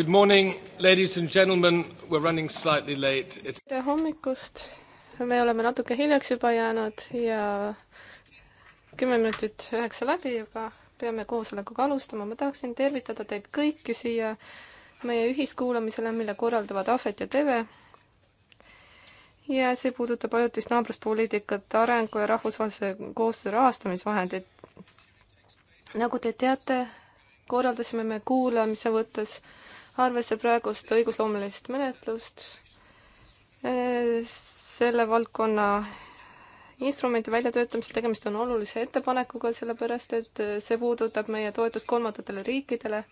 Good morning, ladies and gentlemen, we are running slightly late. tere hommikust, me oleme natuke hiljaks juba jäänud ja kümme minutit üheksa läbi juba, peame koosolekuga alustama, ma tahaksin tervitada teid kõiki siia meie ühiskuulamisele, mille korraldavad Ahvet ja Teve. ja see puudutab ajutist naabruspoliitikat, arengu ja rahvusvahelise koostöö rahastamisvahendit. nagu te teate, korraldasime me kuulamise võttes äh, arvesse praegust õigusloomelist menetlust, selle valdkonna instrumendi väljatöötamisel, tegemist on olulise ettepanekuga, sellepärast et see puudutab meie toetust kolmandatele riikidele.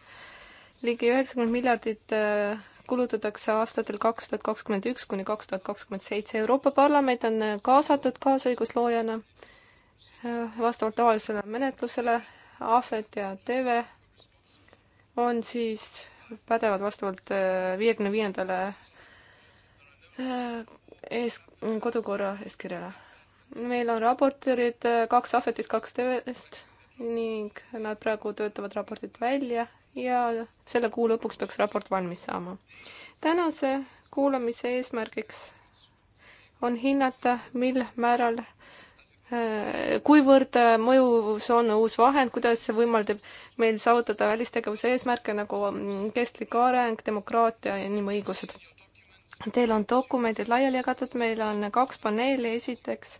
ligi üheksakümmend miljardit äh, kulutatakse aastatel kaks tuhat kakskümmend üks kuni kaks tuhat kakskümmend seitse. Euroopa Parlament on äh, kaasatud kaasõigusloojana äh, vastavalt tavalisele menetlusele, Ahvet ja TV on siis pädevad vastavalt äh, viiekümne viiendale äh, ees, kodukorra eeskirjale. meil on raportöörid, äh, kaks ahvetist, kaks TV-st ning nad praegu töötavad raportit välja ja selle kuu lõpuks peaks raport valmis saama. tänase kuulamise eesmärgiks on hinnata, mil määral kuivõrd äh, mõjus on uus vahend, kuidas see võimaldab meil saavutada välistegevuse eesmärke nagu mm, kestlik areng, demokraatia ja inimõigused. Teil on dokumendid laiali jagatud, meil on kaks paneeli, esiteks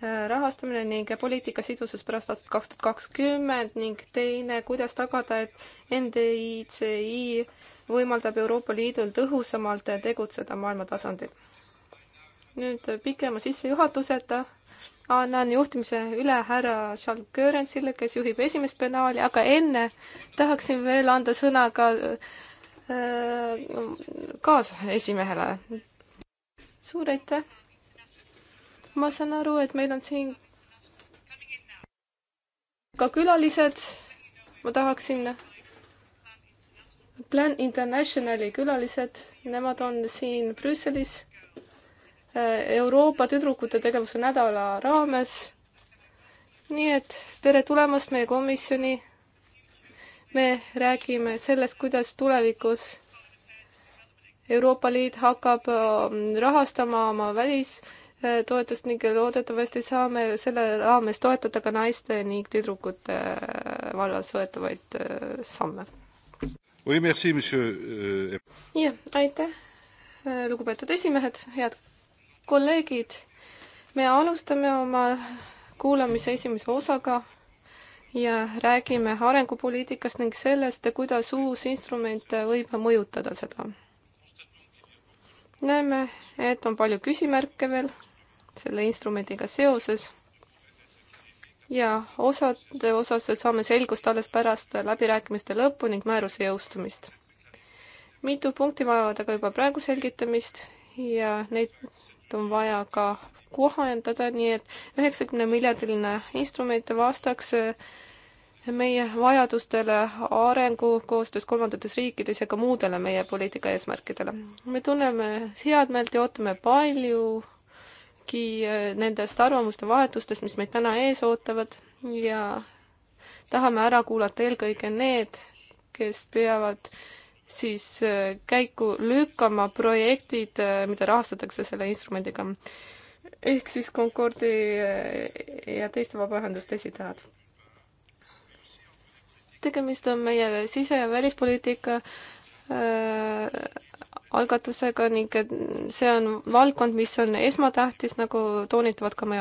äh, rahastamine ning poliitika sidusus pärast aastat kaks tuhat kakskümmend ning teine, kuidas tagada, et NDICI võimaldab Euroopa Liidul tõhusamalt tegutseda maailma tasandil. nüüd pikema sissejuhatuseta annan juhtimise üle härra Charles Görensile, kes juhib esimest penaali, aga enne tahaksin veel anda sõna ka äh, kaasesimehele. suur aitäh! ma saan aru, et meil on siin ka külalised. ma tahaksin Plan Internationali külalised, nemad on siin Brüsselis Euroopa Tüdrukute Tegevuse Nädala raames. nii et tere tulemast meie komisjoni. me räägime sellest, kuidas tulevikus Euroopa Liit hakkab ähm, rahastama oma välistoetust ning loodetavasti saame selle raames toetada ka naiste ning tüdrukute äh, vallas võetavaid äh, samme. Euh, jah, aitäh, äh, lugupeetud esimehed, head kolleegid, me alustame oma kuulamise esimese osaga ja räägime arengupoliitikast ning sellest, kuidas uus instrument võib mõjutada seda. näeme, et on palju küsimärke veel selle instrumendiga seoses ja osade osas saame selgust alles pärast läbirääkimiste lõppu ning määruse jõustumist. mitu punkti vajavad aga juba praegu selgitamist ja neid on vaja ka kohendada, nii et üheksakümne miljardiline instrument vastaks meie vajadustele arengukoostöös kolmandates riikides ja ka muudele meie poliitika eesmärkidele. me tunneme head meelt ja ootame paljugi äh, nendest arvamuste vahetustest, mis meid täna ees ootavad ja tahame ära kuulata eelkõige need, kes peavad äh, siis äh, käiku lükkama projektid, äh, mida rahastatakse selle instrumendiga. ehk siis Concordi äh, ja teiste vabaühenduste esindajad. tegemist on meie sise- ja välispoliitika äh, algatusega ning see on valdkond, mis on esmatähtis, nagu toonitavad ka meie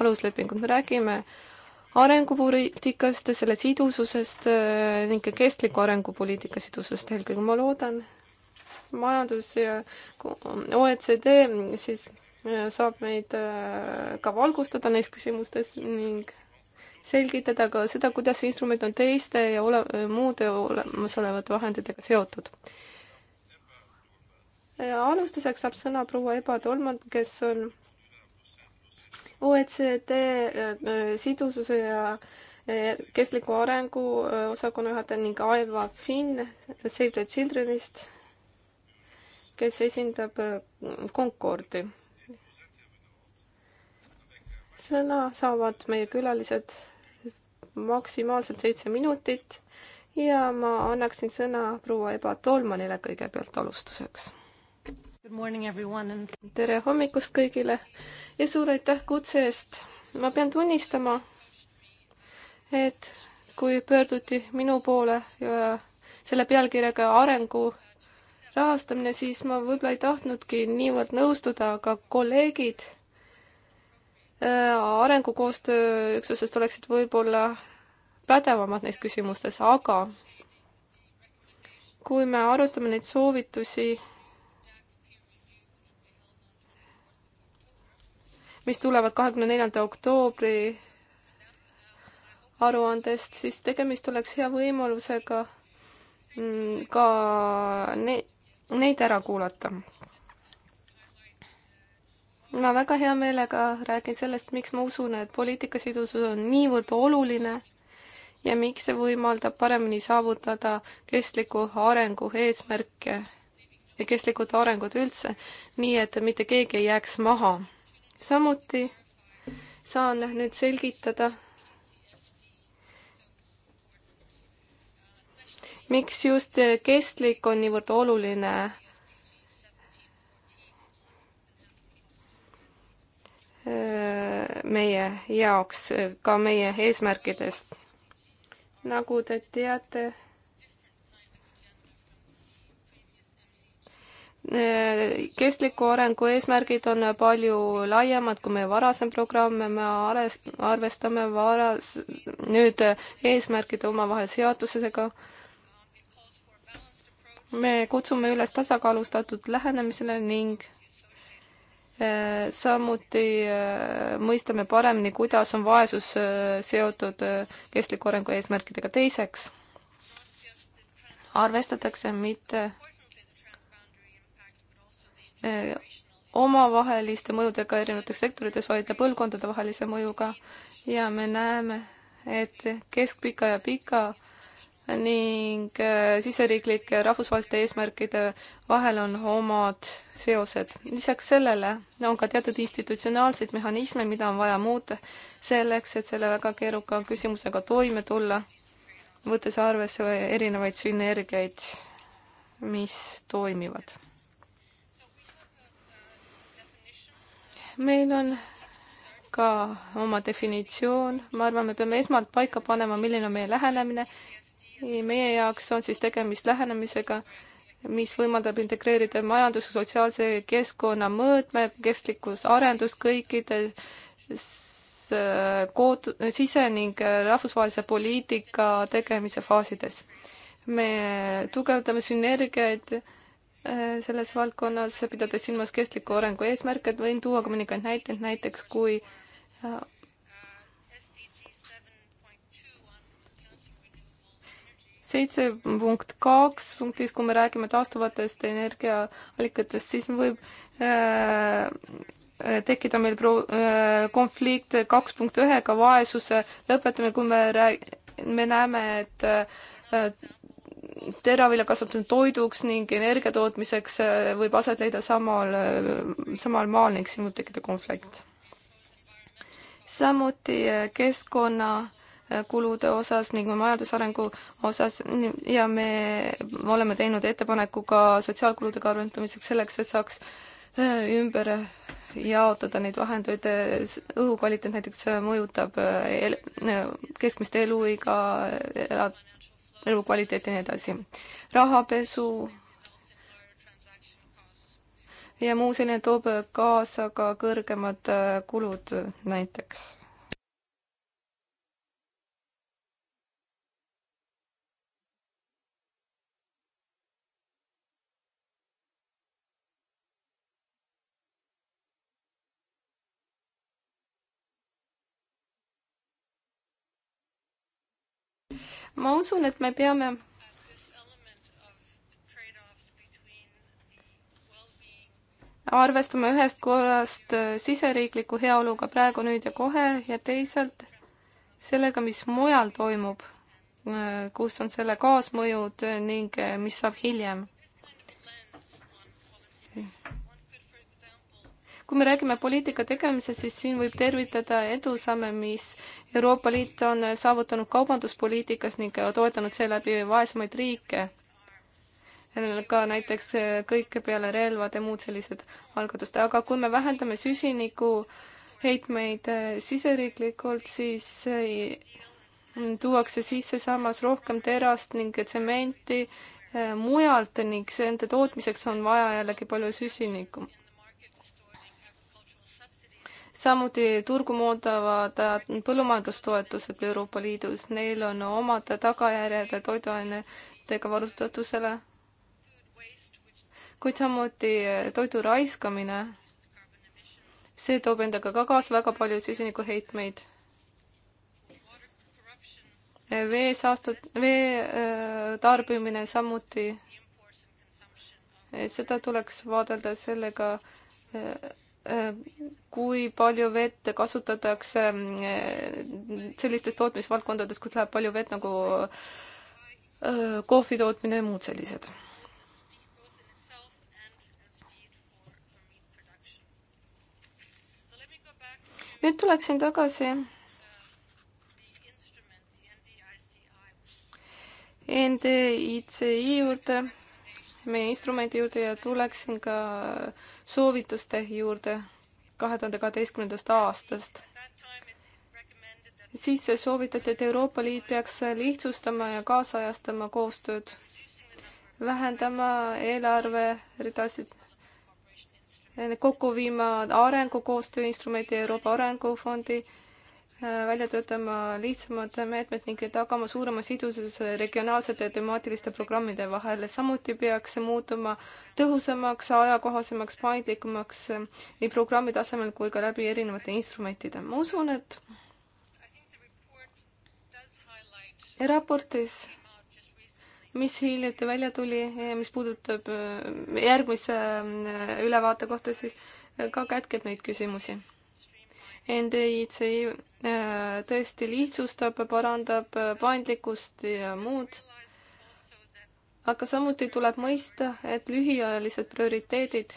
aluslepingud. me räägime äh, arengupoliitikast, selle sidususest äh, ning kestliku arengupoliitika sidususest eelkõige, ma loodan, majandus ja OECD siis äh, saab meid äh, ka valgustada neis küsimustes ning selgitada ka seda, kuidas see instrument on teiste ja ole-, muude olemasolevate vahenditega seotud. alustuseks saab sõna proua Eba Tolman, kes on OECD äh, äh, sidususe ja äh, kestliku arengu osakonna juhataja ning Aiva Finn Save the Childrenist, kes esindab Concordi. sõna saavad meie külalised maksimaalselt seitse minutit ja ma annaksin sõna proua Eba Tolmanile kõigepealt alustuseks tere hommikust kõigile ja suur aitäh kutse eest. ma pean tunnistama, et kui pöörduti minu poole ja selle pealkirjaga arengu rahastamine, siis ma võib-olla ei tahtnudki niivõrd nõustuda, aga kolleegid äh, arengukoostöö üksusest oleksid võib-olla pädevamad neis küsimustes, aga kui me arutame neid soovitusi mis tulevad kahekümne neljanda oktoobri aruandest, siis tegemist oleks hea võimalusega mm, ka ne-, neid ära kuulata. ma väga hea meelega räägin sellest, miks ma usun, et poliitikasidusus on niivõrd oluline ja miks see võimaldab paremini saavutada kestliku arengu eesmärke ja kestlikut arengut üldse, nii et mitte keegi ei jääks maha samuti saan nüüd selgitada, miks just kestlik on niivõrd oluline meie jaoks, ka meie eesmärkidest. nagu te teate kestliku arengu eesmärgid on palju laiemad kui meie varasem programm, me arvestame varas, nüüd eesmärkide omavahel seadusega. me kutsume üles tasakaalustatud lähenemisele ning äh, samuti äh, mõistame paremini, kuidas on vaesus äh, seotud kestliku arengu eesmärkidega. teiseks, arvestatakse mitte Äh, omavaheliste mõjudega erinevates sektorites, vaid põlvkondadevahelise mõjuga ja me näeme, et keskpika ja pika ning äh, siseriiklike rahvusvaheliste eesmärkide vahel on omad seosed. lisaks sellele on ka teatud institutsionaalseid mehhanisme, mida on vaja muuta selleks, et selle väga keeruka küsimusega toime tulla, võttes arvesse erinevaid sünergiaid, mis toimivad meil on ka oma definitsioon, ma arvan, me peame esmalt paika panema, milline on meie lähenemine. meie jaoks on siis tegemist lähenemisega, mis võimaldab integreerida majandus- ja sotsiaalse keskkonna mõõtme, kestlikkus, arendus kõikides äh, kood-, sise- ning rahvusvahelise poliitika tegemise faasides. me tugevdame sünergiaid Äh, selles valdkonnas, pidades silmas kestliku arengu eesmärke, et võin tuua ka mõningaid näiteid, näiteks kui äh, seitse punkt kaks punktis, kui me räägime taastuvatest energiaallikatest, siis võib äh, tekkida meil pro-, äh, konflikt kaks punkt ühega, vaesuse lõpetamine, kui me rääg-, me näeme, et äh, teravilja kasvatamine toiduks ning energia tootmiseks äh, võib aset leida samal, äh, samal maal ning siin võib tekkida konflikt. samuti äh, keskkonna kulude osas ning majandusarengu osas ja me oleme teinud ettepaneku ka sotsiaalkuludega arvestamiseks selleks, et saaks ümber jaotada neid vahendeid, õhukvaliteet näiteks mõjutab el, keskmist eluiga, elukvaliteet ja nii edasi. rahapesu ja muu selline toob kaasa ka kõrgemad äh, kulud näiteks ma usun, et me peame arvestama ühest korrast äh, siseriikliku heaoluga praegu, nüüd ja kohe ja teisalt sellega, mis mujal toimub, äh, kus on selle kaasmõjud äh, ning mis saab hiljem kui me räägime poliitika tegemisest, siis siin võib tervitada edusamme, mis Euroopa Liit on saavutanud kaubanduspoliitikas ning toetanud seeläbi vaesemaid riike. ka näiteks kõik peale relvade, muud sellised algatused, aga kui me vähendame süsiniku heitmeid eh, siseriiklikult, siis eh, tuuakse sisse samas rohkem terast ning tsementi eh, mujalt ning nende tootmiseks on vaja jällegi palju süsinikku samuti turgu moodavad äh, põllumajandustoetused Euroopa Liidus, neil on omad tagajärjed toiduainetega varustatusele, kuid samuti äh, toidu raiskamine. see toob endaga ka kaasa väga palju süsinikuheitmeid. Äh, vee saastat-, vee tarbimine samuti, seda tuleks vaadelda sellega kui palju vett kasutatakse mm, sellistes tootmisvaldkondades, kus läheb palju vett nagu äh, kohvi tootmine ja muud sellised. nüüd tuleksin tagasi NDICI juurde meie instrumendi juurde ja tuleksin ka soovituste juurde kahe tuhande kaheteistkümnendast aastast. siis soovitati, et Euroopa Liit peaks lihtsustama ja kaasajastama koostööd, vähendama eelarveridasid, kokku viima arengukoostöö instrumendi Euroopa Arengufondi Äh, välja töötama lihtsamad meetmed ning tagama suurema sidususe regionaalsete ja temaatiliste programmide vahel. samuti peaks see muutuma tõhusamaks, ajakohasemaks, paindlikumaks äh, nii programmi tasemel kui ka läbi erinevate instrumentide. ma usun, et ja raportis mis hiljuti välja tuli ja mis puudutab äh, järgmise ülevaate kohta, siis ka kätkeb neid küsimusi. NDICI äh, tõesti lihtsustab, parandab äh, paindlikkust ja muud. aga samuti tuleb mõista, et lühiajalised prioriteedid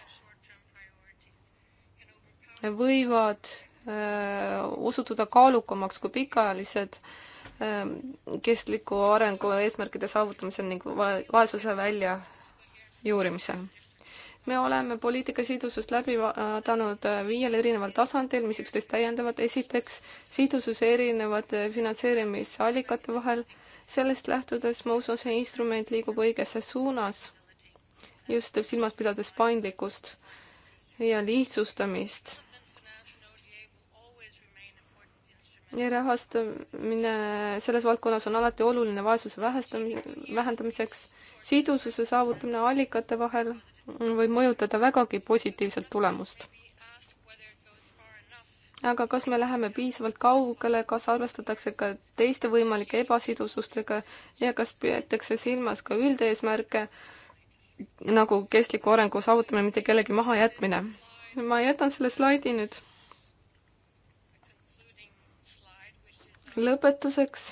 võivad äh, osutuda kaalukamaks kui pikaajalised ähm, kestliku arengu eesmärkide saavutamisel ning vaesuse välja juurimisel me oleme poliitika sidusust läbi vaadanud äh, äh, viiel erineval tasandil, mis üksteist täiendavad. esiteks sidususe erinevate äh, finantseerimisallikate vahel. sellest lähtudes ma usun, see instrument liigub õigesse suunas. just silmas pidades paindlikkust ja lihtsustamist. ja rahastamine selles valdkonnas on alati oluline vaesuse vähestamise, vähendamiseks. sidususe saavutamine allikate vahel võib mõjutada vägagi positiivselt tulemust. aga kas me läheme piisavalt kaugele, kas arvestatakse ka teiste võimalike ebasidusustega ja kas peetakse silmas ka üldeesmärke, nagu kestliku arengu saavutamine, mitte kellegi mahajätmine? ma jätan selle slaidi nüüd lõpetuseks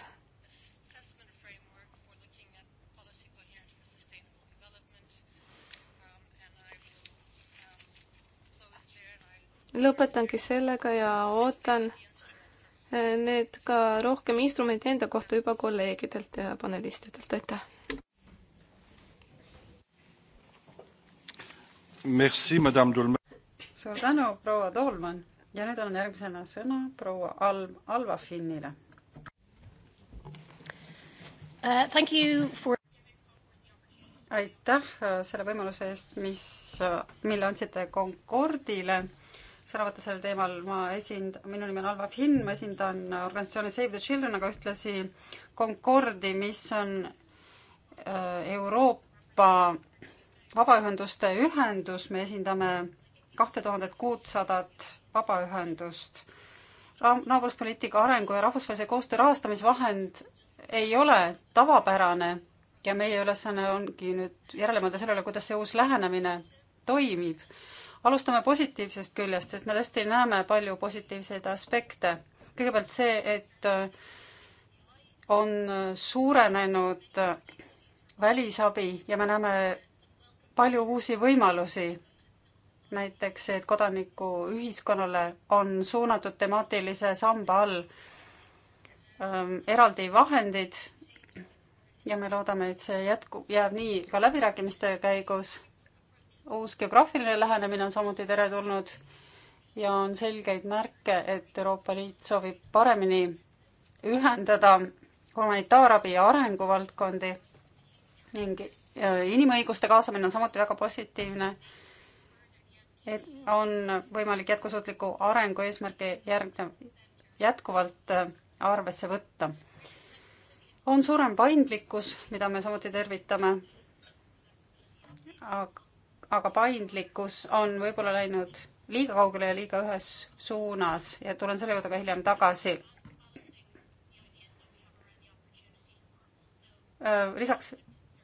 lõpetangi sellega ja ootan eh, need ka rohkem instrumente enda kohta juba kolleegidelt ja panelistidelt, aitäh! Merci, madame Dolman. suur tänu, proua Toolman ja nüüd annan järgmisena sõna proua Al-, Alva Finnile uh,. Thank you for aitäh uh, selle võimaluse eest, mis, uh, mille andsite Concordile sõna võtta sellel teemal, ma esind-, minu nimi on Alva Finn, ma esindan organisatsiooni Save the Children, aga ühtlasi Concordi, mis on äh, Euroopa Vabaühenduste Ühendus, me esindame kahte tuhandet kuutsadat vabaühendust. naabruspoliitika arengu ja rahvusvahelise koostöö rahastamisvahend ei ole tavapärane ja meie ülesanne ongi nüüd järele mõelda sellele, kuidas see uus lähenemine toimib alustame positiivsest küljest, sest me tõesti näeme palju positiivseid aspekte. kõigepealt see, et äh, on suurenenud äh, välisabi ja me näeme palju uusi võimalusi. näiteks see, et kodanikuühiskonnale on suunatud temaatilise samba all ähm, eraldi vahendid ja me loodame, et see jätku, jääb nii ka läbirääkimiste käigus uus geograafiline lähenemine on samuti teretulnud ja on selgeid märke, et Euroopa Liit soovib paremini ühendada humanitaarabi ja arenguvaldkondi ning äh, inimõiguste kaasamine on samuti väga positiivne. et on võimalik jätkusuutliku arengu eesmärke järgnev, jätkuvalt äh, arvesse võtta. on suurem paindlikkus, mida me samuti tervitame. aga aga paindlikkus on võib-olla läinud liiga kaugele ja liiga ühes suunas ja tulen selle juurde ka hiljem tagasi. lisaks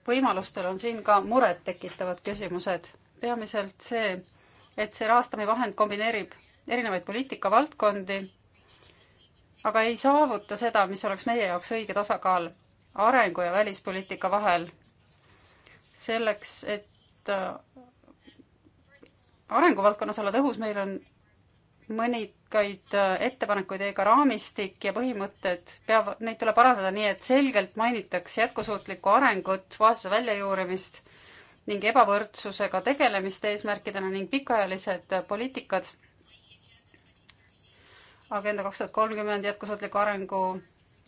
võimalustel on siin ka murettekitavad küsimused, peamiselt see, et see rahastamivahend kombineerib erinevaid poliitikavaldkondi, aga ei saavuta seda, mis oleks meie jaoks õige tasakaal arengu ja välispoliitika vahel. selleks, et arenguvaldkonnas olla tõhus, meil on mõningaid äh, ettepanekuid ega raamistik ja põhimõtted peab, neid tuleb parandada nii, et selgelt mainitakse jätkusuutlikku arengut, vaesuse väljajuurimist ning ebavõrdsusega tegelemist eesmärkidena ning pikaajalised äh, poliitikad. agenda kaks tuhat kolmkümmend, jätkusuutliku arengu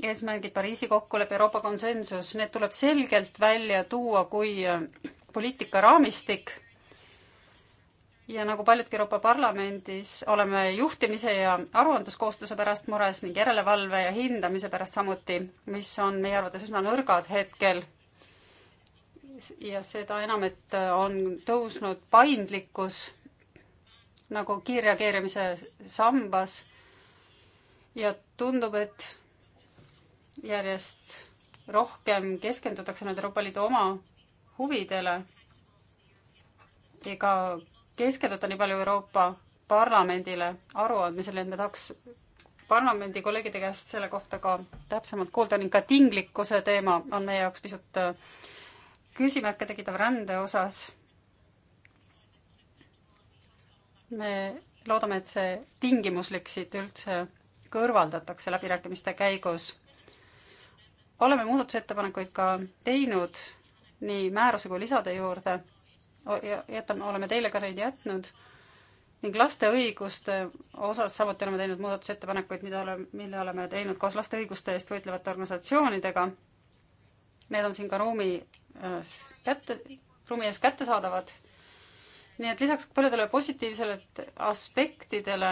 eesmärgid, Pariisi kokkulepe, Euroopa konsensus, need tuleb selgelt välja tuua kui äh, poliitika raamistik ja nagu paljudki Euroopa Parlamendis, oleme juhtimise ja aruandluskohustuse pärast mures ning järelevalve ja hindamise pärast samuti, mis on meie arvates üsna nõrgad hetkel. ja seda enam, et on tõusnud paindlikkus nagu kiirreageerimise sambas. ja tundub, et järjest rohkem keskendutakse nüüd Euroopa Liidu oma huvidele ega keskenduda nii palju Euroopa Parlamendile aruandmisele, et me tahaks parlamendi kolleegide käest selle kohta ka täpsemalt kuulda ning ka tinglikkuse teema on meie jaoks pisut äh, küsimärke tekitav rände osas. me loodame, et see tingimuslik siit üldse kõrvaldatakse läbirääkimiste käigus. oleme muudatusettepanekuid ka teinud nii määruse kui lisade juurde jätame, oleme teile ka neid jätnud ning laste õiguste osas samuti oleme teinud muudatusettepanekuid, mida oleme, mille oleme teinud koos laste õiguste eest võitlevate organisatsioonidega. Need on siin ka ruumi äh, kätte, ruumi ees kättesaadavad. nii et lisaks paljudele positiivsele aspektidele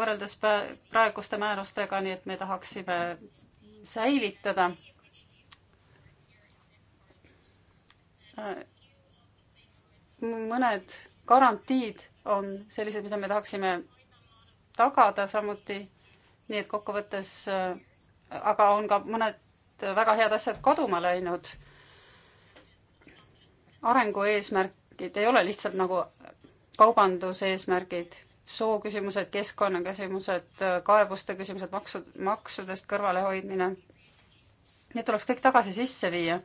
võrreldes praeguste määrustega, nii et me tahaksime säilitada äh, mõned garantiid on sellised, mida me tahaksime tagada samuti. nii et kokkuvõttes, äh, aga on ka mõned väga head asjad kaduma läinud. arengu eesmärgid ei ole lihtsalt nagu kaubanduseesmärgid, sooküsimused, keskkonnaküsimused, äh, kaebuste küsimused, maksud, maksudest kõrvalehoidmine. Need tuleks kõik tagasi sisse viia.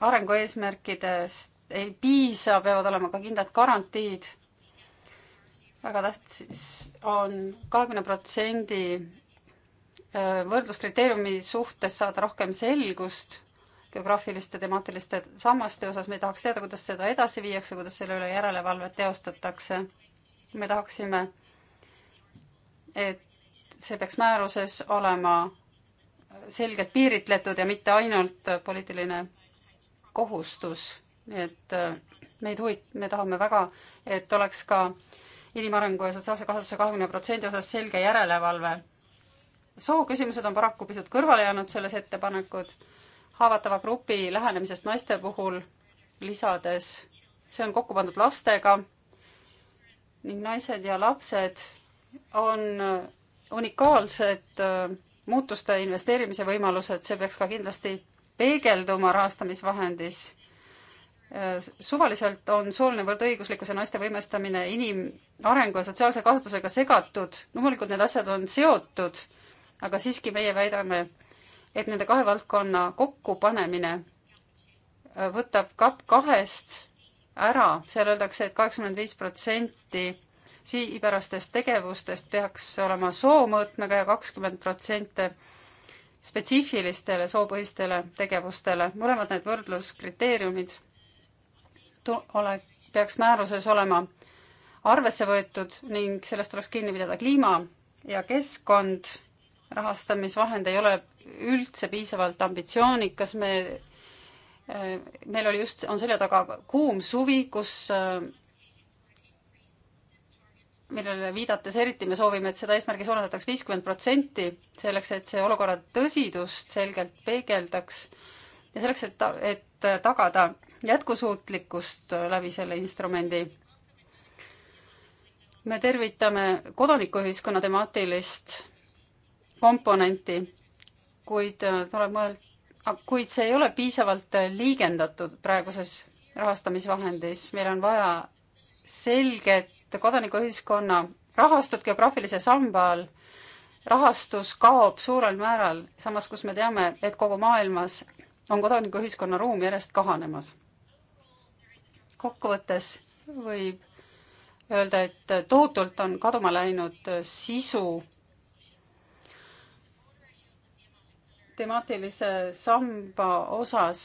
arengu eesmärkidest ei piisa, peavad olema ka kindlad garantiid. väga tähtis on kahekümne protsendi äh, võrdluskriteeriumi suhtes saada rohkem selgust geograafiliste temaatiliste sammaste osas, me tahaks teada, kuidas seda edasi viiakse, kuidas selle üle järelevalvet teostatakse. me tahaksime, et see peaks määruses olema selgelt piiritletud ja mitte ainult poliitiline kohustus nii et äh, meid huvit-, me tahame väga, et oleks ka inimarengu ja sotsiaalse kasvatuse kahekümne protsendi osas selge järelevalve. sooküsimused on paraku pisut kõrvale jäänud selles ettepanekud, haavatava grupi lähenemisest naiste puhul lisades, see on kokku pandud lastega ning naised ja lapsed on äh, unikaalsed äh, muutuste investeerimise võimalused, see peaks ka kindlasti peegelduma rahastamisvahendis Äh, suvaliselt on sooline võrdõiguslikkus ja naiste võimestamine inimarengu ja sotsiaalse kasutusega segatud. loomulikult need asjad on seotud, aga siiski meie väidame, et nende kahe valdkonna kokkupanemine äh, võtab kap kahest ära, seal öeldakse et, et kaheksakümmend viis protsenti siipärastest tegevustest peaks olema soomõõtmega ja kakskümmend protsenti spetsiifilistele soopõhistele tegevustele. mõlemad need võrdluskriteeriumid ole, peaks määruses olema arvesse võetud ning sellest tuleks kinni pidada. kliima ja keskkond, rahastamisvahend ei ole üldse piisavalt ambitsioonikas, me, eh, meil oli just, on selja taga kuum suvi, kus eh, millele viidates eriti me soovime, et seda eesmärgi suurendataks viiskümmend protsenti, selleks et see olukorra tõsidust selgelt peegeldaks ja selleks, et, et tagada jätkusuutlikkust äh, läbi selle instrumendi. me tervitame kodanikuühiskonna temaatilist komponenti, kuid äh, tuleb mõelda, kuid see ei ole piisavalt äh, liigendatud praeguses rahastamisvahendis, meil on vaja selget kodanikuühiskonna rahastut geograafilise samba all rahastus kaob suurel määral, samas kus me teame, et kogu maailmas on kodanikuühiskonna ruum järjest kahanemas kokkuvõttes võib öelda, et tohutult on kaduma läinud sisu temaatilise samba osas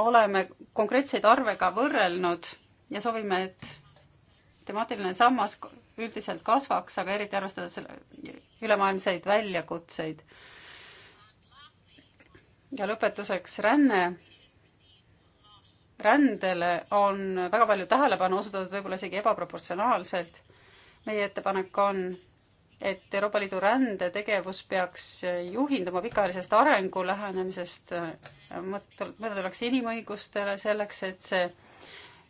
oleme konkreetseid arve ka võrrelnud ja soovime, et temaatiline sammas üldiselt kasvaks, aga eriti arvestades ülemaailmseid väljakutseid. ja lõpetuseks ränne rändele on väga palju tähelepanu osutatud, võib-olla isegi ebaproportsionaalselt. meie ettepanek on, et Euroopa Liidu rändetegevus peaks juhinduma pikaajalisest arengu lähenemisest, mõelda tuleks inimõigustele selleks, et see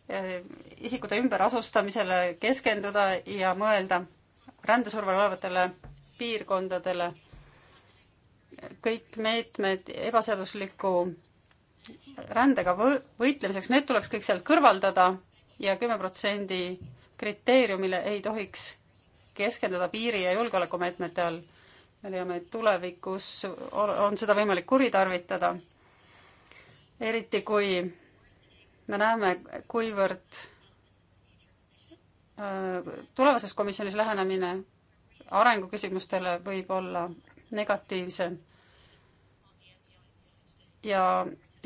eh, isikute ümberasustamisele keskenduda ja mõelda rändesurvel olevatele piirkondadele. kõik meetmed ebaseadusliku rändega võr-, võitlemiseks, need tuleks kõik sealt kõrvaldada ja kümme protsendi kriteeriumile ei tohiks keskenduda piiri- ja julgeolekumeetmete all. me leiame, et tulevikus on seda võimalik kuritarvitada, eriti kui me näeme, kuivõrd äh, tulevases komisjonis lähenemine arenguküsimustele võib olla negatiivsem ja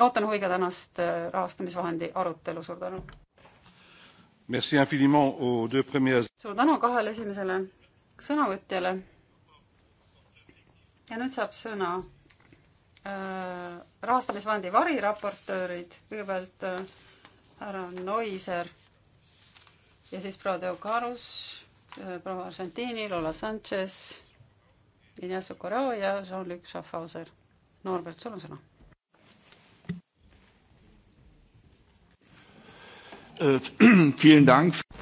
ootan huviga tänast äh, rahastamisvahendi arutelu, suur tänu. suur tänu kahele esimesele sõnavõtjale. ja nüüd saab sõna äh, rahastamisvahendi variraportöörid, kõigepealt äh, härra äh, Noiser ja siis proua Teokarus äh,, proua Argentiini, Lola Sanchez, Inés Socorro ja Jean-Luc Schaffhauser. Norbert, sul on sõna Äh, vielen Dank. suur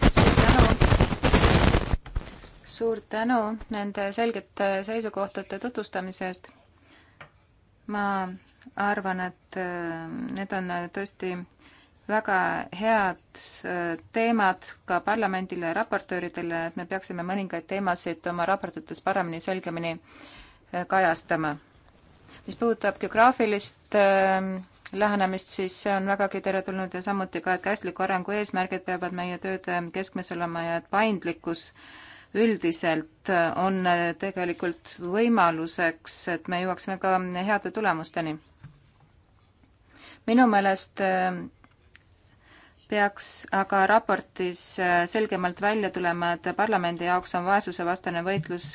tänu. suur tänu nende selgete seisukohtade tutvustamise eest. ma arvan, et äh, need on äh, tõesti väga head teemad ka parlamendile ja raportööridele, et me peaksime mõningaid teemasid oma raportites paremini, selgemini kajastama. mis puudutab geograafilist äh, lähenemist, siis see on vägagi teretulnud ja samuti ka, et käsliku arengu eesmärgid peavad meie tööd äh, keskmes olema ja et paindlikkus üldiselt äh, on äh, tegelikult võimaluseks, et me jõuaksime ka heade tulemusteni. minu meelest peaks aga raportis selgemalt välja tulema, et parlamendi jaoks on vaesusevastane võitlus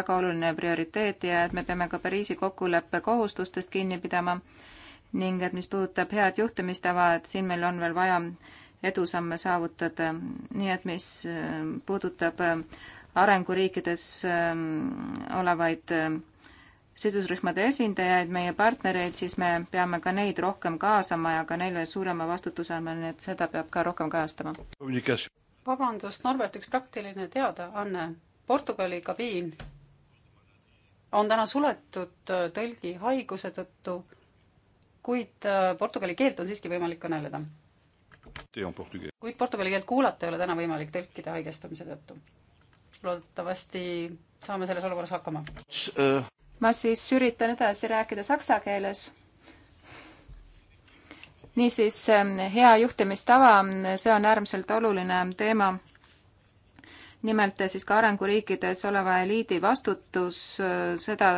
väga oluline prioriteet ja et me peame ka Pariisi kokkuleppe kohustustest kinni pidama ning et mis puudutab head juhtimistava, et siin meil on veel vaja edusamme saavutada, nii et mis äh, puudutab äh, arenguriikides äh, olevaid sidusrühmade esindajaid, meie partnereid, siis me peame ka neid rohkem kaasama ja ka neile suurema vastutuse andma, nii et seda peab ka rohkem kajastama. vabandust, Norbert, üks praktiline teadaanne. Portugali kabiin on täna suletud tõlgi haiguse tõttu kuid äh, portugali keelt on siiski võimalik kõneleda. kuid portugali keelt kuulata ei ole täna võimalik tõlkida haigestumise tõttu. loodetavasti saame selles olukorras hakkama. Äh. ma siis üritan edasi rääkida saksa keeles niisiis, äh, hea juhtimistava, see on äärmiselt oluline teema. nimelt siis ka arenguriikides oleva eliidi vastutus, seda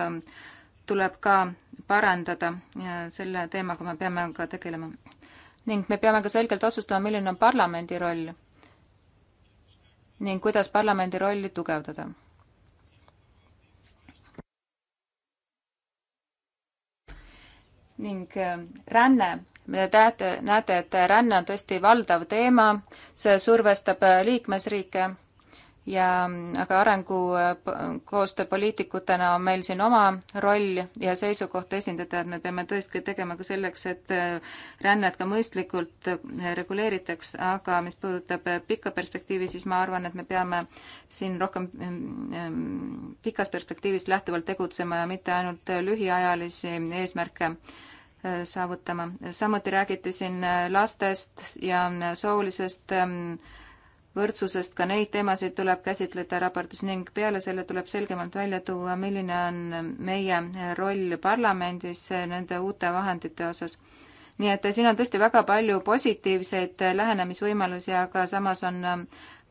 tuleb ka parandada ja selle teemaga me peame ka tegelema. ning me peame ka selgelt otsustama, milline on parlamendi roll ning kuidas parlamendi rolli tugevdada. ning äh, ränne, te näete, et ränne on tõesti valdav teema, see survestab äh, liikmesriike ja aga arengukoostöö äh, poliitikutena on meil siin oma roll ja seisukoht esindada, et me peame tõesti tegema ka selleks, et äh, rännet ka mõistlikult äh, reguleeritaks, aga mis puudutab pikka perspektiivi, siis ma arvan, et me peame siin rohkem ähm, ähm, pikas perspektiivis lähtuvalt tegutsema ja mitte ainult lühiajalisi eesmärke saavutama. samuti räägiti siin lastest ja soolisest ähm, võrdsusest, ka neid teemasid tuleb käsitleda raportis ning peale selle tuleb selgemalt välja tuua, milline on meie roll parlamendis nende uute vahendite osas. nii et siin on tõesti väga palju positiivseid lähenemisvõimalusi, aga samas on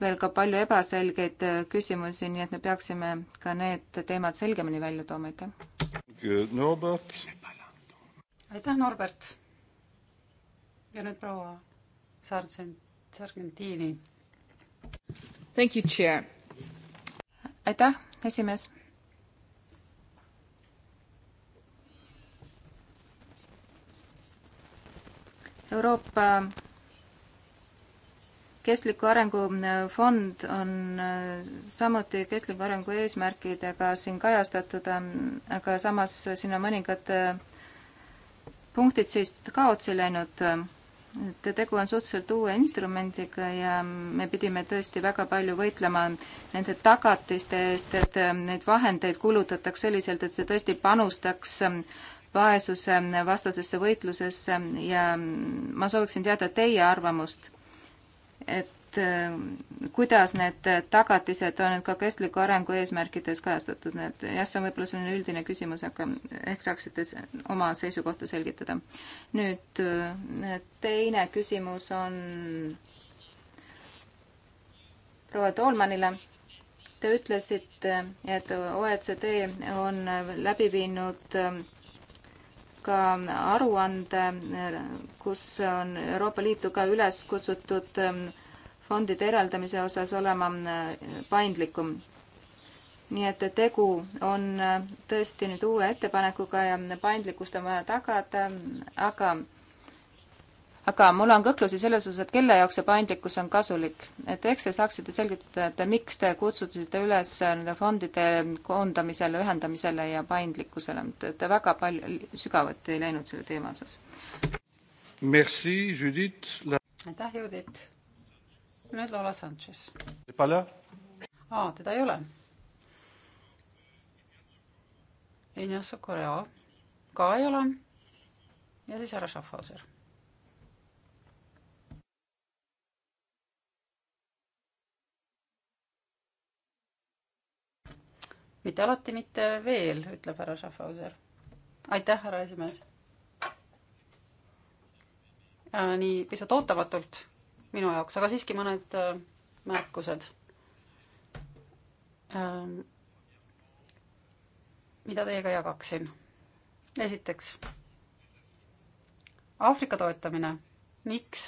veel ka palju ebaselgeid küsimusi, nii et me peaksime ka need teemad selgemini välja tooma, aitäh. Norbert. aitäh, Norbert. ja nüüd proua Sargent, Sargentini aitäh, esimees Euroopa kestliku arengu äh, fond on äh, samuti kestliku arengu eesmärkidega siin kajastatud, ähm, aga samas äh, siin on mõningad punktid siis kaotsi läinud et tegu on suhteliselt uue instrumendiga ja me pidime tõesti väga palju võitlema nende tagatiste eest, et eh, neid vahendeid kulutataks selliselt, et see tõesti panustaks eh, vaesuse eh, vastasesse võitlusesse ja mm, ma sooviksin teada teie arvamust, et Äh, kuidas need tagatised on ka kestliku arengu eesmärkides kajastatud, et jah, see on võib-olla selline üldine küsimus, aga ehk saaksite oma seisukohta selgitada. nüüd äh, teine küsimus on proua Toolmanile. Te ütlesite, et OECD on läbi viinud äh, ka aruande, kus on Euroopa Liitu ka üles kutsutud fondide eraldamise osas olema äh, paindlikum. nii et tegu on äh, tõesti nüüd uue ettepanekuga ja paindlikkust on vaja tagada, aga aga mul on kõhklusi selles osas, et kelle jaoks see paindlikkus on kasulik. et eks te saaksite selgitada, et miks te kutsusite üles nende fondide koondamisele, ühendamisele ja paindlikkusele, et te väga palju, sügavuti ei läinud selle teema osas. aitäh, Judith! nüüd Lola Sanchez. aa, teda ei ole. Ignacio Correa ka ei ole. ja siis härra Schaffhauser. mitte alati, mitte veel, ütleb härra Schaffhauser. aitäh, härra esimees. nii pisut ootamatult minu jaoks, aga siiski mõned äh, märkused. Ähm, mida teiega jagaksin? esiteks, Aafrika toetamine. miks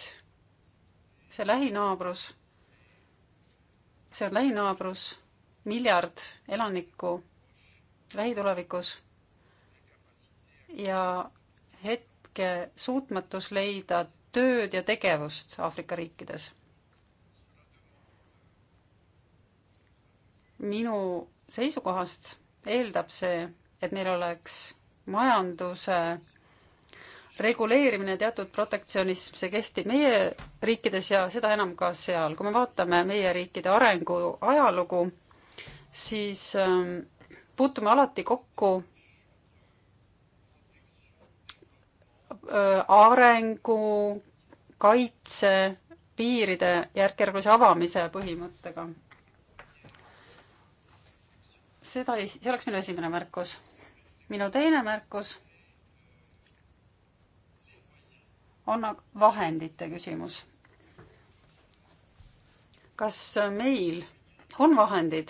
see lähinaabrus, see on lähinaabrus, miljard elanikku lähitulevikus ja hetke suutmatus leida tööd ja tegevust Aafrika riikides. minu seisukohast eeldab see, et meil oleks majanduse reguleerimine, teatud protektsionism, see kestib meie riikides ja seda enam ka seal. kui me vaatame meie riikide arengu ajalugu, siis ähm, puutume alati kokku arengu, kaitse, piiride järk-järgulise avamise põhimõttega. seda, see oleks minu esimene märkus. minu teine märkus on vahendite küsimus. kas meil on vahendid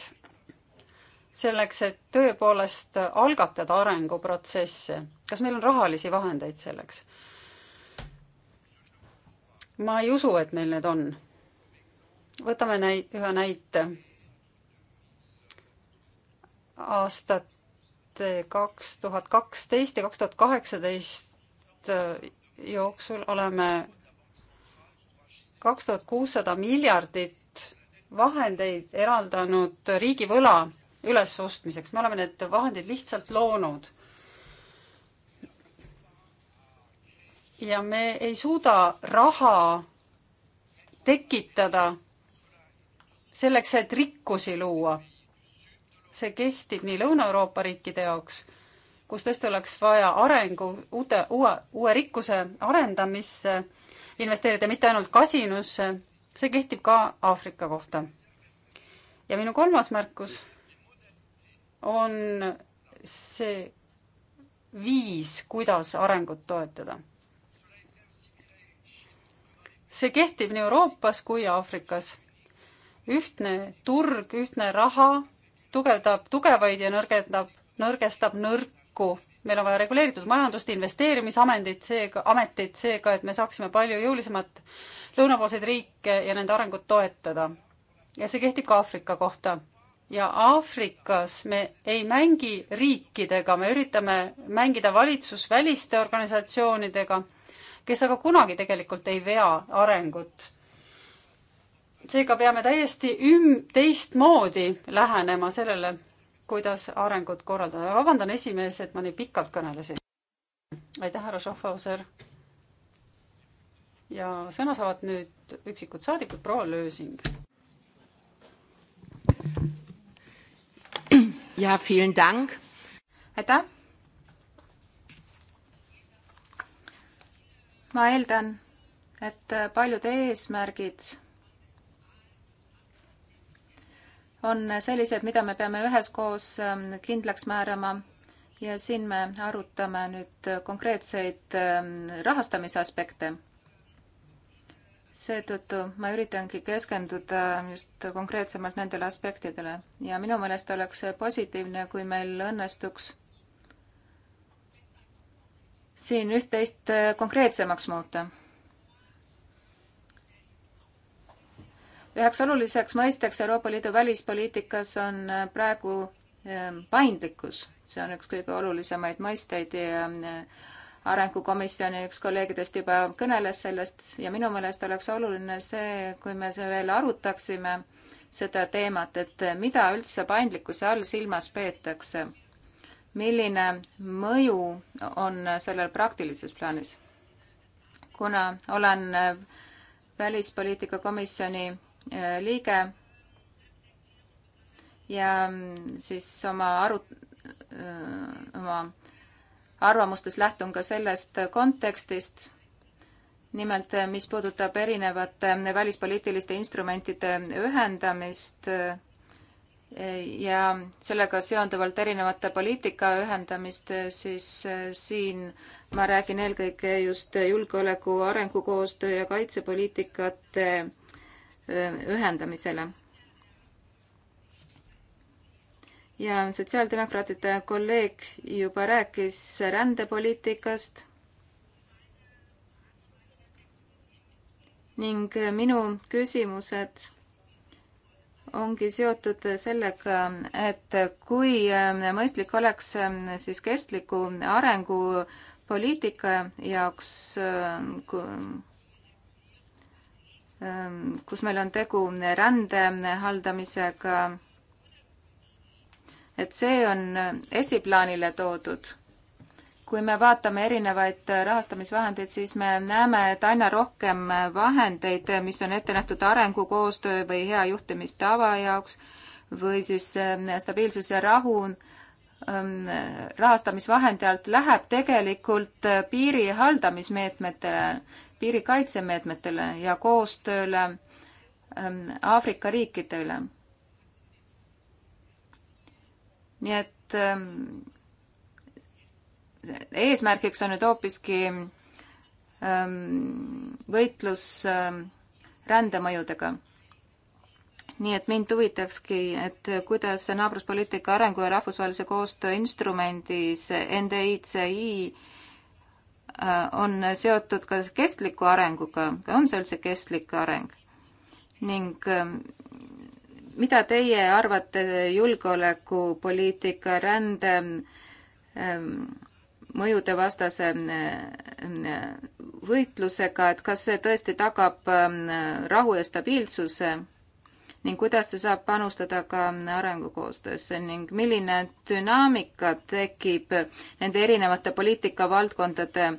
selleks, et tõepoolest algatada arenguprotsesse. kas meil on rahalisi vahendeid selleks? ma ei usu, et meil need on. võtame näi-, ühe näite. aastate kaks tuhat kaksteist ja kaks tuhat kaheksateist jooksul oleme kaks tuhat kuussada miljardit vahendeid eraldanud riigivõla ülesostmiseks, me oleme need vahendid lihtsalt loonud. ja me ei suuda raha tekitada selleks, et rikkusi luua. see kehtib nii Lõuna-Euroopa riikide jaoks, kus tõesti oleks vaja arengu, uute, uue, uue rikkuse arendamisse investeerida, mitte ainult kasinusse, see kehtib ka Aafrika kohta. ja minu kolmas märkus on see viis, kuidas arengut toetada. see kehtib nii Euroopas kui Aafrikas. ühtne turg, ühtne raha tugevdab tugevaid ja nõrgendab, nõrgestab nõrku. meil on vaja reguleeritud majandust, investeerimisamendit, seega, ametit, seega, et me saaksime palju jõulisemat lõunapoolseid riike ja nende arengut toetada. ja see kehtib ka Aafrika kohta ja Aafrikas me ei mängi riikidega, me üritame mängida valitsusväliste organisatsioonidega, kes aga kunagi tegelikult ei vea arengut. seega peame täiesti üm-, teistmoodi lähenema sellele, kuidas arengut korraldada. vabandan, esimees, et ma nii pikalt kõnelesin. aitäh, härra Schaffhauser. ja sõna saavad nüüd üksikud saadikud, proua Lösing ja, vielen Dank. aitäh. ma eeldan, et paljud eesmärgid on sellised, mida me peame üheskoos ähm, kindlaks määrama ja siin me arutame nüüd konkreetseid ähm, rahastamise aspekte seetõttu ma üritangi keskenduda just konkreetsemalt nendele aspektidele ja minu meelest oleks positiivne, kui meil õnnestuks siin üht-teist konkreetsemaks muuta. üheks oluliseks mõisteks Euroopa Liidu välispoliitikas on praegu eh, paindlikkus, see on üks kõige olulisemaid mõisteid ja eh, arengukomisjoni üks kolleegidest juba kõneles sellest ja minu meelest oleks oluline see, kui me veel arutaksime seda teemat, et mida üldse paindlikkuse all silmas peetakse. milline mõju on sellel praktilises plaanis? kuna olen välispoliitika komisjoni äh, liige ja mm, siis oma aru-, äh, oma arvamustes lähtun ka sellest kontekstist, nimelt mis puudutab erinevate välispoliitiliste instrumentide ühendamist eh, ja sellega seonduvalt erinevate poliitika ühendamist, siis eh, siin ma räägin eelkõige just julgeoleku, arengukoostöö ja kaitsepoliitikate eh, ühendamisele ja sotsiaaldemokraatide kolleeg juba rääkis rändepoliitikast ning minu küsimused ongi seotud sellega, et kui mõistlik oleks siis kestliku arengu poliitika jaoks, kus meil on tegu rände haldamisega et see on esiplaanile toodud. kui me vaatame erinevaid rahastamisvahendeid, siis me näeme, et aina rohkem vahendeid, mis on ette nähtud arengukoostöö või hea juhtimistava jaoks või siis ehm, stabiilsus ja rahu, ehm, rahastamisvahendi alt läheb tegelikult piiri haldamismeetmetele, piiri kaitsemeetmetele ja koostööle ehm, Aafrika riikidele nii et ähm, eesmärgiks on nüüd hoopiski ähm, võitlus ähm, rändemõjudega. nii et mind huvitakski, et kuidas naabruspoliitika arengu ja rahvusvahelise koostöö instrumendis NDICI äh, on seotud ka kestliku arenguga, on see üldse kestlik areng? ning mida teie arvate julgeolekupoliitika rände ähm, mõjude vastase ähm, võitlusega, et kas see tõesti tagab ähm, rahu ja stabiilsuse ning kuidas see saab panustada ka arengukoostöösse ning milline dünaamika tekib nende erinevate poliitikavaldkondade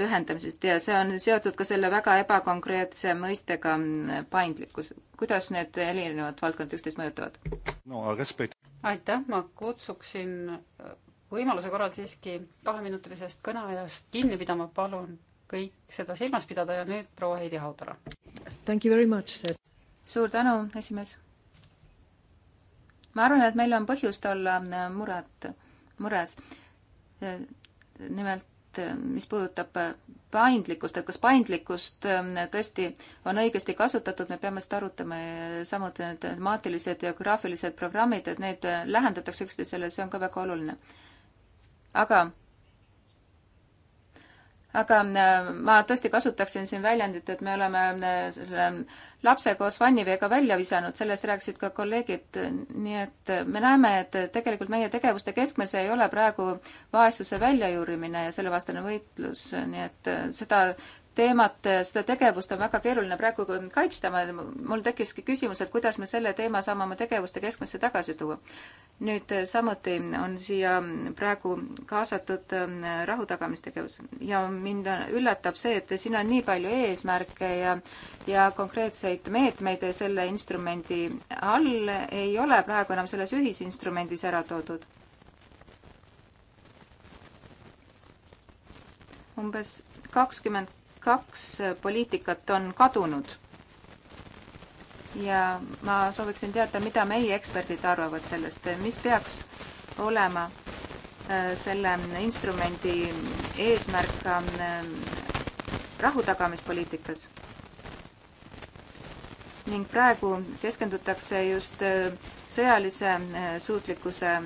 ühendamisest ja see on seotud ka selle väga ebakonkreetse mõistega paindlikkus kuidas need erinevad valdkonnad üksteist mõjutavad no,? aitäh, ma kutsuksin äh, võimaluse korral siiski kaheminutilisest kõneajast kinni pidama, palun kõik seda silmas pidada ja nüüd proua Heidi Haudala. suur tänu, esimees. ma arvan, et meil on põhjust olla äh, muret, mures. Äh, nimelt Äh, mis puudutab äh, paindlikkust, et kas paindlikkust äh, tõesti on õigesti kasutatud, me peame seda arutama ja samuti need temaatilised ja graafilised programmid, et need lähendatakse üksteisele, see on ka väga oluline. aga aga äh, ma tõesti kasutaksin siin väljendit, et me oleme äh, selle lapse koos vanniveega välja visanud, sellest rääkisid ka kolleegid, nii et äh, me näeme, et tegelikult meie tegevuste keskmes ei ole praegu vaesuse väljajuurimine ja sellevastane võitlus, nii et seda teemat, seda tegevust on väga keeruline praegu kaitsta, mul tekkiski küsimus, et kuidas me selle teema saame oma tegevuste keskmesse tagasi tuua. nüüd samuti on siia praegu kaasatud ähm, rahu tagamistegevus ja mind üllatab see, et siin on nii palju eesmärke ja ja konkreetseid meetmeid selle instrumendi all ei ole praegu enam selles ühisinstrumendis ära toodud. umbes kakskümmend kaks poliitikat on kadunud. ja ma sooviksin teada, mida meie eksperdid arvavad sellest, mis peaks olema äh, selle instrumendi eesmärk äh, rahu tagamispoliitikas. ning praegu keskendutakse just äh, sõjalise suutlikkuse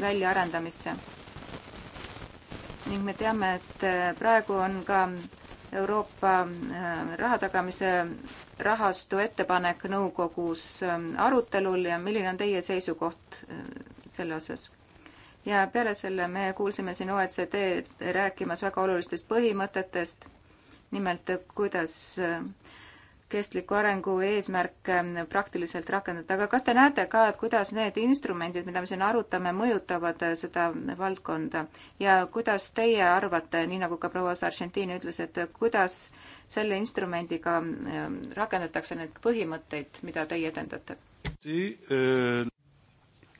väljaarendamisse. ning me teame, et praegu on ka Euroopa äh, rahatagamise rahastu ettepanek nõukogus ähm, arutelul ja milline on teie seisukoht äh, selle osas? ja peale selle me kuulsime siin OECD rääkimas väga olulistest põhimõtetest, nimelt äh, kuidas kestliku arengu eesmärke ähm, praktiliselt rakendada, aga kas te näete ka, et kuidas need instrumendid, mida me siin arutame, mõjutavad äh, seda valdkonda ja kuidas teie arvate, nii nagu ka proua Sargentini ütles, et kuidas selle instrumendiga ähm, rakendatakse neid põhimõtteid, mida teie edendate? Äh,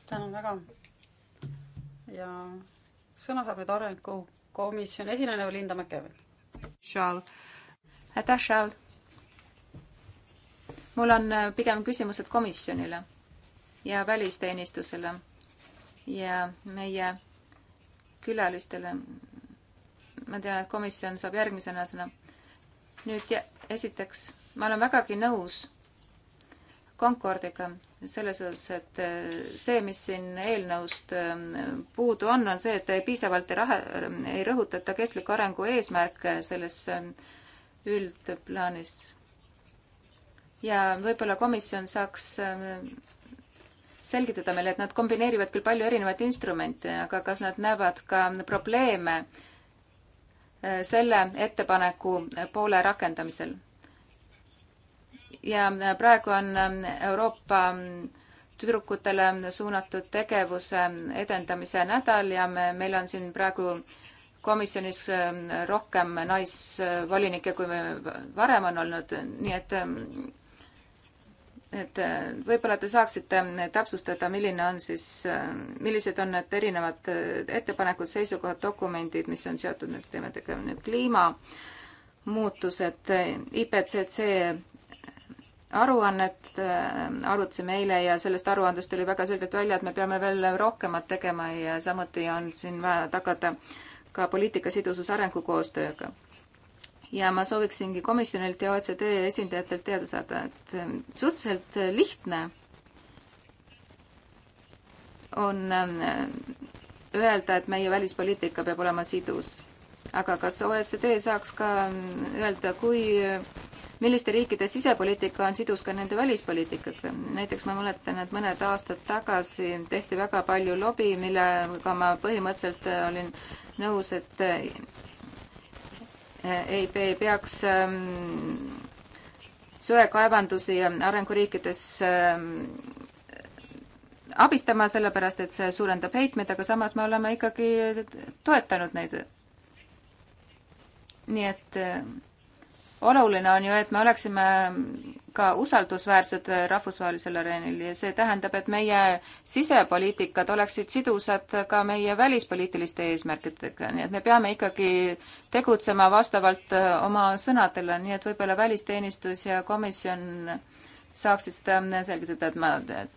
tänan väga. ja sõna saab nüüd arengukomisjoni esinaine Linda McEwen. aitäh, Charles! mul on äh, pigem küsimused komisjonile ja välisteenistusele ja meie külalistele. ma tean, et komisjon saab järgmisena sõna. nüüd esiteks, ma olen vägagi nõus Concordiga selles osas, et äh, see, mis siin eelnõust ähm, puudu on, on see, et piisavalt ei raha, ei rõhutata kestliku arengu eesmärke selles ähm, üldplaanis ja võib-olla komisjon saaks äh, selgitada meile, et nad kombineerivad küll palju erinevaid instrumente, aga kas nad näevad ka probleeme äh, selle ettepaneku äh, poole rakendamisel? ja praegu on Euroopa mm, tüdrukutele suunatud tegevuse mm, edendamise nädal ja me, meil on siin praegu komisjonis rohkem naisvolinikke, kui varem on olnud, nii et mm, et äh, võib-olla te saaksite äh, täpsustada, milline on siis, äh, millised on need erinevad ettepanekud, seisukohad, dokumendid, mis on seotud nüüd teemadega, nüüd kliimamuutused, IPCC aruannet arutasime eile ja sellest aruandest tuli väga selgelt välja, et me peame veel rohkemat tegema ja samuti on siin vaja tagada ka poliitika sidusus arengukoostööga ja ma sooviksingi komisjonilt ja OECD esindajatelt teada saada, et ähm, suhteliselt äh, lihtne on ähm, öelda, et meie välispoliitika peab olema sidus. aga kas OECD saaks ka ähm, öelda, kui äh, milliste riikide sisepoliitika on sidus ka nende välispoliitikaga. näiteks ma mäletan, et mõned aastad tagasi tehti väga palju lobi, millega ma põhimõtteliselt äh, olin nõus, et EIB ei peaks ähm, söekaevandusi ähm, arenguriikides ähm, abistama, sellepärast et see suurendab heitmeid, aga samas me oleme ikkagi toetanud neid. nii et äh, oluline on ju, et me oleksime ka usaldusväärsed rahvusvahelisel areenil ja see tähendab, et meie sisepoliitikad oleksid sidusad ka meie välispoliitiliste eesmärkidega, nii et me peame ikkagi tegutsema vastavalt äh, oma sõnadele, nii et võib-olla välisteenistus ja komisjon saaksid seda selgitada, et ma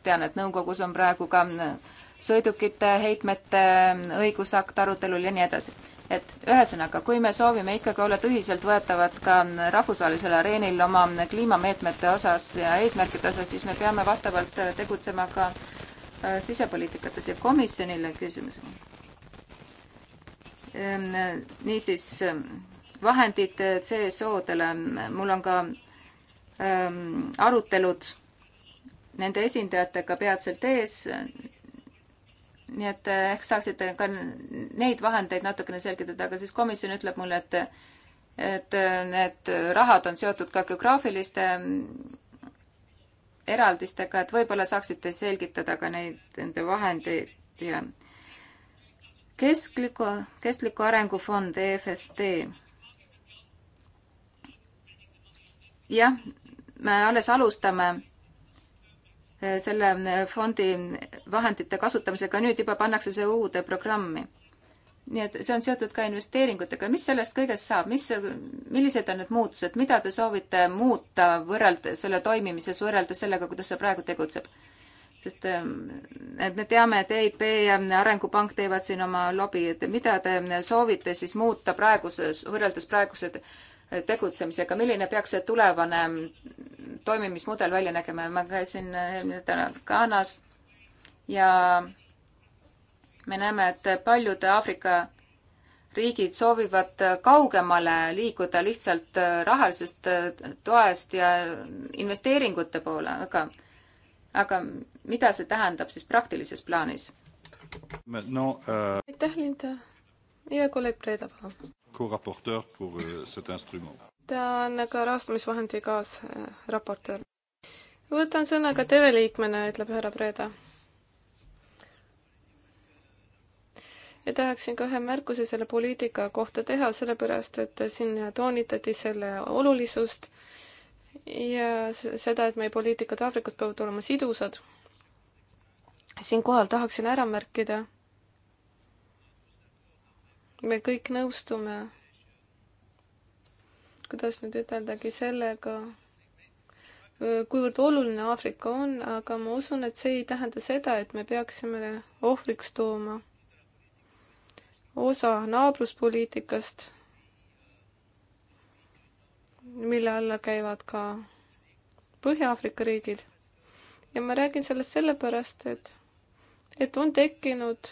tean, et nõukogus on praegu ka äh, sõidukite heitmete õigusakt arutelul ja nii edasi. et ühesõnaga, kui me soovime ikkagi olla tõsiseltvõetavad ka rahvusvahelisel areenil oma kliimameetmete osas ja eesmärkide osas, siis me peame vastavalt tegutsema ka äh, sisepoliitikates ja komisjonile küsimus. Ehm, niisiis, ehm, vahendid CSO-dele, mul on ka ehm, arutelud nende esindajatega peatselt ees nii et eh, ehk saaksite ka neid vahendeid natukene selgitada, aga siis komisjon ütleb mulle, et, et eh, need rahad on seotud ka geograafiliste mm, eraldistega, et võib-olla saaksite selgitada ka neid, nende vahendeid ja keskliku, kestliku arengufond EFSD. jah, me alles alustame eh, selle mm, fondi vahendite kasutamisega, nüüd juba pannakse see uude programmi. nii et see on seotud ka investeeringutega, mis sellest kõigest saab, mis, millised on need muutused, mida te soovite muuta võrreldes selle toimimises, võrreldes sellega, kuidas see praegu tegutseb? sest ähm, et me teame, et EIB ja Arengupank teevad siin oma lobi, et mida te soovite siis muuta praeguses, võrreldes praeguse äh, tegutsemisega, milline peaks see tulevane mm, toimimismudel välja nägema ja ma käisin äh, eelmine nädal Ghanas ja me näeme, et paljud Aafrika riigid soovivad kaugemale liikuda lihtsalt rahalisest toest ja investeeringute poole, aga aga mida see tähendab siis praktilises plaanis? no äh... aitäh, Linda. ja kolleeg Breda, palun. ta euh, on ka rahastamisvahendi kaasraportöör. võtan sõna ka TV liikmena, ütleb härra Breda ja tahaksin ka ühe märkuse selle poliitika kohta teha, sellepärast et siin toonitati selle olulisust ja seda, et meie poliitikad Aafrikas peavad olema sidusad. siinkohal tahaksin ära märkida, me kõik nõustume, kuidas nüüd üteldagi, sellega, kuivõrd oluline Aafrika on, aga ma usun, et see ei tähenda seda, et me peaksime ohvriks tooma osa naabruspoliitikast, mille alla käivad ka Põhja-Aafrika riigid. ja ma räägin sellest sellepärast, et, et on tekkinud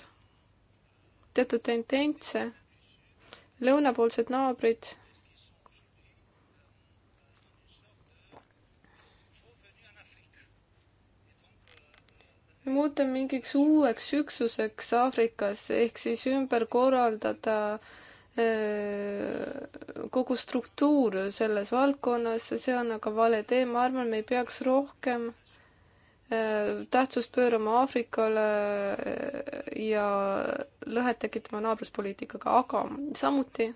teatud tendentse, lõunapoolsed naabrid muuta mingiks uueks üksuseks Aafrikas ehk siis ümber korraldada kogu struktuur selles valdkonnas, see on aga vale tee, ma arvan, me ei peaks rohkem tähtsust pöörama Aafrikale ja lõhet tekitama naabruspoliitikaga, aga samuti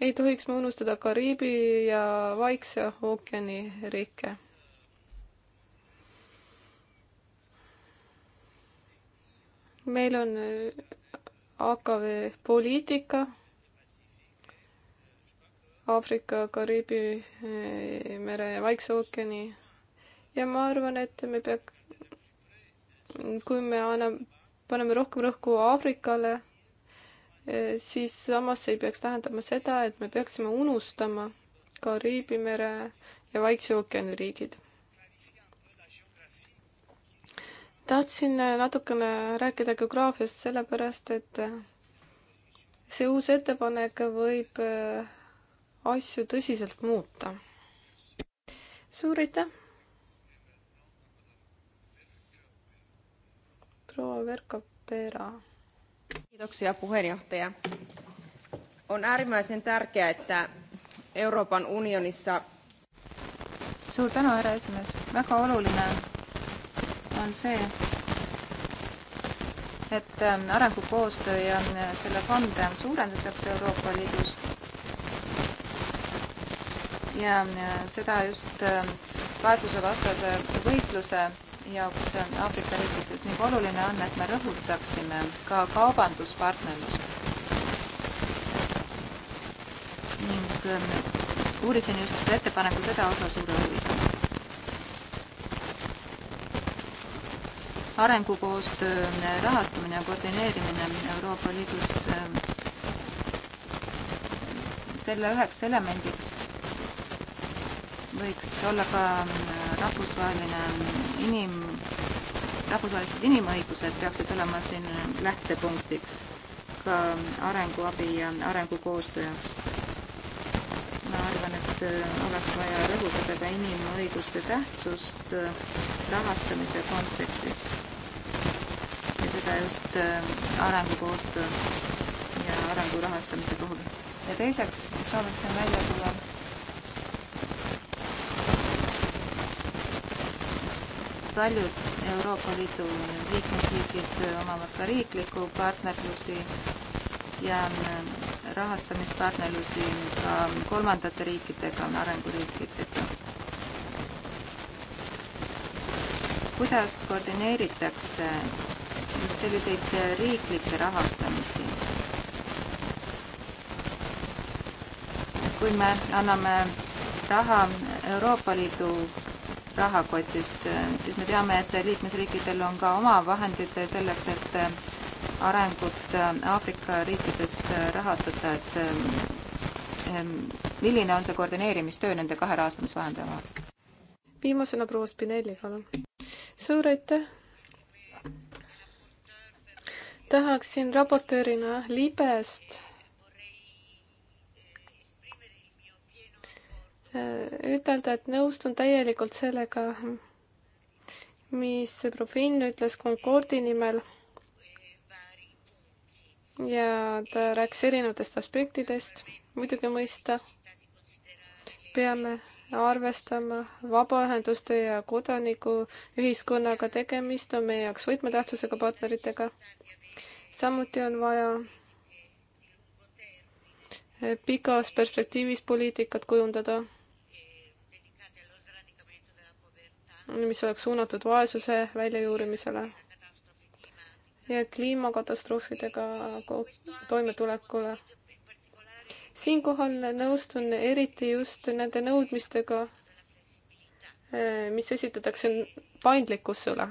ei tohiks me unustada Kariibi ja Vaikse ookeani riike meil on äh, AKV poliitika Aafrika, Kariibi äh, mere ja Vaikse ookeani ja ma arvan, et me peaks, kui me anname, paneme rohkem rõhku Aafrikale, äh, siis samas ei peaks tähendama seda, et me peaksime unustama Kariibi mere ja Vaikse ookeani riigid. tahtsin äh, natukene rääkida geograafiast, sellepärast et äh, see uus ettepanek võib äh, asju tõsiselt muuta. suur aitäh! proua Verko Peera. kiitoksia puheenjohtaja. on äärimmäisen tärkeää, että Euroopan unionissa suur tänu, härra esimees, väga oluline on see, et ähm, arengukoostöö ja äh, selle fonde suurendatakse Euroopa Liidus. ja äh, seda just vaesusevastase ähm, võitluse jaoks äh, Aafrika riikides ning oluline on, et me rõhutaksime ka kaubanduspartnerlust. ning ähm, uurisin just ettepaneku seda osa suure huviga. arengukoostöö äh, rahastamine ja koordineerimine Euroopa Liidus, äh, selle üheks elemendiks võiks olla ka äh, rahvusvaheline inim, rahvusvahelised inimõigused peaksid olema siin lähtepunktiks ka arenguabi ja arengukoostöö jaoks. ma arvan, et oleks vaja rõhutada ka inimõiguste tähtsust rahastamise kontekstis rääkida just ähm, arengukoostöö ja arengu rahastamise puhul. ja teiseks sooviksin välja tuua paljud Euroopa Liidu liikmesriigid omavad ka riiklikku partnerlusi ja ähm, rahastamispartnerlusi ka kolmandate riikidega, arenguriikidega. kuidas koordineeritakse just selliseid äh, riiklikke rahastamisi. kui me anname raha Euroopa Liidu rahakotist, äh, siis me teame, et liikmesriikidel on ka oma vahendid selleks, et äh, arengut Aafrika riikides rahastada, et milline on see koordineerimistöö nende kahe rahastamisvahendaja vahel? viimasena proua Spinelli, palun. suur aitäh tahaksin raportöörina libest äh, ütelda, et nõustun täielikult sellega, mis Profin ütles Concordi nimel. ja ta rääkis erinevatest aspektidest, muidugi mõista. peame arvestama vabaühenduste ja kodanikuühiskonnaga, tegemist on meie jaoks võtmetähtsusega partneritega samuti on vaja eh, pikas perspektiivis poliitikat kujundada, mis oleks suunatud vaesuse väljajuurimisele ja kliimakatastroofidega toimetulekule. siinkohal nõustun eriti just nende nõudmistega, eh, mis esitatakse paindlikkusele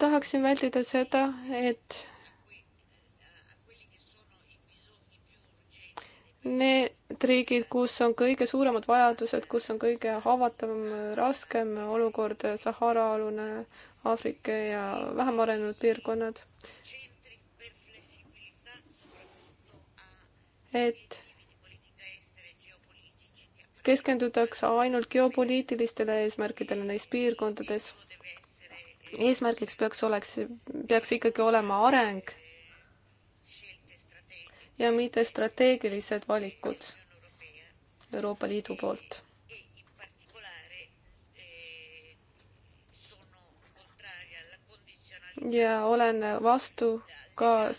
tahaksin vältida seda, et need riigid, kus on kõige suuremad vajadused, kus on kõige haavatavam, raskem olukord, Sahara-alune Aafrika ja vähem arenenud piirkonnad. et keskendutakse ainult geopoliitilistele eesmärkidele neis piirkondades eesmärgiks peaks oleks, peaks ikkagi olema areng ja mitte strateegilised valikud Euroopa Liidu poolt. ja olen vastu ka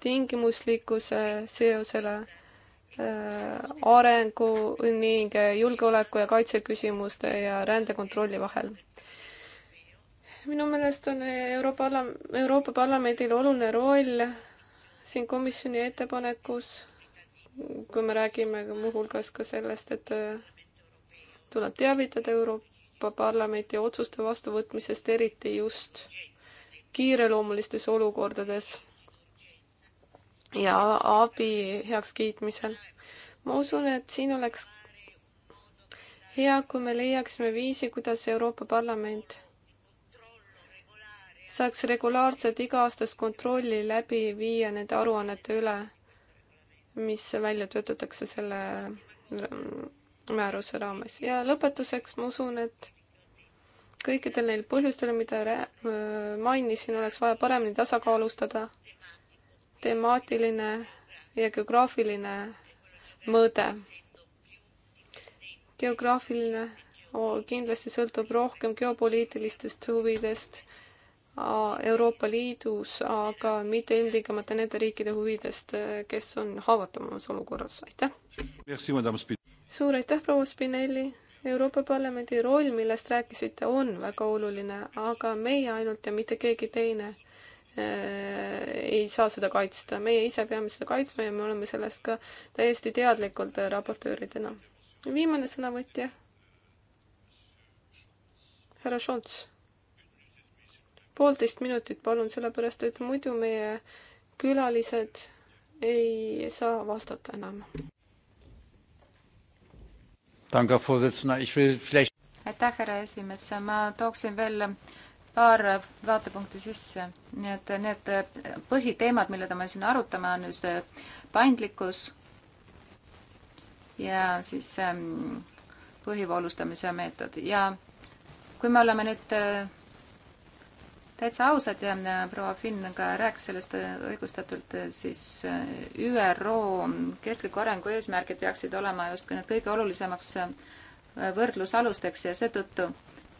tingimuslikkuse seosele äh, arengu ning julgeoleku ja kaitse küsimuste ja rändekontrolli vahel minu meelest on Euroopa Parlam-, Euroopa Parlamendil oluline roll siin komisjoni ettepanekus, kui me räägime muuhulgas ka sellest, et äh, tuleb teavitada Euroopa Parlamenti otsuste vastuvõtmisest, eriti just kiireloomulistes olukordades ja abi heakskiitmisel. ma usun, et siin oleks hea, kui me leiaksime viisi, kuidas Euroopa Parlament saaks regulaarselt iga-aastast kontrolli läbi viia nende aruannete üle, mis välja töötatakse selle mm, määruse raames. ja lõpetuseks ma usun, et kõikidel neil põhjustel, mida mainisin, oleks vaja paremini tasakaalustada temaatiline ja geograafiline mõõde. geograafiline kindlasti sõltub rohkem geopoliitilistest huvidest Euroopa Liidus, aga mitte ilmtingimata nende riikide huvidest, kes on haavatavamas olukorras, aitäh! suur aitäh, proua Spinelli! Euroopa Parlamendi roll, millest rääkisite, on väga oluline, aga meie ainult ja mitte keegi teine äh, ei saa seda kaitsta, meie ise peame seda kaitsma ja me oleme sellest ka täiesti teadlikud äh, raportööridena. viimane sõnavõtja, härra Šolts poolteist minutit, palun, sellepärast et muidu meie külalised ei saa vastata enam. aitäh, härra esimees, ma tooksin veel paar vaatepunkti sisse, nii et need põhiteemad, mille me siin arutame, on just paindlikkus ja siis ähm, põhivoolustamise meetod ja kui me oleme nüüd äh, täitsa ausad ja äh, proua Finn ka rääkis sellest äh, õigustatult, äh, siis ÜRO kestliku arengu eesmärgid peaksid olema justkui need kõige olulisemaks võrdlusalusteks ja seetõttu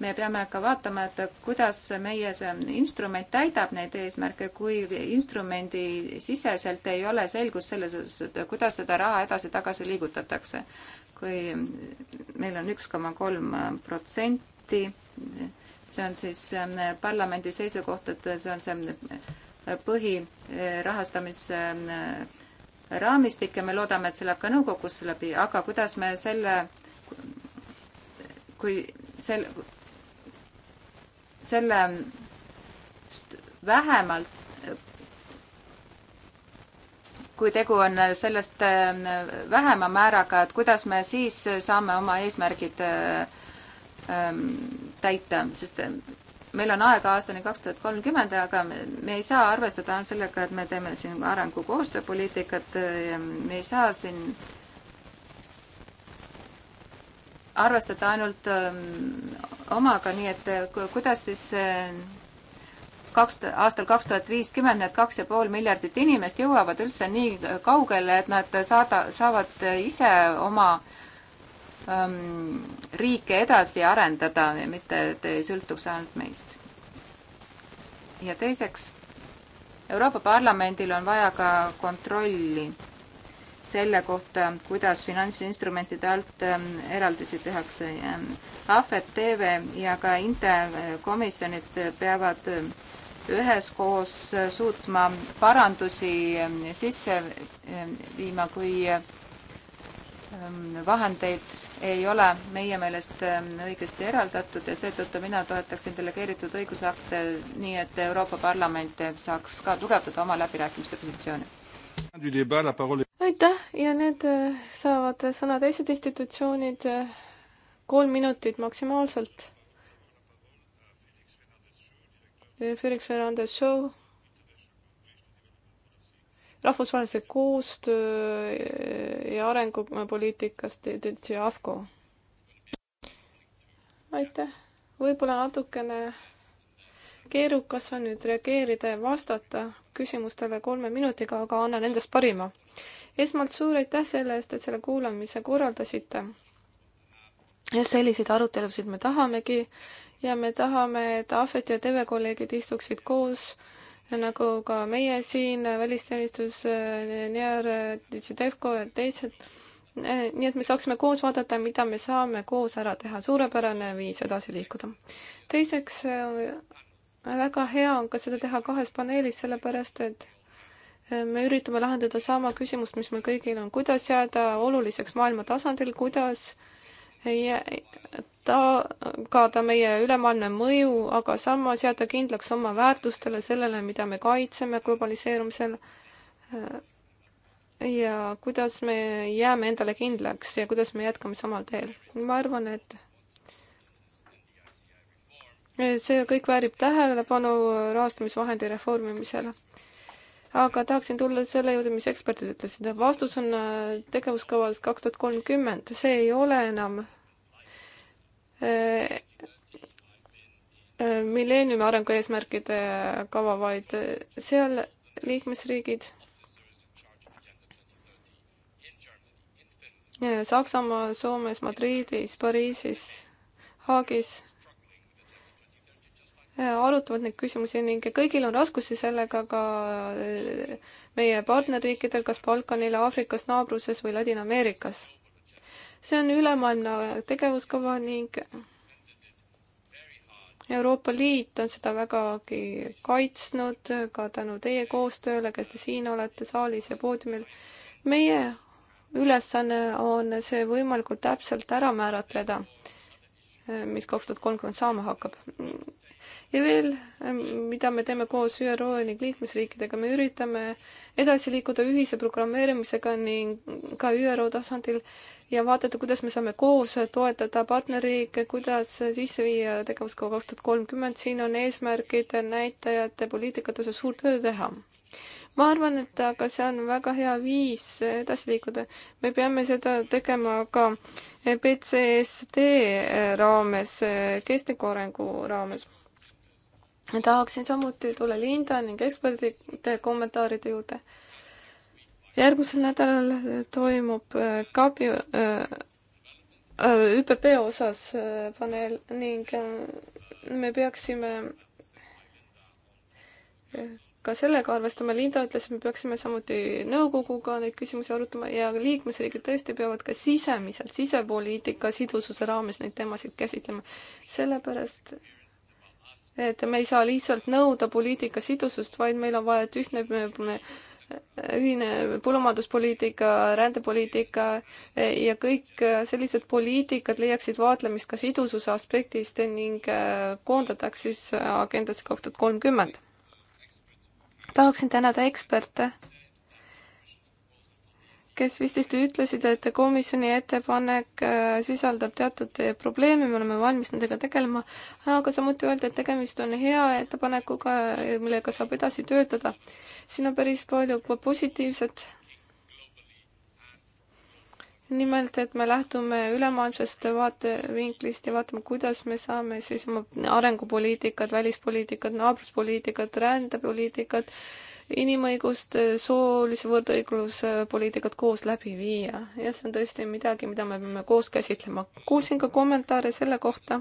me peame ka vaatama, et kuidas meie see instrument täidab neid eesmärke, kui instrumendi siseselt ei ole selgust selles osas, et kuidas seda raha edasi-tagasi liigutatakse. kui meil on üks koma kolm protsenti see on siis ähm, parlamendi seisukoht, et see on see äh, põhirahastamise äh, äh, raamistik ja me loodame, et see läheb ka nõukogusse läbi, aga kuidas me selle, kui sel-, selle vähemalt, kui tegu on sellest vähema määraga, et kuidas me siis saame oma eesmärgid ähm, täita, sest meil on aega aastani kaks tuhat kolmkümmend, aga me ei saa arvestada ainult sellega, et me teeme siin arengukoostööpoliitikat ja me ei saa siin arvestada ainult ähm, omaga, nii et äh, kuidas siis äh, kaks, aastal kaks tuhat viiskümmend need kaks ja pool miljardit inimest jõuavad üldse nii kaugele, et nad saada, saavad ise oma äh, ähm, riike edasi arendada ja mitte, et ei sõltuks ainult meist. ja teiseks, Euroopa Parlamendil on vaja ka kontrolli selle kohta, kuidas finantsinstrumentide alt ähm, eraldisi tehakse ähm,. Ahvet TV ja ka interkomisjonid äh, peavad ähm, üheskoos äh, suutma parandusi ähm, sisse ähm, viima, kui äh, vahendeid ei ole meie meelest ähm, õigesti eraldatud ja seetõttu mina toetaksin delegeeritud õigusakte nii, et Euroopa Parlament saaks ka tugevdada oma läbirääkimiste positsiooni. aitäh ja nüüd äh, saavad sõna teised institutsioonid, äh, kolm minutit maksimaalselt. Äh, Felix Fernandez Show rahvusvahelise koostöö ja arengupoliitikast Afko. aitäh, võib-olla natukene keerukas on nüüd reageerida ja vastata küsimustele kolme minutiga, aga annan endast parima. esmalt suur aitäh selle eest, et selle kuulamise korraldasite. just selliseid arutelusid me tahamegi ja me tahame, et Ahvet ja TV kolleegid istuksid koos äh, nagu ka meie siin, välisteenistus, NEAR, Digidevco ja teised. nii et me saaksime koos vaadata, mida me saame koos ära teha, suurepärane viis edasi liikuda. teiseks, väga hea on ka seda teha kahes paneelis, sellepärast et me üritame lahendada sama küsimust, mis meil kõigil on, kuidas jääda oluliseks maailma tasandil, kuidas tagada meie ülemaailmne mõju, aga samas jääda kindlaks oma väärtustele, sellele, mida me kaitseme globaliseerumisel. ja kuidas me jääme endale kindlaks ja kuidas me jätkame samal teel. ma arvan, et see kõik väärib tähelepanu rahastamisvahendi reformimisele. aga tahaksin tulla selle juurde, mis eksperdid ütlesid. vastus on tegevuskavas kaks tuhat kolmkümmend, see ei ole enam Äh, äh, milleeniumi arengu eesmärkide kava, vaid äh, seal liikmesriigid Saksamaal, Soomes, Madridis, Pariisis, Haagis arutavad neid küsimusi ning kõigil on raskusi sellega ka meie partnerriikidel, kas Balkanil, Aafrikas, naabruses või Ladina-Ameerikas see on ülemaailmne tegevuskava ning Euroopa Liit on seda vägagi kaitsnud ka tänu teie koostööle, kes te siin olete saalis ja poodiumil. meie ülesanne on see võimalikult täpselt ära määratleda, mis kaks tuhat kolmkümmend saama hakkab ja veel, ähm, mida me teeme koos ÜRO ning liikmesriikidega, me üritame edasi liikuda ühise programmeerimisega ning ka ÜRO tasandil ja vaadata, kuidas me saame koos toetada partnerriike, kuidas sisse viia tegevuskava kaks tuhat kolmkümmend, siin on eesmärgid, näitajad, poliitikate osas suur töö teha. ma arvan, et aga see on väga hea viis edasi liikuda. me peame seda tegema ka BCSD raames, kestliku arengu raames tahaksin samuti tulla Linda ning ekspertide kommentaaride juurde. järgmisel nädalal toimub äh, kabi- äh, äh,, ÜPP osas äh, paneel ning me peaksime ka sellega arvestama, Linda ütles, et me peaksime samuti nõukoguga neid küsimusi arutama ja liikmesriigid tõesti peavad ka sisemiselt, sisepoliitika sidususe raames neid teemasid käsitlema. sellepärast et me ei saa lihtsalt nõuda poliitika sidusust, vaid meil on vaja, et ühtne ühine põllumajanduspoliitika, rändepoliitika ja kõik sellised poliitikad leiaksid vaatlemist ka sidususe aspektist ning koondataks siis agendasse kaks tuhat kolmkümmend. tahaksin tänada eksperte kes vist vist ütlesid, et komisjoni ettepanek äh, sisaldab teatud äh, probleeme, me oleme valmis nendega tegelema, aga samuti öelda, et tegemist on hea ettepanekuga, äh, millega saab edasi töötada. siin on päris palju ka positiivset. nimelt, et me lähtume ülemaailmsest vaatevinklist ja vaatame, kuidas me saame siis oma arengupoliitikat, välispoliitikat, naabruspoliitikat, rändepoliitikat äh, inimõiguste, soolise võrdõigluse poliitikat koos läbi viia ja see on tõesti midagi, mida me peame koos käsitlema. kuulsin ka kommentaare selle kohta,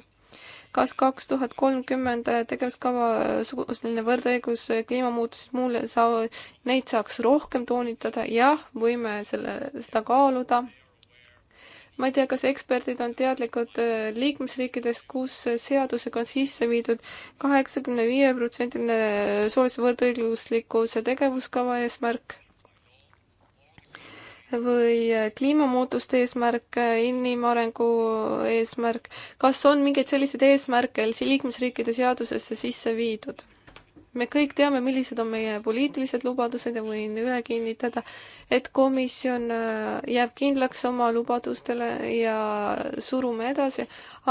kas kaks tuhat kolmkümmend tegevuskava suguline võrdõigus, kliimamuutused, muule saa-, neid saaks rohkem toonitada, jah, võime selle, seda kaaluda ma ei tea, kas eksperdid on teadlikud äh, liikmesriikidest, kus seadusega on sisse viidud kaheksakümne viie protsendiline äh, soolise võrdõiguslikkuse tegevuskava eesmärk või äh, kliimamuutuste eesmärk, inimarengu eesmärk, kas on mingeid selliseid eesmärke liikmesriikide seadusesse sisse viidud? me kõik teame, millised on meie poliitilised lubadused ja võin üle kinnitada, et komisjon äh, jääb kindlaks oma lubadustele ja surume edasi,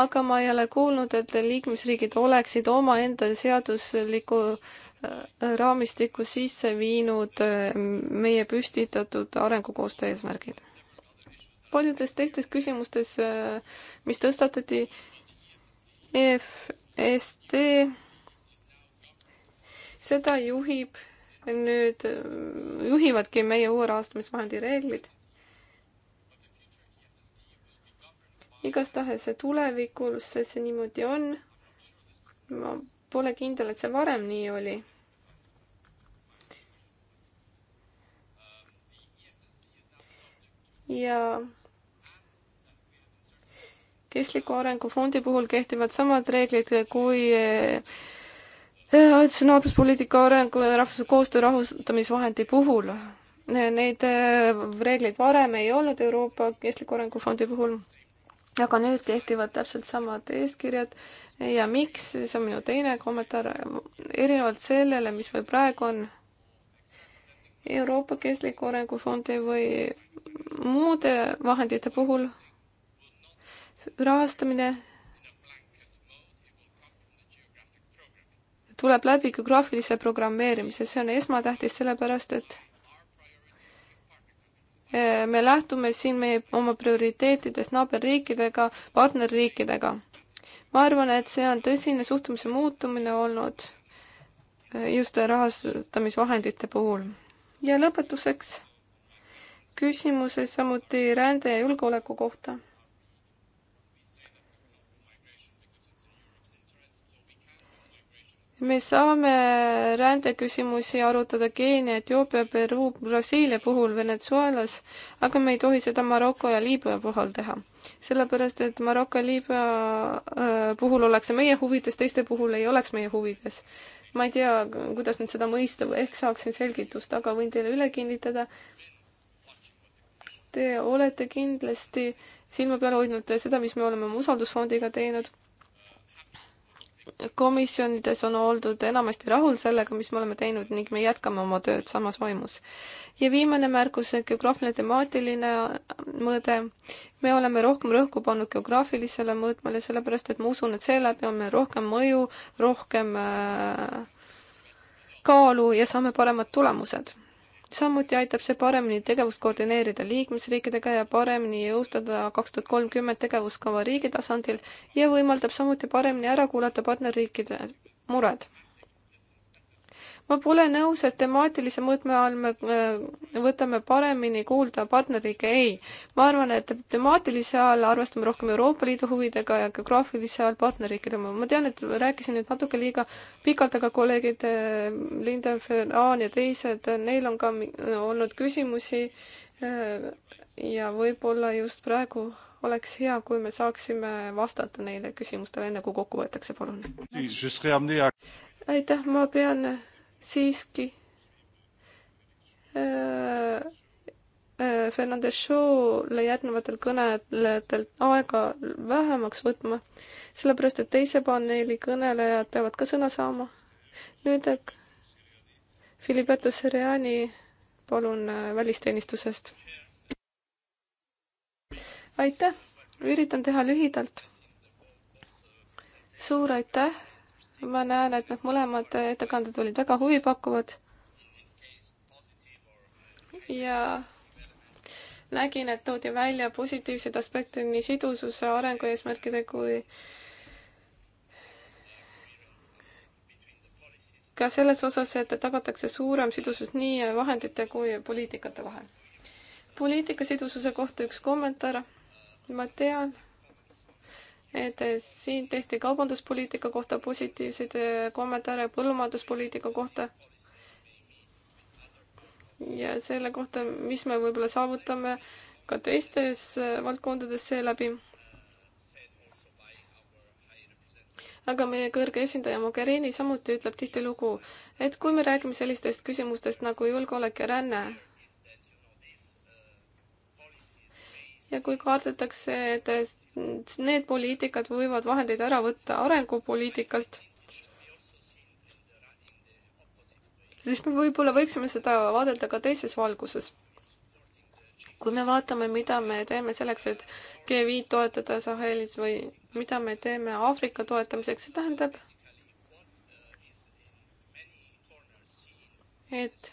aga ma ei ole kuulnud, et liikmesriigid oleksid omaenda seadusliku äh, raamistiku sisse viinud äh, meie püstitatud arengukoostöö eesmärgid. paljudes teistes küsimustes, mis tõstatati, EFST seda juhib nüüd, juhivadki meie uue rahastamisvahendi reeglid. igastahes tulevikus see niimoodi on. ma pole kindel, et see varem nii oli ja kestliku arengu fondi puhul kehtivad samad reeglid kui Äh, ajutise naabruspoliitika arengu ja rahvuse koostöö rahustamisvahendi puhul. Äh, neid äh, reegleid varem ei olnud Euroopa Kestliku Arengu Fondi puhul, aga nüüd kehtivad täpselt samad eeskirjad ja miks, see on minu teine kommentaar, erinevalt sellele, mis meil praegu on, Euroopa Kestliku Arengu Fondi või muude vahendite puhul rahastamine tuleb läbi geograafilise programmeerimise, see on esmatähtis, sellepärast et e, me lähtume siin meie oma prioriteetidest naaberriikidega, partnerriikidega. ma arvan, et see on tõsine suhtumise muutumine olnud e, just rahastamisvahendite puhul. ja lõpetuseks küsimuses samuti rände ja julgeoleku kohta me saame rändeküsimusi arutada Keenia, Etioopia, Peruu, Brasiilia puhul, Venezuelas, aga me ei tohi seda Maroko ja Liibüa puhul teha. sellepärast, et Maroko ja Liibüa äh, puhul oleks see meie huvides, teiste puhul ei oleks meie huvides. ma ei tea, kuidas nüüd seda mõista, ehk saaksin selgitust, aga võin teile üle kinnitada. Te olete kindlasti silma peal hoidnud seda, mis me oleme oma usaldusfondiga teinud komisjonides on oldud enamasti rahul sellega, mis me oleme teinud ning me jätkame oma tööd samas vaimus. ja viimane märkus, geograafiline temaatiline mõõde. me oleme rohkem rõhku pannud geograafilisele mõõtmele, sellepärast et ma usun, et seeläbi on meil rohkem mõju, rohkem äh, kaalu ja saame paremad tulemused samuti aitab see paremini tegevust koordineerida liikmesriikidega ja paremini jõustada kaks tuhat kolmkümmend tegevuskava riigi tasandil ja võimaldab samuti paremini ära kuulata partnerriikide mured ma pole nõus, et temaatilise mõõtme all me äh, võtame paremini kuulda partnerikke, ei. ma arvan, et temaatilise all arvestame rohkem Euroopa Liidu huvidega ja geograafilise all partnerriikide oma. ma tean, et rääkisin nüüd natuke liiga pikalt, aga kolleegid äh, Linda Ferran ja teised, neil on ka olnud küsimusi äh, ja võib-olla just praegu oleks hea, kui me saaksime vastata neile küsimustele, enne kui kokku võetakse, palun. aitäh, ma pean siiski äh, äh, Fernandes Show'le järgnevatel kõnelejatel aega vähemaks võtma, sellepärast et teise paneeli kõnelejad peavad ka sõna saama. nüüd Filiberto Seriani, palun äh, välisteenistusest. aitäh, üritan teha lühidalt. suur aitäh ma näen, et need mõlemad ettekanded olid väga huvipakkuvad. ja nägin, et toodi välja positiivseid aspekte nii sidususe arengueesmärkide kui ka selles osas, et tagatakse suurem sidusus nii vahendite kui poliitikate vahel. poliitika sidususe kohta üks kommentaar. ma tean, et siin tehti kaubanduspoliitika kohta positiivseid eh, kommentaare põllumajanduspoliitika kohta. ja selle kohta, mis me võib-olla saavutame ka teistes eh, valdkondades seeläbi. aga meie kõrge esindaja Mogherini samuti ütleb tihtilugu, et kui me räägime sellistest küsimustest nagu julgeolek ja ränne, ja kui kardetakse, et Need poliitikad võivad vahendeid ära võtta arengupoliitikalt. siis me võib-olla võiksime seda vaadelda ka teises valguses. kui me vaatame, mida me teeme selleks, et G5 toetada Sahelis või mida me teeme Aafrika toetamiseks, see tähendab, et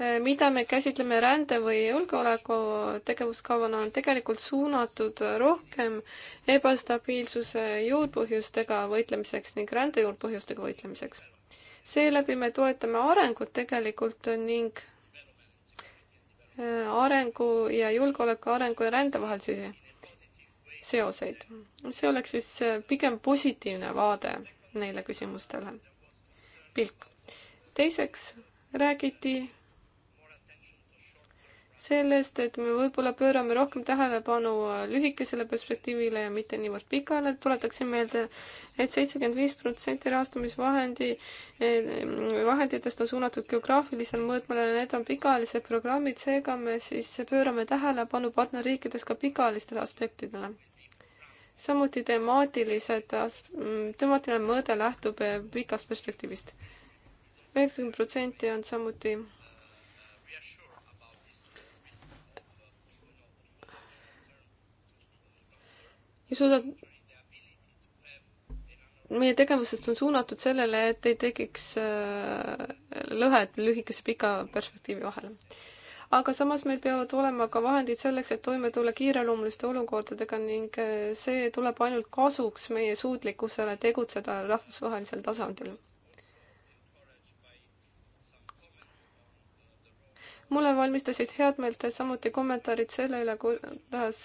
Äh, mida me käsitleme rände või julgeoleku tegevuskavana, on tegelikult suunatud rohkem ebastabiilsuse juurpõhjustega võitlemiseks ning rände juurpõhjustega võitlemiseks. seeläbi me toetame arengut tegelikult ning äh, arengu ja julgeoleku arengu ja rände vahelisi seoseid. see oleks siis äh, pigem positiivne vaade neile küsimustele. pilk. teiseks räägiti sellest, et me võib-olla pöörame rohkem tähelepanu lühikesele perspektiivile ja mitte niivõrd pikale, tuletaksin meelde et, et seitsekümmend viis protsenti rahastamisvahendi, eh, vahenditest on suunatud geograafilisele mõõtmele, need on pikaajalised programmid, seega me siis pöörame tähelepanu partnerriikides ka pikaajalistele aspektidele. samuti temaatilised, mm, temaatiline mõõde lähtub eh, pikast perspektiivist. üheksakümmend protsenti on samuti ja suudab, meie tegevusest on suunatud sellele, et ei tekiks äh, lõhet lühikese pika perspektiivi vahel. aga samas meil peavad olema ka vahendid selleks, et toime tulla kiireloomuliste olukordadega ning äh, see tuleb ainult kasuks meie suutlikkusele tegutseda rahvusvahelisel tasandil mulle valmistasid head meelt samuti kommentaarid selle üle, kuidas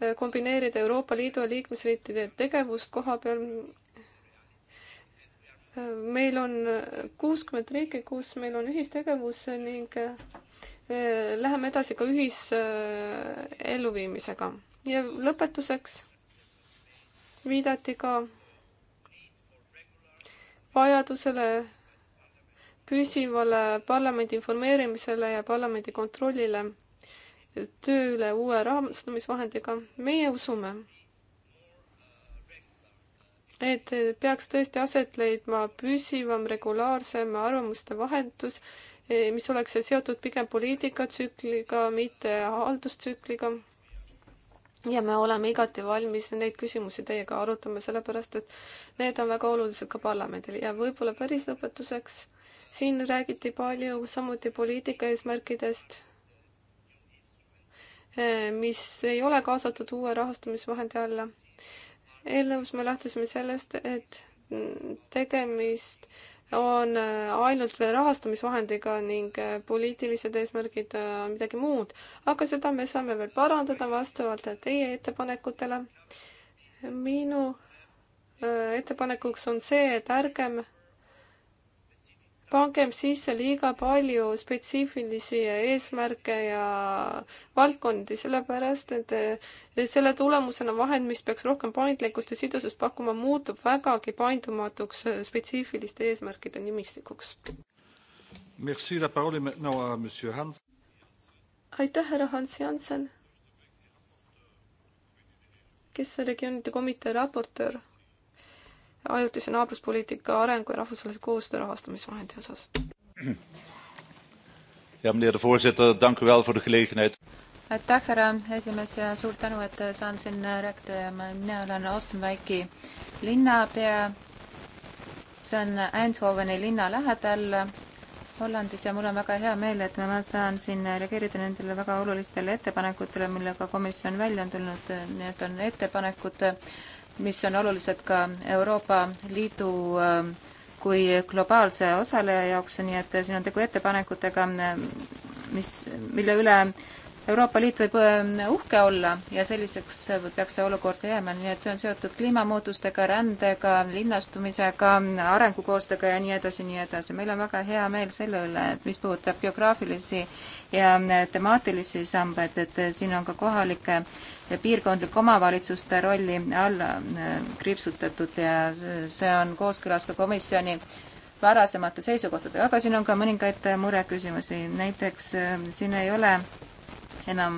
Äh, kombineerida Euroopa Liidu liikmesriikide tegevust koha peal. Äh, meil on kuuskümmend riiki, kus meil on ühistegevus ning äh, läheme edasi ka ühiselluviimisega. ja lõpetuseks viidati ka vajadusele püsivale parlamendi informeerimisele ja parlamendi kontrollile tööle uue rahastamisvahendiga. meie usume, et peaks tõesti aset leidma püsivam, regulaarsem arvamuste vahetus, eh, mis oleks seotud pigem poliitikatsükliga, mitte haldustsükliga. ja me oleme igati valmis neid küsimusi teiega arutama, sellepärast et need on väga olulised ka parlamendile ja võib-olla päris lõpetuseks siin räägiti palju samuti poliitika eesmärkidest Eh, mis ei ole kaasatud uue rahastamisvahendi alla. eelnõus me lähtusime sellest, et tegemist on eh, ainult rahastamisvahendiga ning eh, poliitilised eesmärgid midagi muud, aga seda me saame veel parandada vastavalt teie ettepanekutele. minu ettepanekuks on see, et ärgem pangem sisse liiga palju spetsiifilisi eesmärke ja valdkondi, sellepärast et selle tulemusena vahend, mis peaks rohkem paindlikkust ja sidusust pakkuma, muutub vägagi paindumatuks spetsiifiliste eesmärkide nimistikuks. aitäh, härra Hans Jansen, kes on regioonide komitee raportöör ajutise naabruspoliitika arengu ja rahvusvahelise koostöö rahastamisvahendi osas. ja, aitäh, härra esimees ja suur tänu, et saan siin rääkida ja ma, mina olen Ostenväiki linnapea. see on Eindhoveni linna lähedal Hollandis ja mul on väga hea meel, et ma saan siin reageerida nendele väga olulistele ettepanekutele, millega komisjon välja on tulnud. Need on ettepanekud mis on olulised ka Euroopa Liidu ähm, kui globaalse osaleja jaoks, nii et äh, siin on tegu ettepanekutega, äh, mis, mille üle Euroopa Liit võib ähm, uhke olla ja selliseks peaks see olukord jääma, nii et see on seotud kliimamuutustega, rändega, linnastumisega, arengukoostööga ja nii edasi, nii edasi. meil on väga hea meel selle üle, et mis puudutab geograafilisi ja äh, temaatilisi sambaid, et siin on ka kohalike ja piirkondlike omavalitsuste rolli alla äh, kriipsutatud ja see on kooskõlas ka komisjoni varasemate seisukohtadega, aga siin on ka mõningaid äh, mureküsimusi, näiteks siin ei ole enam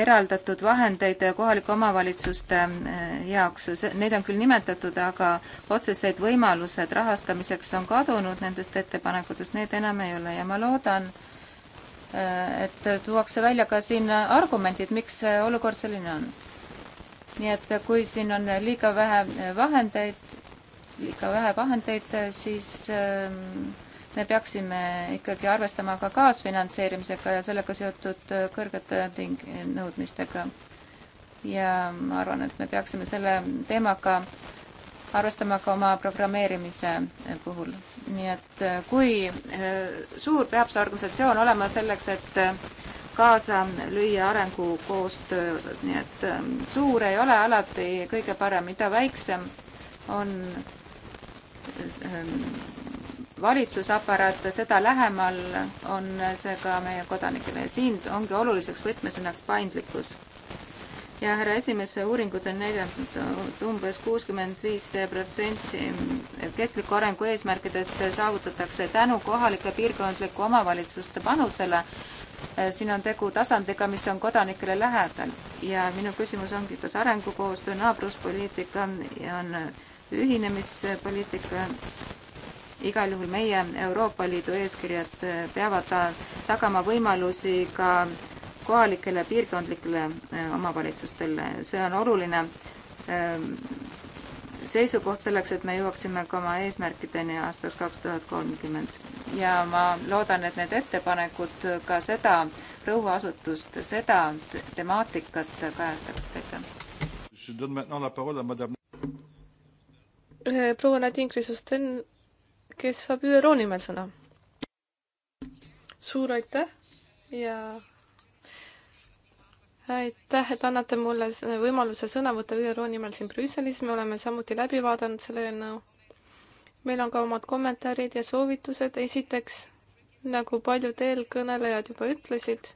eraldatud vahendeid kohalike omavalitsuste eh, jaoks, neid on küll nimetatud, aga otsesed võimalused rahastamiseks on kadunud nendest ettepanekutest, need enam ei ole ja ma loodan, eh, et tuuakse välja ka siin argumendid, miks see olukord selline on. nii et kui siin on liiga vähe vahendeid, liiga vähe vahendeid, eh, siis äh, me peaksime ikkagi arvestama ka kaasfinantseerimisega ja sellega seotud äh, kõrgete ting-, nõudmistega. ja ma arvan, et me peaksime selle teemaga arvestama ka oma programmeerimise äh, puhul. nii et äh, kui suur peab see organisatsioon olema selleks, et kaasa lüüa arengukoostöö osas, nii et ähm, suur ei ole alati kõige parem, mida väiksem on ähm, valitsusaparaat, seda lähemal on see ka meie kodanikele ja siin ongi oluliseks võtmesõnaks paindlikkus. ja härra esimees, uuringud on näidanud, et umbes kuuskümmend viis protsenti kestliku arengu eesmärkidest saavutatakse tänu kohalike piirkondliku omavalitsuste panusele. siin on tegu tasandiga, mis on kodanikele lähedal ja minu küsimus ongi, kas arengukoostöö, naabruspoliitika on ühinemispoliitika igal juhul meie Euroopa Liidu eeskirjad eh, peavad tagama võimalusi ka kohalikele piirkondlikele eh, omavalitsustele. see on oluline ehm, seisukoht selleks, et me jõuaksime ka oma eesmärkideni aastaks kaks tuhat kolmkümmend. ja ma loodan, et need ettepanekud ka seda rõhuasutust, seda temaatikat kajastaksid, aitäh. proua Nadine Krisosten kes saab ÜRO nimel sõna. suur aitäh ja aitäh, et annate mulle võimaluse sõna võtta ÜRO nimel siin Brüsselis, me oleme samuti läbi vaadanud selle eelnõu. meil on ka omad kommentaarid ja soovitused, esiteks, nagu paljud eelkõnelejad juba ütlesid,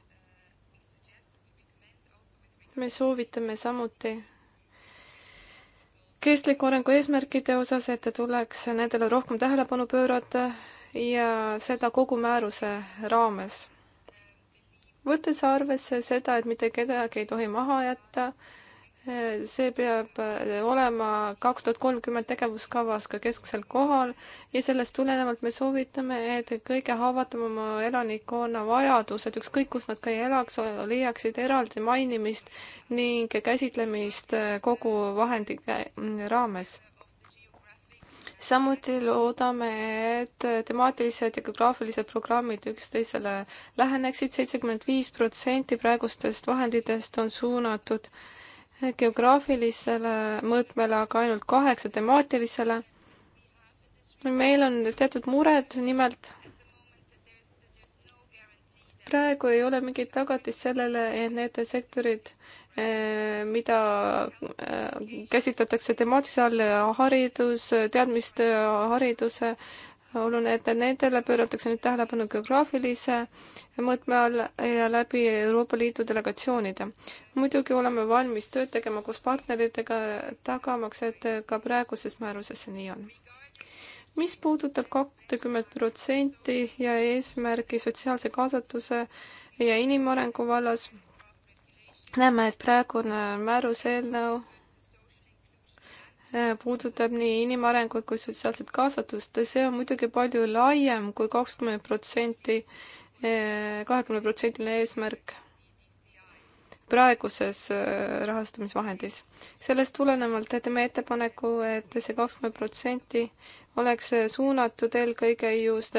me soovitame samuti kestliku arengu eesmärkide osas, et tuleks nendele rohkem tähelepanu pöörata ja seda kogu määruse raames. võttes arvesse seda, et mitte kedagi ei tohi maha jätta see peab äh, olema kaks tuhat kolmkümmend tegevuskavas ka kesksel kohal ja sellest tulenevalt me soovitame, et kõige haavatavama elanikkonna vajadused, ükskõik kus nad ka ei elaks, leiaksid eraldi mainimist ning käsitlemist äh, kogu vahendi mm, raames. samuti loodame, et temaatilised ja geograafilised programmid üksteisele läheneksid, seitsekümmend viis protsenti praegustest vahenditest on suunatud äh, geograafilisele mõõtmele, aga ainult kaheksa temaatilisele. meil on teatud mured, nimelt praegu ei ole mingit tagatist sellele, et need sektorid, eh, mida eh, käsitletakse temaatilise all, haridus, teadmiste, hariduse oluline, et nendele pööratakse nüüd tähelepanu geograafilise mõõtme all ja läbi Euroopa Liidu delegatsioonide. muidugi oleme valmis tööd tegema koos partneritega, tagamaks, et ka praeguses määruses see nii on. mis puudutab kakskümmend protsenti ja eesmärgi sotsiaalse kaasatuse ja inimarengu vallas, näeme, et praegune määruse eelnõu no, Äh, puudutab nii inimarengut kui sotsiaalset kaasatust, see on muidugi palju laiem kui kakskümmend protsenti, äh, kahekümne protsendiline eesmärk praeguses äh, rahastamisvahendis. sellest tulenevalt teeme ettepaneku, et see kakskümmend protsenti oleks suunatud eelkõige just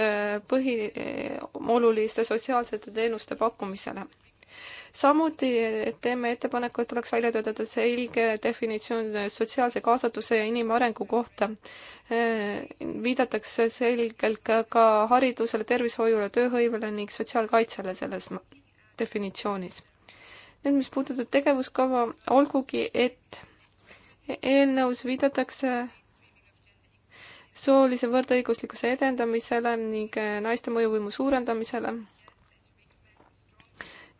põhioluliste sotsiaalsete teenuste pakkumisele samuti teeme ettepaneku, et tuleks välja töötada selge definitsioon sotsiaalse kaasatuse ja inimarengu kohta. viidatakse selgelt ka, ka haridusele, tervishoiule, tööhõivele ning sotsiaalkaitsele selles definitsioonis. nüüd, mis puudutab tegevuskava, olgugi et eelnõus viidatakse soolise võrdõiguslikkuse edendamisele ning naiste mõjuvõimu suurendamisele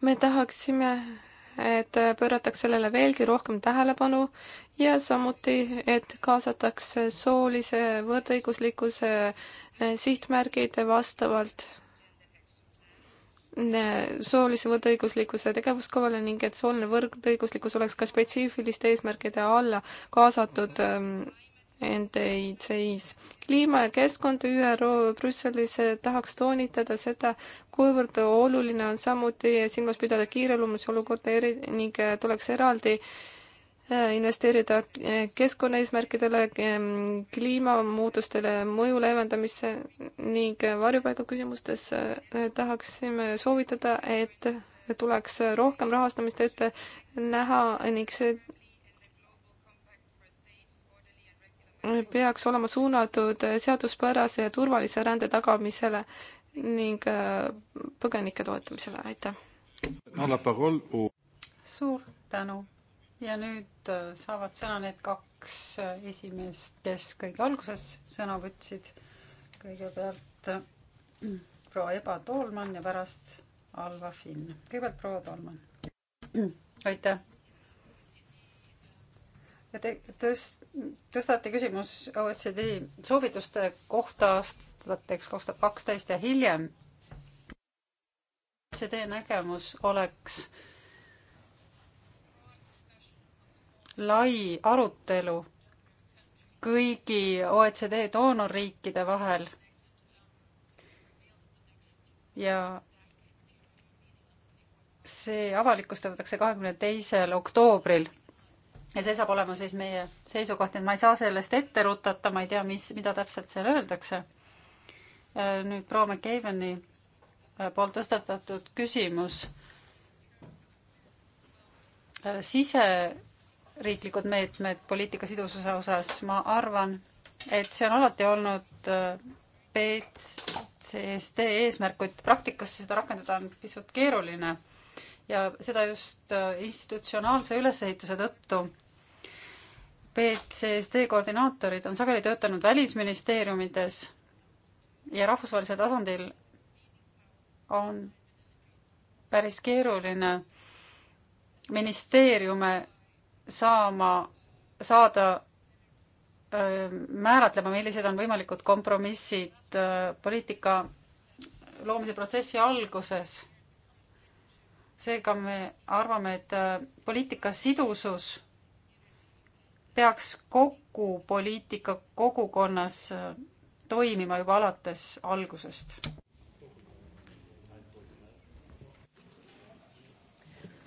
me tahaksime, et pöörataks sellele veelgi rohkem tähelepanu ja samuti, et kaasatakse soolise võrdõiguslikkuse eh, sihtmärgid vastavalt eh, soolise võrdõiguslikkuse tegevuskavale ning et sooline võrdõiguslikkus oleks ka spetsiifiliste eesmärkide alla kaasatud eh, endeid seis. kliima ja keskkond ÜRO Brüsselis eh, tahaks toonitada seda, kuivõrd oluline on samuti silmas pidada kiireloomulise olukorda eri- ning eh, tuleks eraldi eh, investeerida keskkonnaeesmärkidele, ehm, kliimamuutustele mõju leevendamisse ning varjupaiga küsimustes tahaksime soovitada, et tuleks rohkem rahastamist ette näha ning see peaks olema suunatud seaduspärase ja turvalise rände tagamisele ning äh, põgenike toetamisele, aitäh! suur tänu! ja nüüd äh, saavad sõna need kaks äh, esimest, kes kõige alguses sõna võtsid. kõigepealt proua Eba Toolman ja pärast Alva Finn. kõigepealt proua Toolman. aitäh! ja te tõst-, tõstate küsimus OECD soovituste kohta aastateks kaks tuhat kaksteist ja hiljem. OECD nägemus oleks lai arutelu kõigi OECD doonorriikide vahel ja see avalikustatakse kahekümne teisel oktoobril ja see saab olema siis meie seisukoht, et ma ei saa sellest ette rutata, ma ei tea, mis, mida täpselt seal öeldakse. Äh, nüüd proua McCaveni äh, poolt tõstatatud küsimus. Äh, siseriiklikud meetmed poliitika sidususe osas, ma arvan, et see on alati olnud PCSD eesmärk, kuid praktikasse seda rakendada on pisut keeruline ja seda just äh, institutsionaalse ülesehituse tõttu. BCSD koordinaatorid on sageli töötanud välisministeeriumides ja rahvusvahelisel tasandil on päris keeruline ministeeriume saama, saada määratlema, millised on võimalikud kompromissid poliitika loomise protsessi alguses seega me arvame, et äh, poliitika sidusus peaks kogu poliitika kogukonnas äh, toimima juba alates algusest.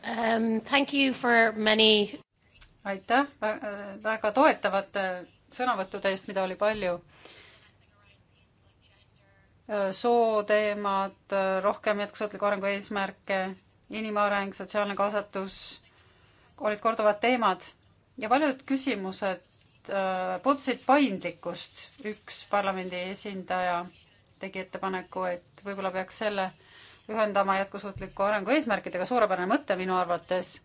Um, thank you for many. aitäh äh, väga toetavate sõnavõttude eest, mida oli palju. sooteemad, rohkem jätkusuutliku arengu eesmärke inimareng, sotsiaalne kaasatus olid korduvad teemad ja paljud küsimused äh, puudusid paindlikkust. üks parlamendi esindaja tegi ettepaneku, et võib-olla peaks selle ühendama jätkusuutliku arengu eesmärkidega, suurepärane mõte minu arvates.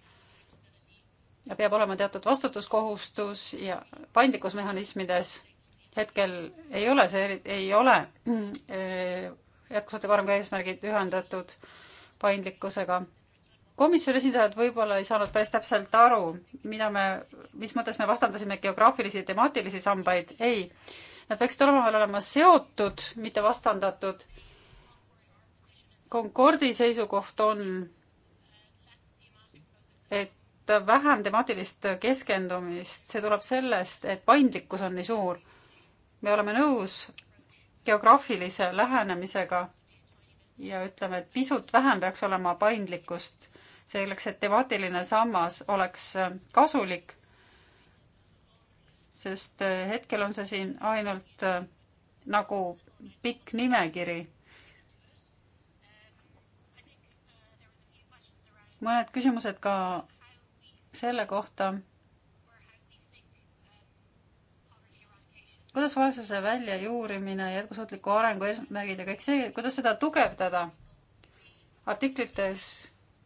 ja peab olema teatud vastutuskohustus ja paindlikkusmehhanismides. hetkel ei ole see, ei ole äh, jätkusuutliku arengu eesmärgid ühendatud paindlikkusega komisjoni esindajad võib-olla ei saanud päris täpselt aru, mida me, mis mõttes me vastandasime geograafilisi ja temaatilisi sambaid, ei. Nad peaksid omavahel olema seotud, mitte vastandatud. Concordi seisukoht on, et vähem temaatilist keskendumist, see tuleb sellest, et paindlikkus on nii suur. me oleme nõus geograafilise lähenemisega ja ütleme, et pisut vähem peaks olema paindlikkust selleks, et temaatiline sammas oleks äh, kasulik, sest äh, hetkel on see siin ainult äh, nagu pikk nimekiri. mõned küsimused ka selle kohta, kuidas vaesuse väljajuurimine, jätkusuutliku arengu eesmärgid ja kõik see, kuidas seda tugevdada artiklites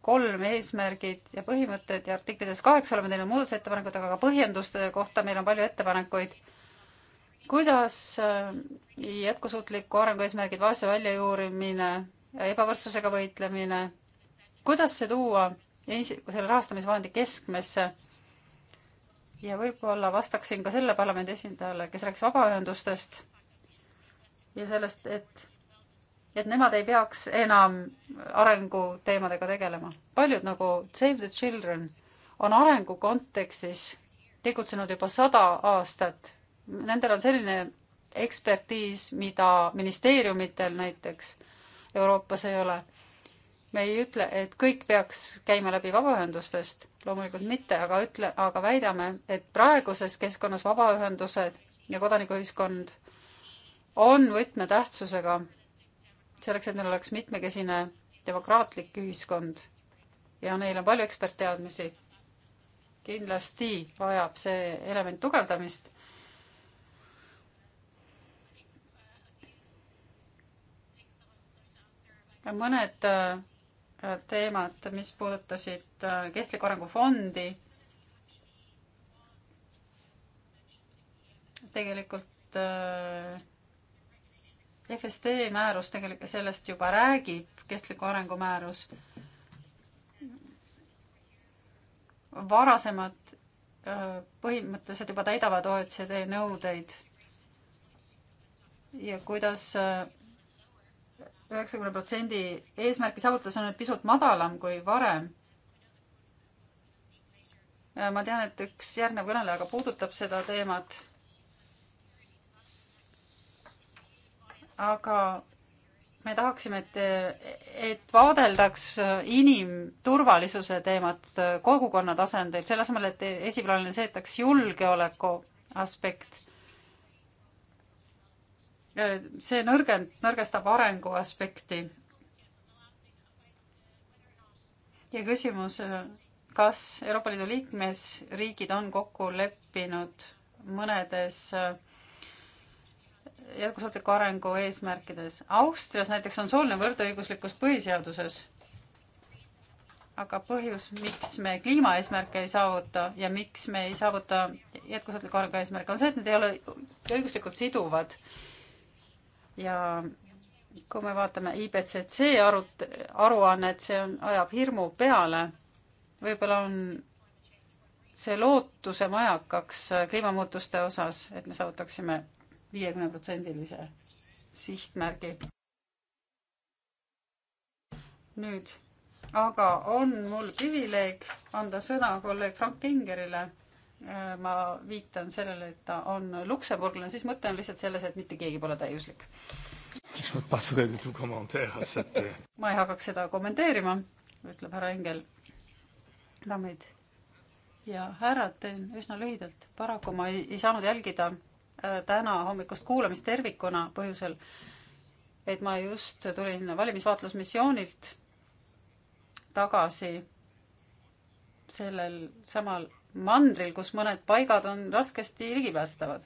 kolm eesmärgid ja põhimõtted ja artiklites kaheksa oleme teinud muudatusettepanekud, aga ka põhjenduste kohta meil on palju ettepanekuid. kuidas äh, jätkusuutliku arengu eesmärgid, vaesuse väljajuurimine ja ebavõrdsusega võitlemine, kuidas see tuua selle rahastamisvahendi keskmesse? ja võib-olla vastaksin ka selle parlamendi esindajale, kes rääkis vabaühendustest ja sellest, et et nemad ei peaks enam arenguteemadega tegelema. paljud nagu Save the Children on arengu kontekstis tegutsenud juba sada aastat. Nendel on selline ekspertiis, mida ministeeriumitel näiteks Euroopas ei ole. me ei ütle, et kõik peaks käima läbi vabaühendustest, loomulikult mitte, aga ütle, aga väidame, et praeguses keskkonnas vabaühendused ja kodanikuühiskond on võtmetähtsusega selleks, et neil oleks mitmekesine demokraatlik ühiskond ja neil on palju ekspertteadmisi. kindlasti vajab see element tugevdamist. mõned äh, teemad, mis puudutasid äh, Kestliku Arengu Fondi. tegelikult äh, FSD määrus tegelikult sellest juba räägib, kestliku arengu määrus. varasemad põhimõtteliselt juba täidavad OECD nõudeid. ja kuidas üheksakümne protsendi eesmärki saavutas, on nüüd pisut madalam kui varem. ma tean, et üks järgnev kõneleja ka puudutab seda teemat aga me tahaksime, et, et vaadeldaks inimturvalisuse teemat kogukonna tasandil, selle asemel, et esiplaanile seetaks julgeoleku aspekt. see nõrgend, nõrgestab arengu aspekti. ja küsimus, kas Euroopa Liidu liikmesriigid on kokku leppinud mõnedes äh, jätkusuutliku arengu eesmärkides. Austrias näiteks on sooline võrdõiguslikkus põhiseaduses. aga põhjus, miks me kliimaeesmärke ei saavuta ja miks me ei saavuta jätkusuutliku arengu eesmärke, on see, et need ei ole õiguslikult siduvad. ja kui me vaatame IPCC arut-, aruannet, see on, ajab hirmu peale. võib-olla on see lootuse majakaks kliimamuutuste osas, et me saavutaksime viiekümneprotsendilise sihtmärgi. nüüd aga on mul privileeg anda sõna kolleeg Frank Kingerile. Äh, ma viitan sellele, et ta on luksemburglane, siis mõte on lihtsalt selles, et mitte keegi pole täiuslik. ma ei hakkaks seda kommenteerima, ütleb härra Engel. daamid ja härrad, teen üsna lühidalt, paraku ma ei, ei saanud jälgida Äh, täna hommikust kuulamist tervikuna põhjusel, et ma just tulin valimisvaatlusmissioonilt tagasi sellel samal mandril, kus mõned paigad on raskesti ligipääsetavad.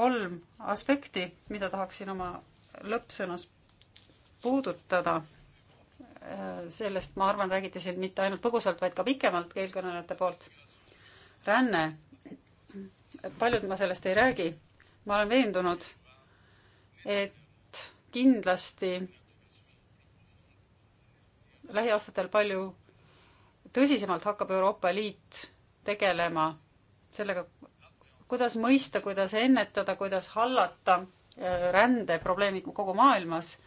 kolm aspekti, mida tahaksin oma lõppsõnas puudutada. Äh, sellest, ma arvan, räägiti siin mitte ainult põgusalt, vaid ka pikemalt eelkõnelejate poolt. ränne paljud ma sellest ei räägi. ma olen veendunud, et kindlasti lähiaastatel palju tõsisemalt hakkab Euroopa Liit tegelema sellega, kuidas mõista, kuidas ennetada, kuidas hallata äh, rändeprobleemi kogu maailmas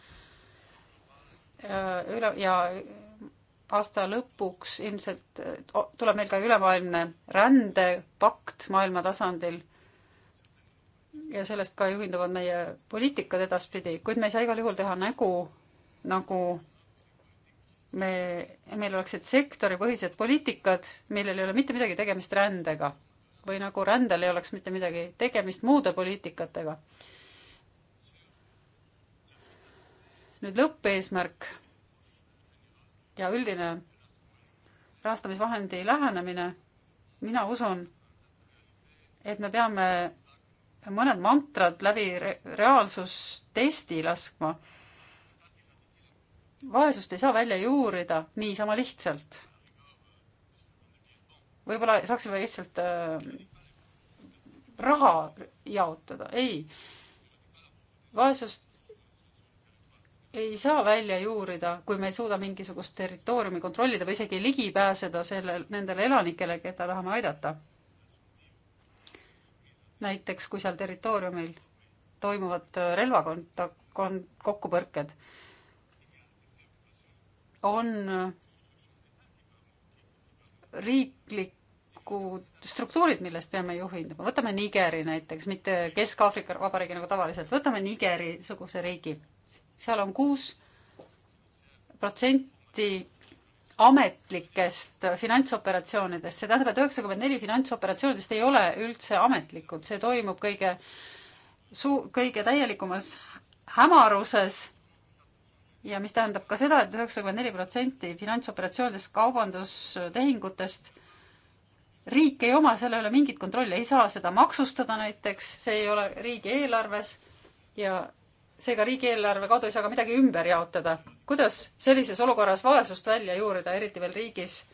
äh, üle ja aasta lõpuks ilmselt tuleb meil ka ülemaailmne rändepakt maailma tasandil. ja sellest ka juhinduvad meie poliitikad edaspidi, kuid me ei saa igal juhul teha nägu, nagu me, meil oleksid sektoripõhised poliitikad, millel ei ole mitte midagi tegemist rändega või nagu rändel ei oleks mitte midagi tegemist muude poliitikatega. nüüd lõppeesmärk ja üldine rahastamisvahendi lähenemine, mina usun, et me peame mõned mantrad läbi re reaalsustesti laskma. vaesust ei saa välja juurida niisama lihtsalt. võib-olla saaksime lihtsalt äh, raha jaotada, ei. vaesust ei saa välja juurida, kui me ei suuda mingisugust territooriumi kontrollida või isegi ligi pääseda sellel, nendele elanikele, keda tahame aidata. näiteks kui seal territooriumil toimuvad äh, relvakont-, kon-, kokkupõrked, on äh, riiklikud struktuurid, millest peame juhinduma. võtame Nigeri näiteks, mitte Kesk-Aafrika Vabariigi nagu tavaliselt, võtame Nigeri-suguse riigi seal on kuus protsenti ametlikest finantsoperatsioonidest, see tähendab, et üheksakümmend neli finantsoperatsioonidest ei ole üldse ametlikud, see toimub kõige suu-, kõige täielikumas hämaruses ja mis tähendab ka seda et, et üheksakümmend neli protsenti finantsoperatsioonidest, kaubandustehingutest riik ei oma selle üle mingit kontrolli, ei saa seda maksustada näiteks, see ei ole riigieelarves ja seega riigieelarve kaudu ei saa ka midagi ümber jaotada. kuidas sellises olukorras vaesust välja juurida, eriti veel riigis,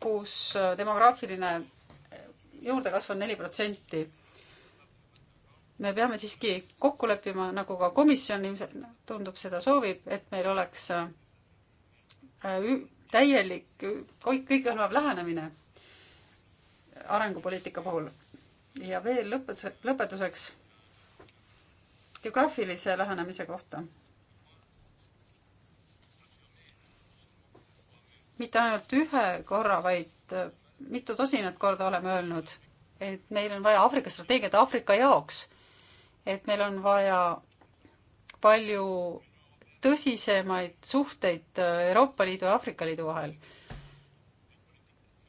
kus äh, demograafiline äh, juurdekasv on neli protsenti? me peame siiski kokku leppima, nagu ka komisjon ilmselt tundub, seda soovib, et meil oleks äh, täielik, kõik, kõikehõlmav lähenemine arengupoliitika puhul. ja veel lõpetuseks, lõpetuseks geograafilise lähenemise kohta. mitte ainult ühe korra, vaid äh, mitu tosinat korda oleme öelnud, et meil on vaja Aafrika strateegiat Aafrika jaoks. et meil on vaja palju tõsisemaid suhteid äh, Euroopa Liidu ja Aafrika Liidu vahel.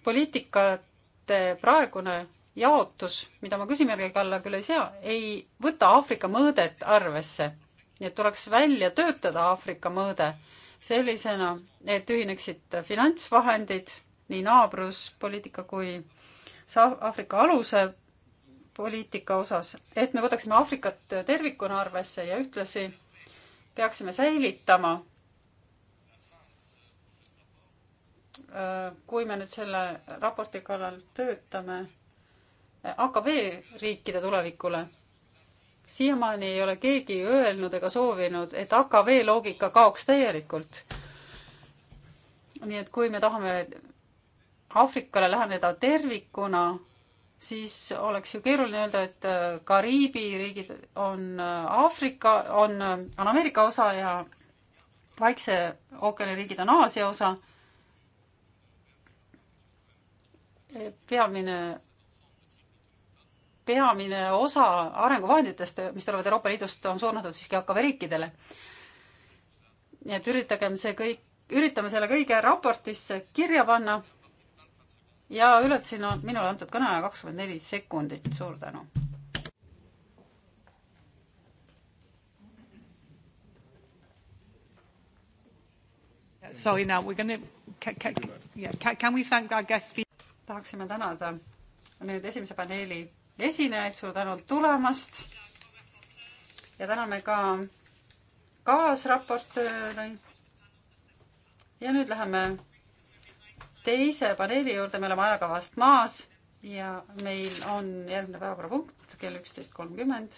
poliitikate praegune jaotus, mida ma küsimärgiga alla küll ei sea, ei võta Aafrika mõõdet arvesse. nii et tuleks välja töötada Aafrika mõõde sellisena, et ühineksid finantsvahendid, nii naabruspoliitika kui Aafrika aluse poliitika osas, et me võtaksime Aafrikat tervikuna arvesse ja ühtlasi peaksime säilitama äh, kui me nüüd selle raporti kallal töötame AKV riikide tulevikule. siiamaani ei ole keegi öelnud ega soovinud, et AKV loogika kaoks täielikult. nii et kui me tahame Aafrikale läheneda tervikuna, siis oleks ju keeruline öelda, et äh, Kariibi riigid on äh, Aafrika, on, äh, on Ameerika osa ja Vaikse ookeani riigid on Aasia osa. peamine peamine osa arenguvahenditest, mis tulevad Euroopa Liidust, on suunatud siiski hakkava riikidele. nii et üritagem see kõik, üritame selle kõige raportisse kirja panna ja ületasin no, minule antud kõneaja kakskümmend neli sekundit, suur tänu. Sorry now we are gonna can, can, yeah, can we thank our guest speaker? tahaksime tänada nüüd esimese paneeli esinejaid, suur tänu tulemast. ja täname ka kaasraportööri. ja nüüd läheme teise paneeli juurde, me oleme ajakavast maas ja meil on järgmine päevakorrapunkt kell üksteist kolmkümmend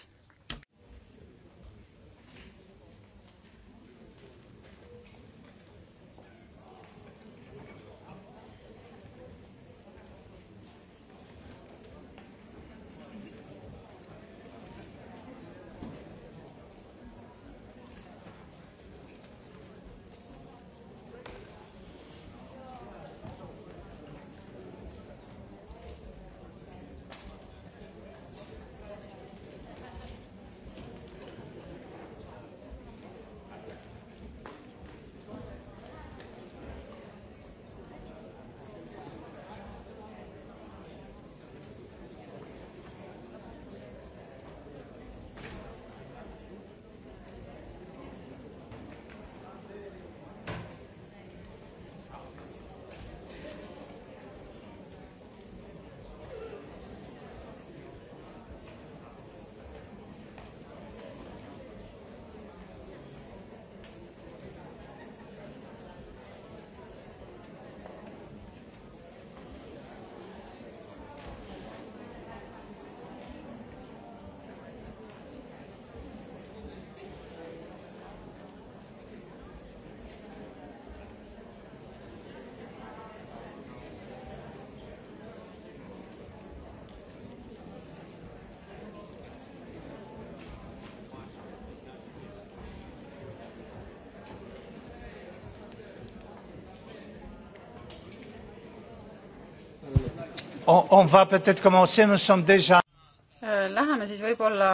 Äh, läheme siis võib-olla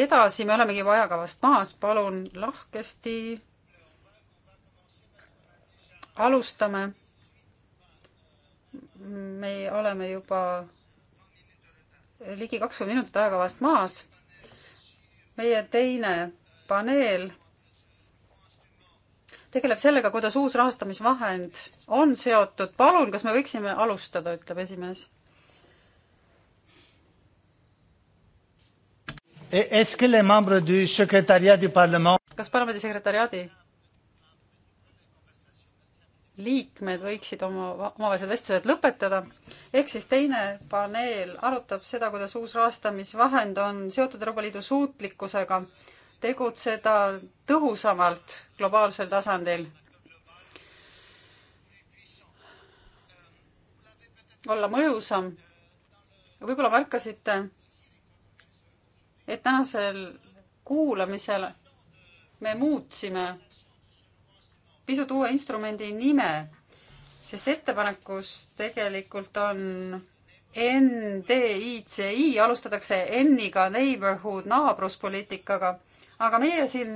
edasi, me olemegi ajakavast maas, palun lahkesti alustame. me oleme juba ligi kakskümmend minutit ajakavast maas. meie teine paneel tegeleb sellega, kuidas uus rahastamisvahend on seotud. palun, kas me võiksime alustada, ütleb esimees. E-, kas parlamendi sekretäriaadi liikmed võiksid oma omavahelised vestlused lõpetada. ehk siis teine paneel arutab seda, kuidas uus rahastamisvahend on seotud Euroopa Liidu suutlikkusega tegutseda tõhusamalt globaalsel tasandil. olla mõjusam. võib-olla märkasite, et tänasel kuulamisel me muutsime pisut uue instrumendi nime, sest ettepanekus tegelikult on NDICI, alustatakse N-iga neighborhood naabruspoliitikaga aga meie siin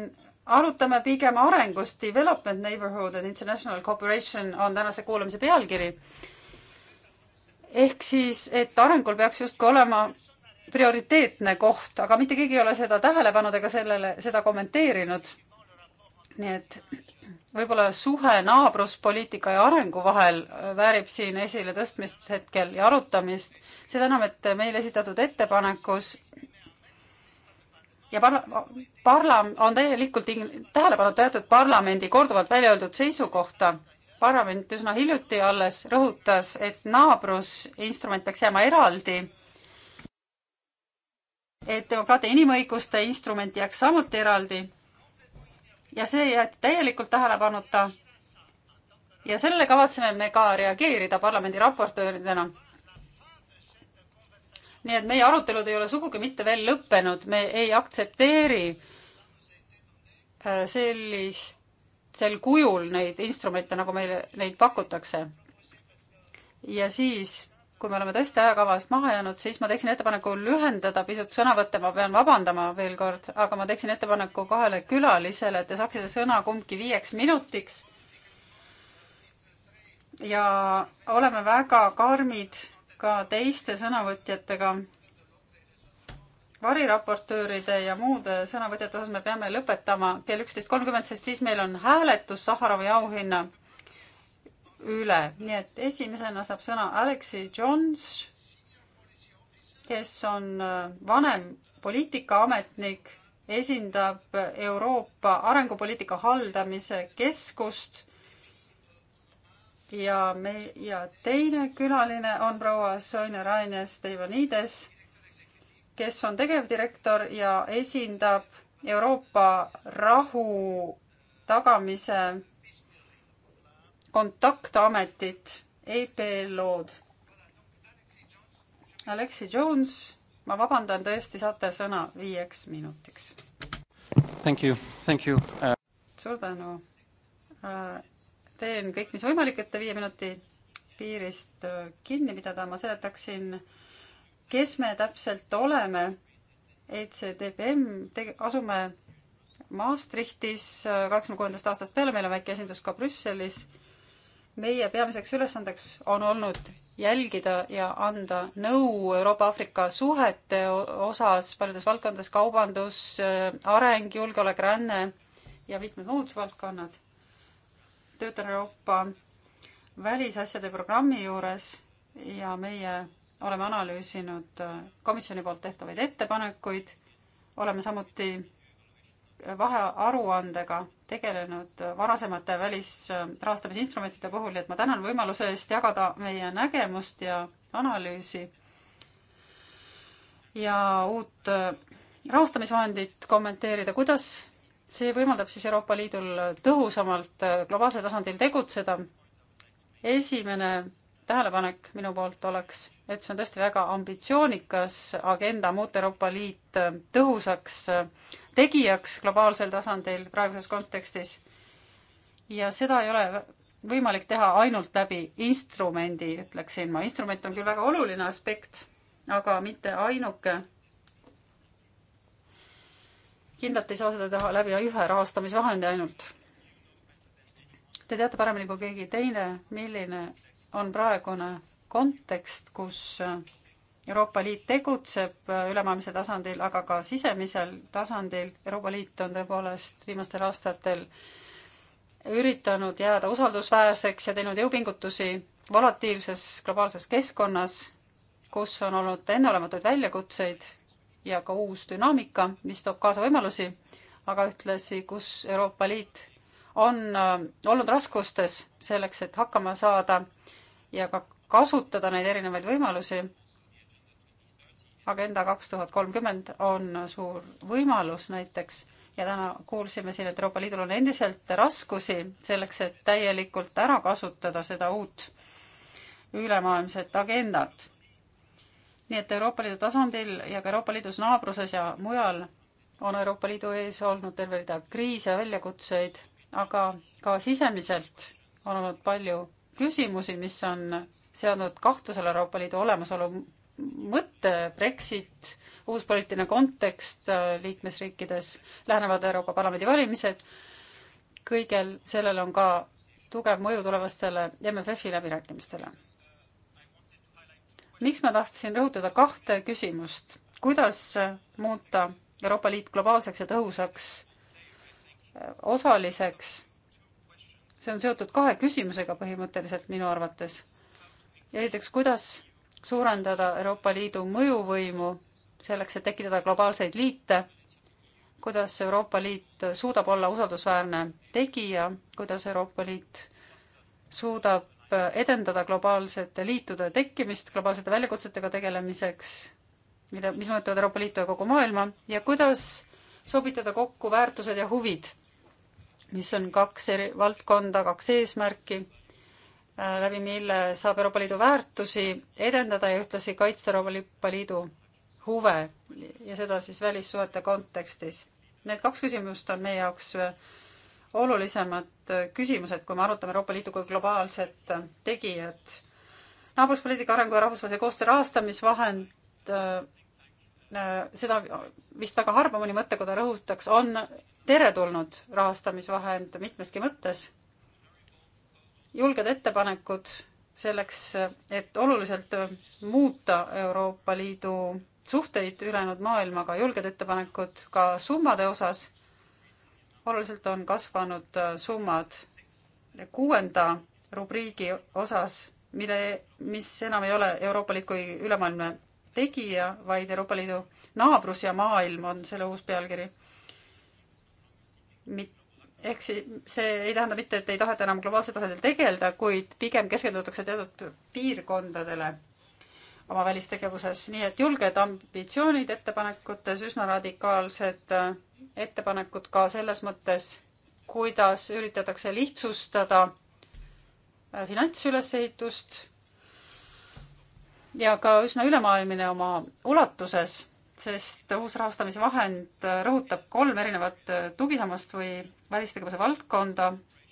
arutame pigem arengust Development Neighborhood and International Cooperation on tänase kuulamise pealkiri. ehk siis, et arengul peaks justkui olema prioriteetne koht, aga mitte keegi ei ole seda tähele pannud ega sellele, seda kommenteerinud. nii et võib-olla suhe naabruspoliitika ja arengu vahel äh, väärib siin esiletõstmist hetkel ja arutamist. seda enam, et meile esitatud ettepanekus ja parla-, parla-, on täielikult tähelepanu teatud parlamendi korduvalt välja öeldud seisukohta. parlament üsna hiljuti alles rõhutas, et naabrusinstrument peaks jääma eraldi, et demokraatia inimõiguste instrument jääks samuti eraldi ja see jäeti täielikult tähelepanuta. ja sellele kavatseme me ka reageerida parlamendi raportööridena nii et meie arutelud ei ole sugugi mitte veel lõppenud, me ei aktsepteeri äh, sellist, sel kujul neid instrumente, nagu meile neid pakutakse. ja siis, kui me oleme tõesti ajakavast maha jäänud, siis ma teeksin ettepaneku lühendada pisut sõnavõtte, ma pean vabandama veel kord, aga ma teeksin ettepaneku kahele külalisele, et te saaksite sõna kumbki viieks minutiks. ja oleme väga karmid ka teiste sõnavõtjatega. variraportööride ja muude sõnavõtjate osas me peame lõpetama kell üksteist kolmkümmend, sest siis meil on hääletus Saharovi auhinna üle, nii et esimesena saab sõna Alexi Jones, kes on äh, vanem poliitikaametnik, esindab Euroopa Arengupoliitika Haldamise Keskust ja me ja teine külaline on proua Sonja Raines Teivanides, kes on tegevdirektor ja esindab Euroopa rahu tagamise kontaktametit EPLO-d. Alexi Jones, ma vabandan, tõesti saate sõna viieks minutiks. Thank you, thank you uh.... suur tänu uh teen kõik, mis võimalik, et viie minuti piirist äh, kinni pidada, ma seletaksin, kes me täpselt oleme. ECDPM, asume Maastrichtis äh, kaheksakümne kuuendast aastast peale, meil on väike esindus ka Brüsselis. meie peamiseks ülesandeks on olnud jälgida ja anda nõu Euroopa-Aafrika suhete osas paljudes valdkondades, kaubandus, äh, areng, julgeolek, ränne ja mitmed muud valdkonnad töötan Euroopa välisasjade programmi juures ja meie oleme analüüsinud äh, komisjoni poolt tehtavaid ettepanekuid, oleme samuti äh, vahearuandega tegelenud äh, varasemate välisrahastamisinstrumentide puhul, nii et ma tänan võimaluse eest jagada meie nägemust ja analüüsi ja uut rahastamisvahendit kommenteerida, kuidas see võimaldab siis Euroopa Liidul tõhusamalt äh, globaalsel tasandil tegutseda. esimene tähelepanek minu poolt oleks, et see on tõesti väga ambitsioonikas agenda muuta Euroopa Liit äh, tõhusaks äh, tegijaks globaalsel tasandil praeguses kontekstis. ja seda ei ole võimalik teha ainult läbi instrumendi, ütleksin ma. instrument on küll väga oluline aspekt, aga mitte ainuke kindlalt ei saa seda teha läbi ühe rahastamisvahendi ainult. Te teate paremini kui keegi teine, milline on praegune kontekst, kus Euroopa Liit tegutseb ülemaailmsel tasandil, aga ka sisemisel tasandil. Euroopa Liit on tõepoolest viimastel aastatel üritanud jääda usaldusväärseks ja teinud jõupingutusi volatiilses globaalses keskkonnas, kus on olnud enneolematuid väljakutseid ja ka uus dünaamika, mis toob kaasa võimalusi, aga ühtlasi, kus Euroopa Liit on äh, olnud raskustes selleks, et hakkama saada ja ka kasutada neid erinevaid võimalusi. agenda kaks tuhat kolmkümmend on suur võimalus näiteks ja täna kuulsime siin, et Euroopa Liidul on endiselt raskusi selleks, et täielikult ära kasutada seda uut ülemaailmset agendat nii et Euroopa Liidu tasandil ja ka Euroopa Liidus naabruses ja mujal on Euroopa Liidu ees olnud terve rida kriise ja väljakutseid, aga ka sisemiselt on olnud palju küsimusi, mis on seadnud kahtlusele Euroopa Liidu olemasolu mõtte, Brexit, uus poliitiline kontekst äh, liikmesriikides, lähenevad Euroopa Parlamendi valimised, kõigel sellel on ka tugev mõju tulevastele MFF-i läbirääkimistele miks ma tahtsin rõhutada kahte küsimust, kuidas muuta Euroopa Liit globaalseks ja tõhusaks äh, osaliseks. see on seotud kahe küsimusega põhimõtteliselt minu arvates. esiteks, kuidas suurendada Euroopa Liidu mõjuvõimu selleks, et tekitada globaalseid liite, kuidas Euroopa Liit suudab olla usaldusväärne tegija, kuidas Euroopa Liit suudab edendada globaalsete liitude tekkimist globaalsete väljakutsetega tegelemiseks, mille, mis mõjutavad Euroopa Liitu ja kogu maailma ja kuidas sobitada kokku väärtused ja huvid, mis on kaks eri valdkonda, kaks eesmärki, äh, läbi mille saab Euroopa Liidu väärtusi edendada ja ühtlasi kaitsta Euroopa Liidu huve ja seda siis välissuhete kontekstis. Need kaks küsimust on meie jaoks äh, olulisemad küsimused, kui me arutame Euroopa Liitu kui globaalset tegijat. naabruspoliitika arengu ja rahvusvahelise koostöö rahastamisvahend, äh, äh, seda vist väga harva mõni mõttekoda rõhutaks, on teretulnud rahastamisvahend mitmeski mõttes. julged ettepanekud selleks, et oluliselt muuta Euroopa Liidu suhteid ülejäänud maailmaga, julged ettepanekud ka summade osas oluliselt on kasvanud äh, summad kuuenda rubriigi osas, mille, mis enam ei ole Euroopa Liit kui ülemaailmne tegija, vaid Euroopa Liidu naabrus ja maailm on selle uus pealkiri. ehk siis see ei tähenda mitte, et ei taheta enam globaalsel tasandil tegeleda, kuid pigem keskendutakse teatud piirkondadele oma välistegevuses, nii et julged ambitsioonid ettepanekutes, üsna radikaalsed äh, ettepanekut ka selles mõttes, kuidas üritatakse lihtsustada äh, finantsülesehitust ja ka üsna ülemaailmne oma ulatuses, sest uus rahastamisvahend äh, rõhutab kolm erinevat äh, tugisammast või välistegevuse valdkonda,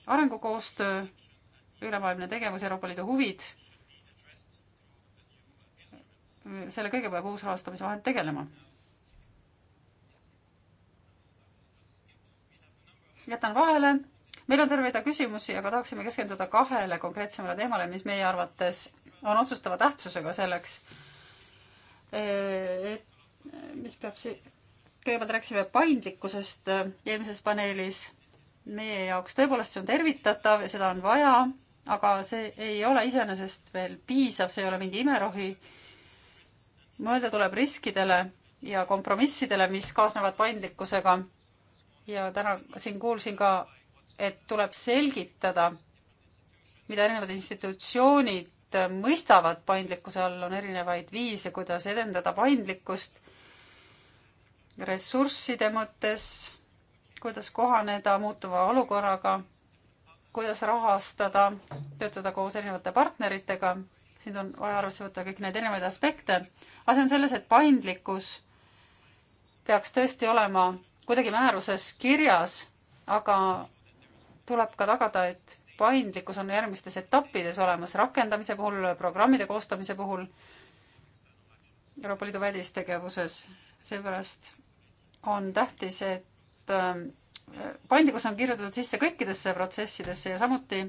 arengukoostöö, ülemaailmne tegevus, Euroopa Liidu huvid. selle kõigega peab uus rahastamisvahend tegelema jätan vahele. meil on terve rida küsimusi, aga tahaksime keskenduda kahele konkreetsemale teemale, mis meie arvates on otsustava tähtsusega selleks, eh, et mis peab siin, kõigepealt rääkisime paindlikkusest eh, eelmises paneelis. meie jaoks tõepoolest see on tervitatav ja seda on vaja, aga see ei ole iseenesest veel piisav, see ei ole mingi imerohi. mõelda tuleb riskidele ja kompromissidele, mis kaasnevad paindlikkusega ja täna siin kuulsin ka, et tuleb selgitada, mida erinevad institutsioonid mõistavad paindlikkuse all, on erinevaid viise, kuidas edendada paindlikkust ressursside mõttes, kuidas kohaneda muutuva olukorraga, kuidas rahastada, töötada koos erinevate partneritega, siin on vaja arvesse võtta kõik neid erinevaid aspekte, asi on selles, et paindlikkus peaks tõesti olema kuidagi määruses kirjas, aga tuleb ka tagada, et paindlikkus on järgmistes etappides olemas rakendamise puhul, programmide koostamise puhul Euroopa Liidu välistegevuses. seepärast on tähtis, et äh, paindlikkus on kirjutatud sisse kõikidesse protsessidesse ja samuti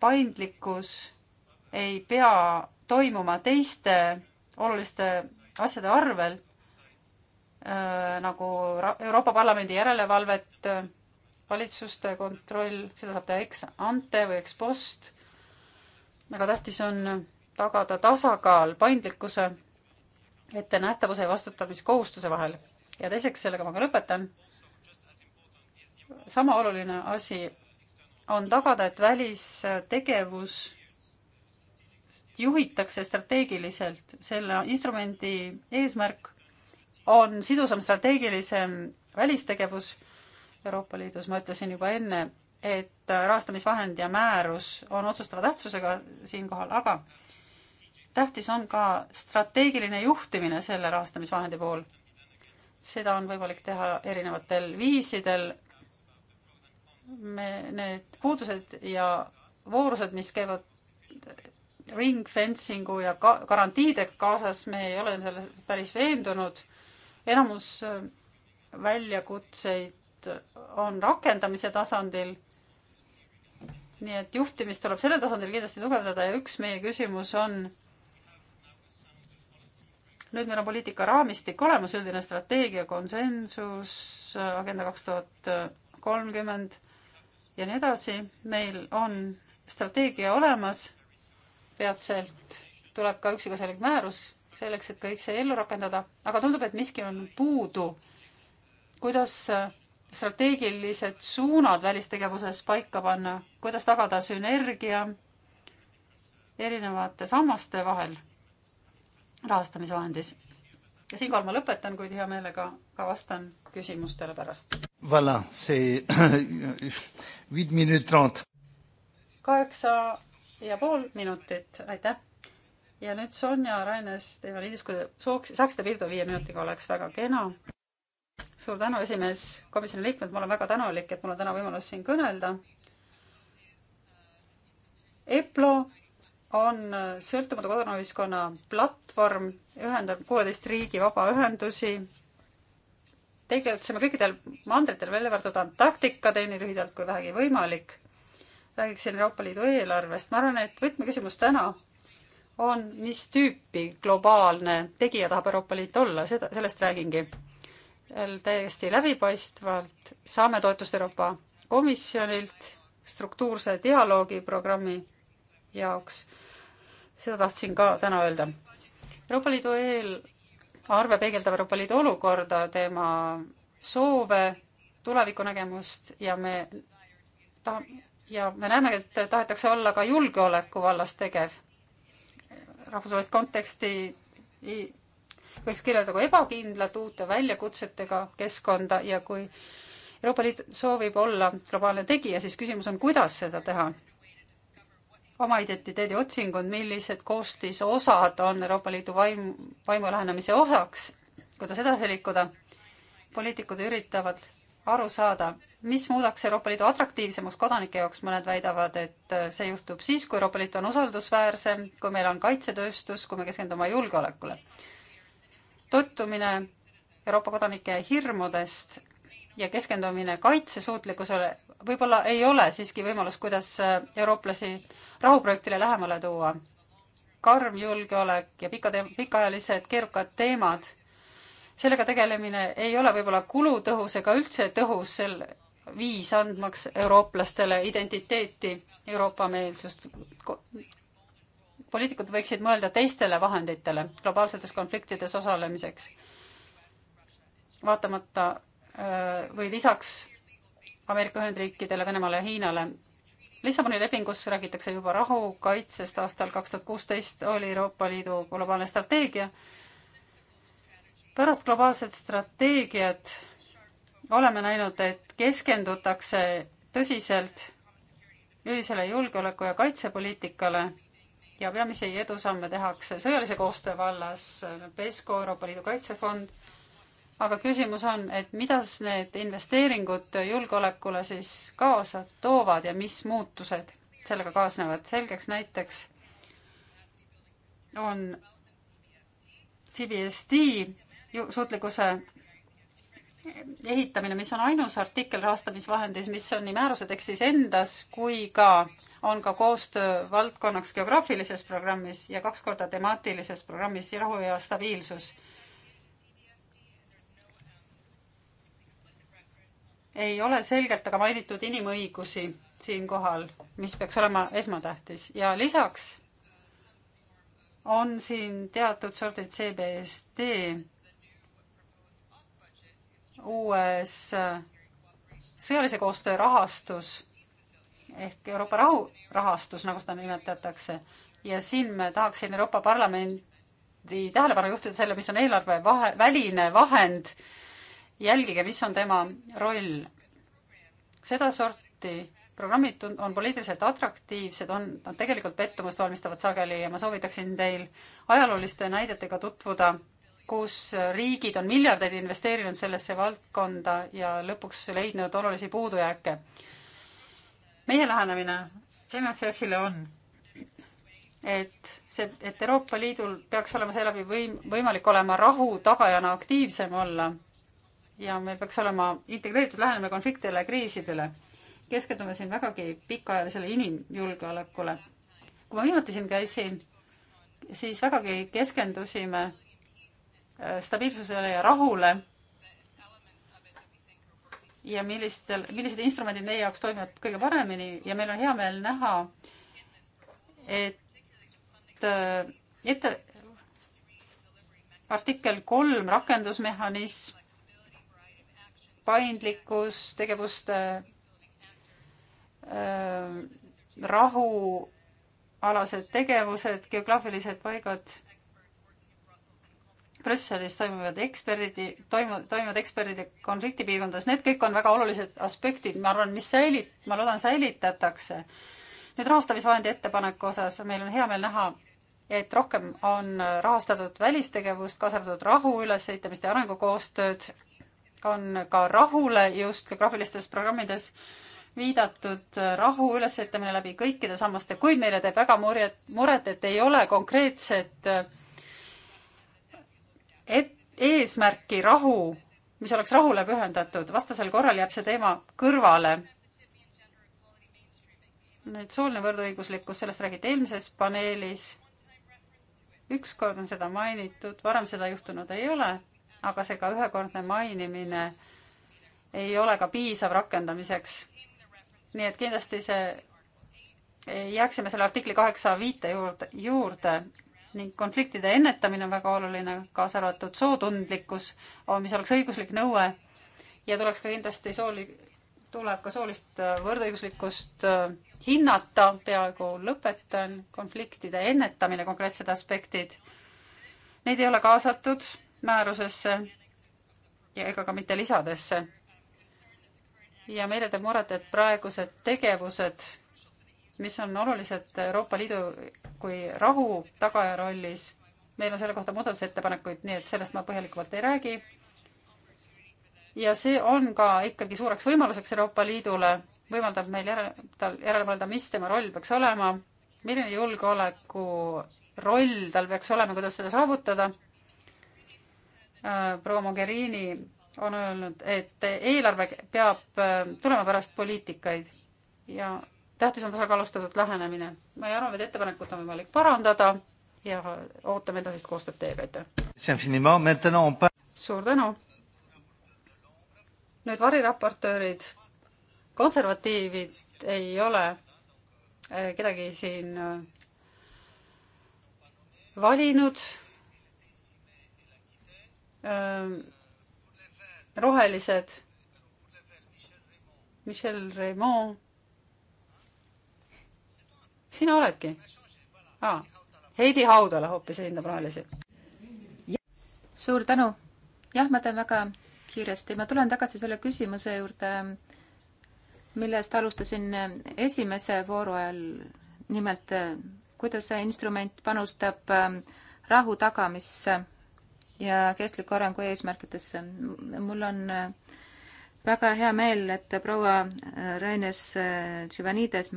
paindlikkus ei pea toimuma teiste oluliste asjade arvelt, Äh, nagu Euroopa Parlamendi järelevalvet, äh, valitsuste kontroll, seda saab teha ex ante või ex post. väga tähtis on tagada tasakaal paindlikkuse, ettenähtavuse ja vastutamiskohustuse vahel. ja teiseks, sellega ma ka lõpetan, sama oluline asi on tagada, et välistegevus juhitakse strateegiliselt, selle instrumendi eesmärk on sidusam strateegilisem välistegevus Euroopa Liidus, ma ütlesin juba enne, et rahastamisvahend ja määrus on otsustava tähtsusega siinkohal, aga tähtis on ka strateegiline juhtimine selle rahastamisvahendi puhul. seda on võimalik teha erinevatel viisidel. me, need puudused ja voorused, mis käivad ring fencing'u ja ka garantiidega kaasas, me ei ole selles päris veendunud enamus äh, väljakutseid on rakendamise tasandil. nii et juhtimist tuleb sellel tasandil kindlasti tugevdada ja üks meie küsimus on. nüüd meil on poliitika raamistik olemas, üldine strateegia, konsensus, äh, agenda kaks tuhat kolmkümmend ja nii edasi. meil on strateegia olemas. peatselt tuleb ka üksikasjalik määrus selleks, et kõik see ellu rakendada, aga tundub, et miski on puudu. kuidas äh, strateegilised suunad välistegevuses paika panna, kuidas tagada sünergia erinevate sammaste vahel rahastamisvahendis? ja siinkohal ma lõpetan, kuid hea meelega ka vastan küsimustele pärast. Voilà, see viit minut trant. kaheksa ja pool minutit, aitäh ja nüüd Sonja Raines Teemaliidis, kui sooks, saaksite piirduda viie minutiga, oleks väga kena. suur tänu, esimees, komisjoni liikmed, ma olen väga tänulik, et mul on täna võimalus siin kõnelda. EPLO on sõltumatu kodanikuühiskonna platvorm, ühendab kuueteist riigi vabaühendusi. tegutseme kõikidel mandritel, välja arvatud Antarktika, teen nii lühidalt kui vähegi võimalik. räägiksin Euroopa Liidu eelarvest, ma arvan, et võtmeküsimus täna on, mis tüüpi globaalne tegija tahab Euroopa Liit olla, seda, sellest räägingi. täiesti läbipaistvalt saame toetust Euroopa Komisjonilt struktuurse dialoogi programmi jaoks. seda tahtsin ka täna öelda. Euroopa Liidu eelarve peegeldab Euroopa Liidu olukorda, tema soove, tulevikunägemust ja me tahame ja me näeme, et tahetakse olla ka julgeoleku vallas tegev rahvusvahelist konteksti võiks kirjeldada kui ebakindlat uute väljakutsetega keskkonda ja kui Euroopa Liit soovib olla globaalne tegija, siis küsimus on, kuidas seda teha. oma identiteedi otsingud, millised koostisosad on Euroopa Liidu vaim, vaimu lähenemise osaks, kuidas edasi liikuda. poliitikud üritavad aru saada, mis muudaks Euroopa Liidu atraktiivsemaks kodanike jaoks, mõned väidavad, et äh, see juhtub siis, kui Euroopa Liit on usaldusväärsem, kui meil on kaitsetööstus, kui me keskendume julgeolekule. tuttumine Euroopa kodanike hirmudest ja keskendumine kaitsesuutlikkusele võib-olla ei ole siiski võimalus, kuidas äh, eurooplasi rahuprojektile lähemale tuua. karm julgeolek ja pika, pikaajalised keerukad teemad sellega tegelemine ei ole võib-olla kulutõhus ega üldse tõhus sel, viis andmaks eurooplastele identiteeti, Euroopa-meelsust. poliitikud võiksid mõelda teistele vahenditele globaalsetes konfliktides osalemiseks. vaatamata või lisaks Ameerika Ühendriikidele, Venemaale ja Hiinale. Lissaboni lepingus räägitakse juba rahukaitsest, aastal kaks tuhat kuusteist oli Euroopa Liidu globaalne strateegia. pärast globaalset strateegiat oleme näinud, et keskendutakse tõsiselt ühisele julgeoleku- ja kaitsepoliitikale ja peamisi edusamme tehakse sõjalise koostöö vallas, PESCO, Euroopa Liidu Kaitsefond, aga küsimus on, et mida need investeeringud julgeolekule siis kaasa toovad ja mis muutused sellega kaasnevad, selgeks näiteks on CBSD suutlikkuse ehitamine, mis on ainus artikkel rahastamisvahendis, mis on nii määruse tekstis endas kui ka on ka koostöö valdkonnaks geograafilises programmis ja kaks korda temaatilises programmis rahu ja stabiilsus. ei ole selgelt aga mainitud inimõigusi siinkohal, mis peaks olema esmatähtis ja lisaks on siin teatud sordid CBSD uues äh, sõjalise koostöö rahastus ehk Euroopa rahurahastus, nagu seda nimetatakse. ja siin me tahaksin Euroopa Parlamendi tähelepanu juhtida selle, mis on eelarve vahe, väline vahend. jälgige, mis on tema roll. sedasorti programmid on poliitiliselt atraktiivsed, on, on tegelikult pettumust valmistavad sageli ja ma soovitaksin teil ajalooliste näidetega tutvuda kus riigid on miljardeid investeerinud sellesse valdkonda ja lõpuks leidnud olulisi puudujääke. meie lähenemine MFF-ile on, et see, et Euroopa Liidul peaks olema seeläbi võim-, võimalik olema rahu tagajana aktiivsem olla ja meil peaks olema integreeritud lähenemine konfliktidele ja kriisidele. keskendume siin vägagi pikaajalisele inimjulgeolekule. kui ma viimati siin käisin, siis vägagi keskendusime stabiilsusele ja rahule ja millistel, millised instrumendid meie jaoks toimivad kõige paremini ja meil on hea meel näha, et äh, ette artikkel kolm rakendusmehhanism, paindlikkus, tegevuste äh, rahualased tegevused, geograafilised paigad Brüsselis toimuvad eksperdid, toimu-, toimuvad eksperdid konfliktipiirkondades, need kõik on väga olulised aspektid, ma arvan, mis säili-, ma loodan, säilitatakse. nüüd rahastamisvahendi ettepaneku osas meil on hea meel näha, et rohkem on rahastatud välistegevust, kaasa arvatud rahu ülesehitamist ja arengukoostööd, on ka rahule just geograafilistes programmides viidatud rahu ülesehitamine läbi kõikide sammaste, kuid meile teeb väga muret, muret, et ei ole konkreetset äh, et eesmärki rahu, mis oleks rahule pühendatud, vastasel korral jääb see teema kõrvale. nüüd sooline võrdõiguslikkus, sellest räägiti eelmises paneelis. ükskord on seda mainitud, varem seda juhtunud ei ole, aga see ka ühekordne mainimine ei ole ka piisav rakendamiseks. nii et kindlasti see jääksime selle artikli kaheksa viite juurde, juurde, ning konfliktide ennetamine on väga oluline, kaasa arvatud sootundlikkus, mis oleks õiguslik nõue ja tuleks ka kindlasti sooli, tuleb ka soolist äh, võrdõiguslikkust äh, hinnata, peaaegu lõpetan, konfliktide ennetamine, konkreetsed aspektid. Neid ei ole kaasatud määrusesse ja ega ka mitte lisadesse. ja meile teeb muret, et praegused tegevused mis on olulised Euroopa Liidu kui rahu tagaja rollis. meil on selle kohta muudatusettepanekuid, nii et sellest ma põhjalikumalt ei räägi. ja see on ka ikkagi suureks võimaluseks Euroopa Liidule, võimaldab meil järele, tal järele mõelda, mis tema roll peaks olema, milline julgeoleku roll tal peaks olema, kuidas seda saavutada. Äh, proua Mogherini on öelnud, et eelarve peab äh, tulema pärast poliitikaid ja tähtis on tasakaalustatud lähenemine. ma arvan, et ettepanekut on võimalik parandada ja ootame edasist koostööd teiega, aitäh! suur tänu! nüüd variraportöörid, konservatiivid ei ole eh, kedagi siin eh, valinud. Eh, rohelised, Michel Raymond sina oledki ah,? Heidi Haudala hoopis esindab rohelisi. suur tänu. jah, ma teen väga kiiresti, ma tulen tagasi selle küsimuse juurde, millest alustasin esimese vooru ajal. nimelt, kuidas see instrument panustab ähm, rahu tagamisse ja kestliku arengu eesmärkidesse. mul on äh, väga hea meel, et proua äh, Raines äh, Tšivanides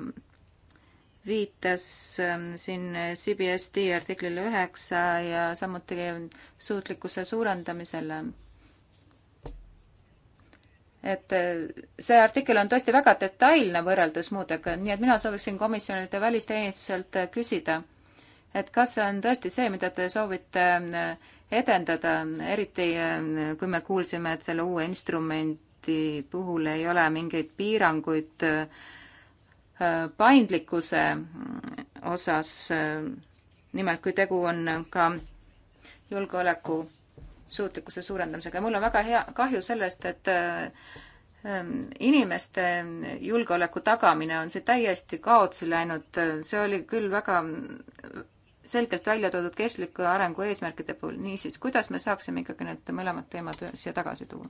viitas ähm, siin CBSD artiklile üheksa ja samuti suutlikkuse suurendamisele et äh, see artikkel on tõesti väga detailne võrreldes muudega, nii et mina sooviksin komisjonilt ja välisteenistuselt küsida, et kas see on tõesti see, mida te soovite äh, edendada, eriti äh, kui me kuulsime, et selle uue instrumendi puhul ei ole mingeid piiranguid äh, paindlikkuse osas, nimelt kui tegu on ka julgeoleku suutlikkuse suurendamisega. mul on väga hea, kahju sellest, et ähm, inimeste julgeoleku tagamine on see täiesti kaotsi läinud, see oli küll väga selgelt välja toodud kestliku arengu eesmärkide puhul. niisiis, kuidas me saaksime ikkagi need mõlemad teemad siia tagasi tuua?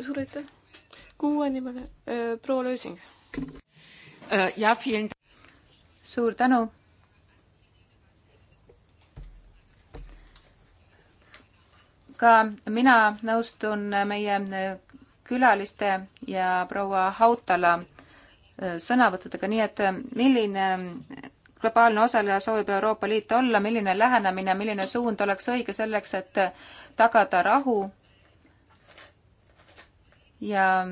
suur aitäh! kuue nimel äh, proua Lösing. Äh, ja vielen... suur tänu. ka mina nõustun meie külaliste ja proua Hautala äh, sõnavõttudega, nii et milline globaalne osaleja soovib Euroopa Liit olla, milline lähenemine, milline suund oleks õige selleks, et tagada rahu ja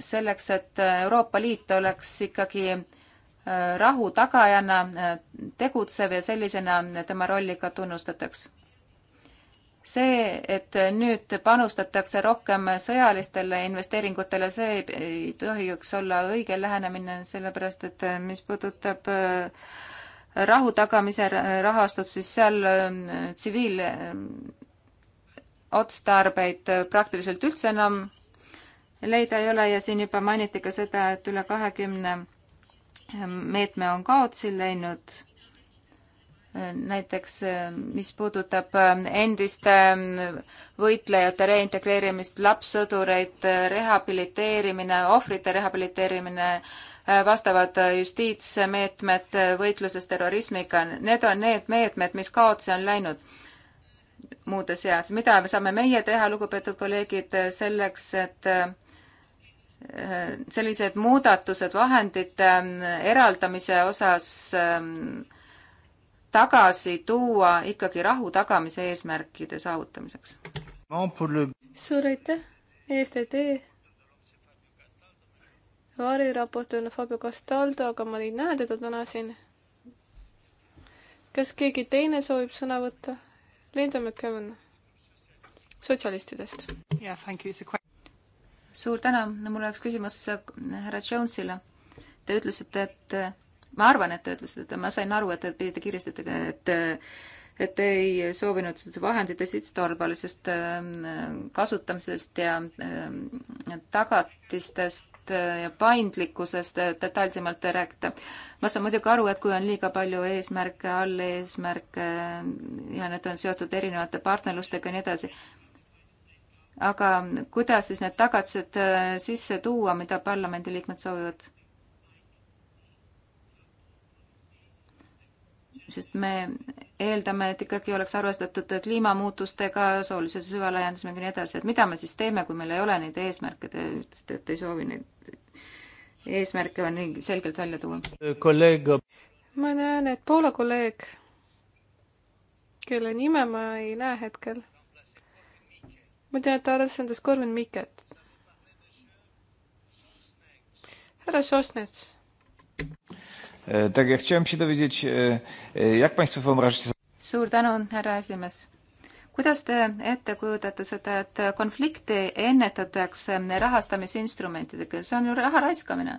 selleks, et Euroopa Liit oleks ikkagi äh, rahu tagajana äh, tegutsev ja sellisena tema rolli ka tunnustataks. see, et nüüd panustatakse rohkem sõjalistele investeeringutele, see ei, ei tohiks olla õige lähenemine, sellepärast et äh, mis puudutab rahu tagamise rahastut, siis seal tsiviil otstarbeid äh, praktiliselt üldse enam leida ei ole ja siin juba mainiti ka seda, et üle kahekümne äh, meetme on kaotsi läinud. Äh, näiteks, mis puudutab endiste võitlejate reintegreerimist, lapssõdureid, rehabiliteerimine, ohvrite rehabiliteerimine, vastavad justiitsmeetmed võitluses terrorismiga, need on need meetmed, mis kaotsi on läinud muude seas. mida me saame meie teha, lugupeetud kolleegid, selleks, et eh, sellised muudatused vahendite mm, eraldamise osas mm, tagasi tuua ikkagi rahu tagamise eesmärkide saavutamiseks? suur aitäh, EFTD. variraportöör Fabio Castaldo, aga ma ei näe teda täna siin. kas keegi teine soovib sõna võtta? Linda McEwen sotsialistidest yeah,. suur tänu, mul oleks küsimus äh, härra Jonesile. Te ütlesite, et äh, ma arvan, et te ütlesite, et ma sain aru, et te pidite kiiresti, et äh, et ei soovinud seda vahendite sihtotarbalisest ähm, kasutamisest ja ähm, tagatistest äh, ja paindlikkusest äh, detailsemalt rääkida. ma saan muidugi aru, et kui on liiga palju eesmärke, alleeesmärke äh, ja need on seotud erinevate partnerlustega ja nii edasi, aga kuidas siis need tagatised sisse tuua, mida parlamendiliikmed soovivad? sest me eeldame, et ikkagi oleks arvestatud kliimamuutustega, soolise süvalaiendusega ja nii edasi, et mida me siis teeme, kui meil ei ole neid eesmärke, te ütlesite, et ei soovi neid eesmärke nii selgelt välja tuua. kolleeg. ma näen, et Poola kolleeg, kelle nime ma ei näe hetkel. ma tean, et ta alles andis Korvin Miket. härra Šosnets E, tak ja chciałem się dowiedzieć, e, e, jak Państwo wyobrażacie suur tänu, härra esimees. kuidas te ette kujutate seda, et konflikti ennetatakse rahastamisinstrumentidega, see on ju raha raiskamine.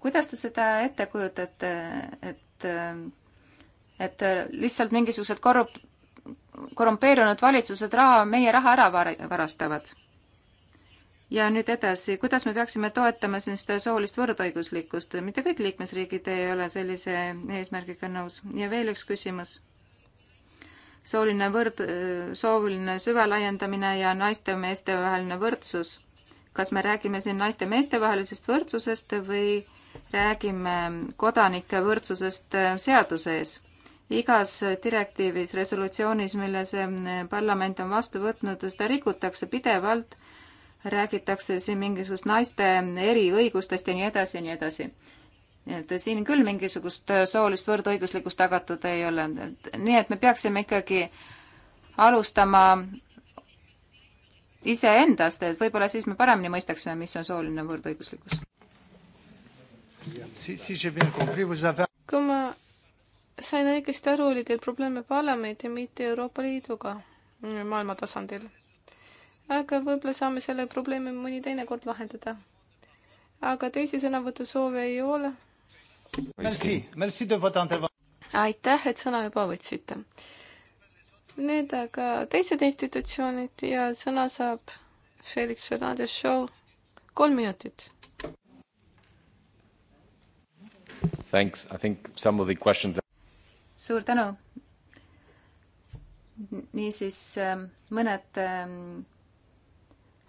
kuidas te seda ette kujutate, et, et lihtsalt mingisugused korrup-, korrumpeerunud valitsused raha, meie raha ära varastavad? ja nüüd edasi, kuidas me peaksime toetama siis seda soolist võrdõiguslikkust, mitte kõik liikmesriigid ei ole sellise eesmärgiga nõus. ja veel üks küsimus. sooline võrd, sooline süvelaiendamine ja naiste ja meeste vaheline võrdsus. kas me räägime siin naiste ja meeste vahelisest võrdsusest või räägime kodanike võrdsusest seaduse ees? igas direktiivis, resolutsioonis, mille see parlament on vastu võtnud, seda rikutakse pidevalt räägitakse siin mingisugust naiste eriõigustest ja nii edasi ja nii edasi. nii et siin küll mingisugust soolist võrdõiguslikkust tagatud ei ole. nii et me peaksime ikkagi alustama iseendast, et võib-olla siis me paremini mõistaksime, mis on sooline võrdõiguslikkus. kui ma sain õigesti aru, oli teil probleeme parlamendi, mitte Euroopa Liiduga maailma tasandil aga võib-olla saame selle probleemi mõni teinekord lahendada. aga teisi sõnavõtusoove ei ole. aitäh, et sõna juba võtsite. nüüd aga teised institutsioonid ja sõna saab Felix Fernandez Show, kolm minutit. Thanks, I think some of the questions that... suur tänu. niisiis ähm, mõned ähm,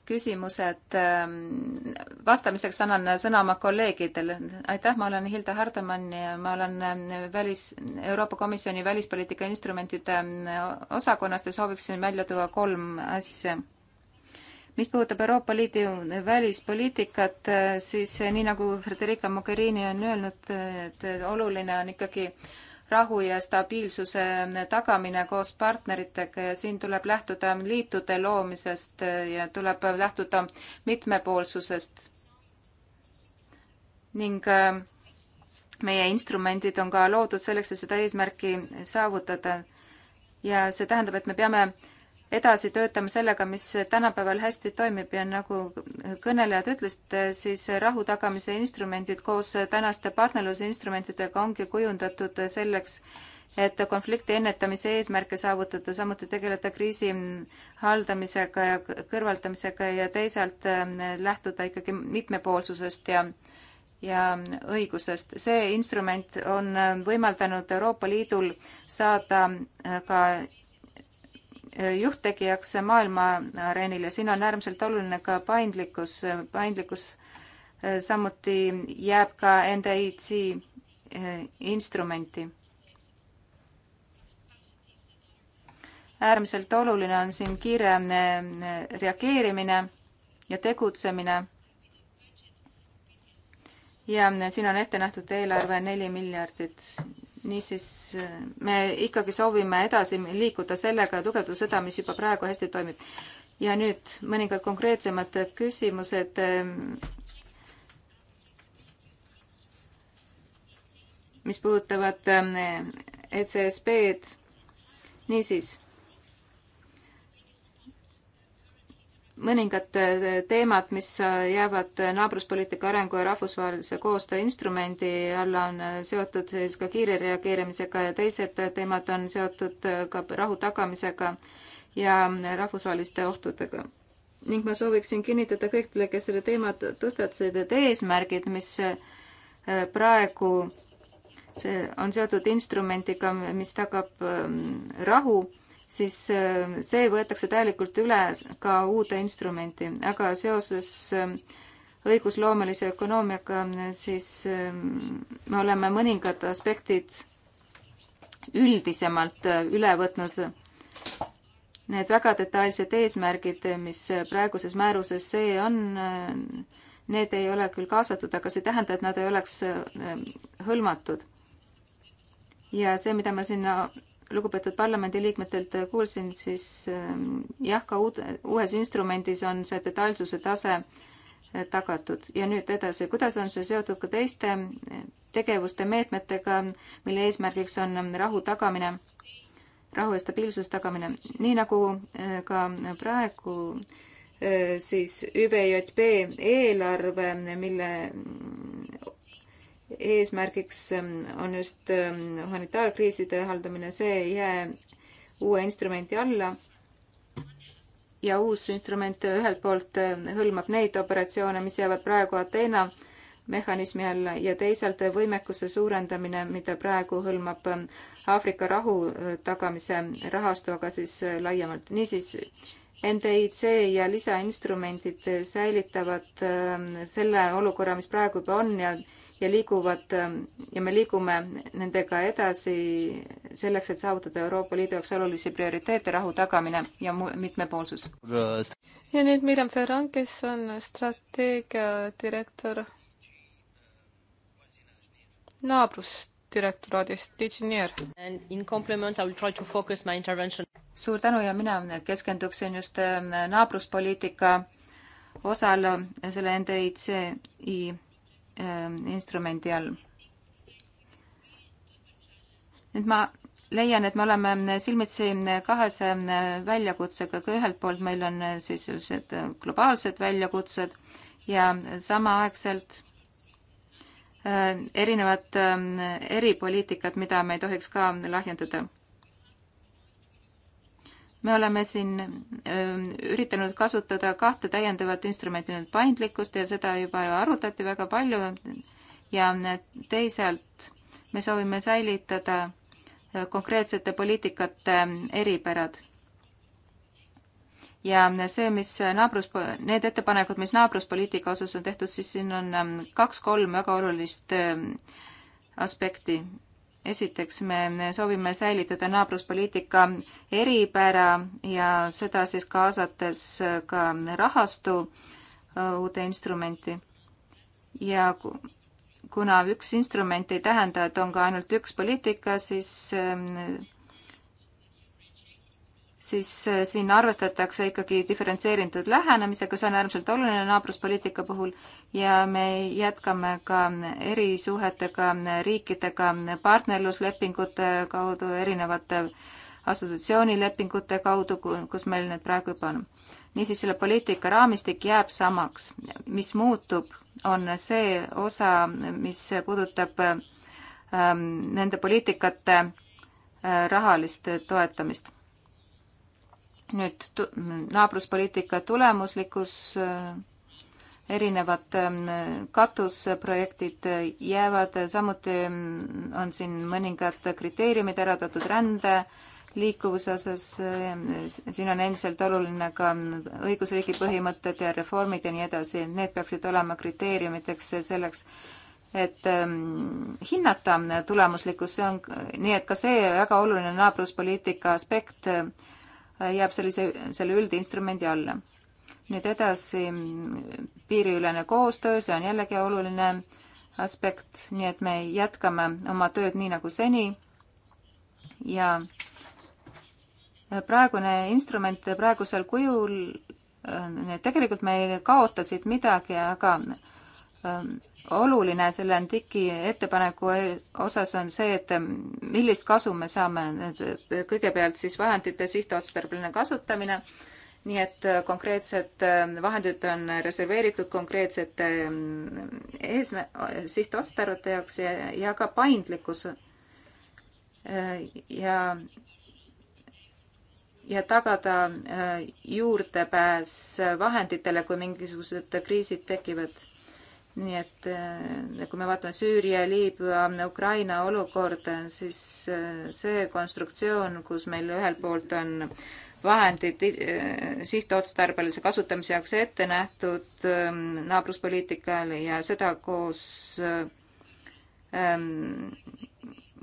küsimused ähm, vastamiseks annan sõna oma kolleegidele. aitäh, ma olen Hilda Hardemann ja ma olen ähm, välis, Euroopa Komisjoni välispoliitika instrumentide ähm, osakonnast ja sooviksin välja tuua kolm asja. mis puudutab Euroopa Liidu välispoliitikat, äh, siis äh, nii nagu Frederica Mogherini on öelnud, äh, et oluline on ikkagi äh, rahu ja stabiilsuse tagamine koos partneritega ja siin tuleb lähtuda liitude loomisest ja tuleb lähtuda mitmepoolsusest. ning äh, meie instrumendid on ka loodud selleks, et seda eesmärki saavutada. ja see tähendab, et me peame edasi töötama sellega, mis tänapäeval hästi toimib ja nagu kõnelejad ütlesid, siis rahu tagamise instrumendid koos tänaste partnerluse instrumentidega ongi kujundatud selleks, et konflikti ennetamise eesmärke saavutada, samuti tegeleda kriisi haldamisega ja kõrvaldamisega ja teisalt ähm, lähtuda ikkagi mitmepoolsusest ja ja õigusest. see instrument on ähm, võimaldanud Euroopa Liidul saada äh, ka juhttegijaks maailma areenil ja siin on äärmiselt oluline ka paindlikkus, paindlikkus eh, samuti jääb ka NDIC eh, instrumenti. äärmiselt oluline on siin kiire eh, reageerimine ja tegutsemine. ja siin on ette nähtud eelarve neli miljardit niisiis me ikkagi soovime edasi liikuda sellega ja tugevdada seda, mis juba praegu hästi toimib. ja nüüd mõningad konkreetsemad küsimused. mis puudutavad eh, ECSB-d. niisiis mõningad äh, teemad, mis äh, jäävad äh, naabruspoliitika arengu ja rahvusvahelise koostöö instrumendi alla, on seotud siis ka kiire reageerimisega ja teised teemad on seotud ka rahu tagamisega ja rahvusvaheliste ohtudega. ning ma sooviksin kinnitada kõikidele, kes selle teema tõstatasid, et eesmärgid, mis praegu see on seotud instrumendiga, mis tagab ähm, rahu siis äh, see võetakse täielikult üle ka uude instrumenti, aga seoses äh, õigusloomelise ökonoomiaga, siis äh, me oleme mõningad aspektid üldisemalt üle võtnud. Need väga detailsed eesmärgid, mis praeguses määruses see on, need ei ole küll kaasatud, aga see ei tähenda, et nad ei oleks hõlmatud. ja see, mida ma sinna lugupeetud parlamendiliikmetelt äh, kuulsin, siis ähm, jah, ka uud, uues instrumendis on see detailsuse tase äh, tagatud ja nüüd edasi, kuidas on see seotud ka teiste äh, tegevuste meetmetega, mille eesmärgiks on ähm, rahu tagamine, rahu ja stabiilsuse tagamine, nii nagu ka praegu siis ÜVJP eelarve, mille eesmärgiks ähm, on just ähm, humanitaarkriiside haldamine, see ei jää uue instrumendi alla. ja uus instrument äh, ühelt poolt äh, hõlmab neid operatsioone, mis jäävad praegu Ateena mehhanismi alla ja teisalt äh, võimekuse suurendamine, mida praegu hõlmab ähm, Aafrika rahu tagamise rahastu, aga siis laiemalt. niisiis, NDIC ja lisainstrumendid säilitavad selle olukorra, mis praegu juba on ja ja liiguvad ähm, ja me liigume nendega edasi selleks, et saavutada Euroopa Liidu jaoks olulisi prioriteete, rahu tagamine ja mitmepoolsus. ja nüüd Miriam Ferran, kes on strateegiadirektor naabrusdirektoraadist, Digineer. suur tänu ja mina keskenduksin just ähm, naabruspoliitika osal äh, selle NDIC-i Ähm, instrumendi all. nüüd ma leian, et me oleme silmitsi kahese ähm, väljakutsega, ka ühelt poolt meil on äh, siis sellised äh, globaalsed väljakutsed ja samaaegselt äh, erinevad ähm, eripoliitikad, mida me ei tohiks ka lahjendada me oleme siin ähm, üritanud kasutada kahte täiendavat instrumenti, nüüd paindlikkust ja seda juba arutati väga palju ja teisalt me soovime säilitada äh, konkreetsete poliitikate ähm, eripärad. ja see, mis naabrus, need ettepanekud, mis naabruspoliitika osas on tehtud, siis siin on ähm, kaks-kolm väga olulist aspekti esiteks me soovime säilitada naabruspoliitika eripära ja seda siis kaasates ka rahastu uude instrumenti. ja kuna üks instrument ei tähenda, et on ka ainult üks poliitika, siis siis eh, siin arvestatakse ikkagi diferentseeritud lähenemisega, see on äärmiselt oluline naabruspoliitika puhul ja me jätkame ka erisuhetega riikidega partnerluslepingute kaudu, erinevate assotsiatsioonilepingute kaudu, kus meil need praegu juba on. niisiis, selle poliitika raamistik jääb samaks. mis muutub, on see osa, mis puudutab ähm, nende poliitikate äh, rahalist toetamist nüüd naabruspoliitika tulemuslikkus, äh, erinevad ähm, katusprojektid äh, jäävad, äh, samuti ähm, on siin mõningad kriteeriumid ära toodud rände liikuvuse osas, siin on endiselt oluline ka ähm, õigusriigi põhimõtted ja reformid ja nii edasi, need peaksid olema kriteeriumiteks selleks, et ähm, hinnata tulemuslikkust, see on, nii et ka see väga oluline naabruspoliitika aspekt äh, jääb sellise, selle üldinstrumendi alla. nüüd edasi piiriülene koostöö, see on jällegi oluline aspekt, nii et me jätkame oma tööd nii nagu seni ja praegune instrument praegusel kujul, tegelikult me ei kaota siit midagi, aga ähm, oluline selle Antiki ettepaneku e- osas on see, et mm, millist kasu me saame, kõigepealt siis vahendite sihtotstarbeline kasutamine, nii et äh, konkreetsed äh, vahendid on reserveeritud konkreetsete mm, eesmä-, sihtotstarbete jaoks ja, ja ka paindlikkus äh, ja ja tagada juurdepääs vahenditele, kui mingisugused kriisid tekivad nii et äh, kui me vaatame Süüria, Liibüa, Ukraina olukorda, siis äh, see konstruktsioon, kus meil ühelt poolt on vahendid äh, sihtotstarbelise kasutamise jaoks ette nähtud ähm, naabruspoliitikal ja seda koos ähm,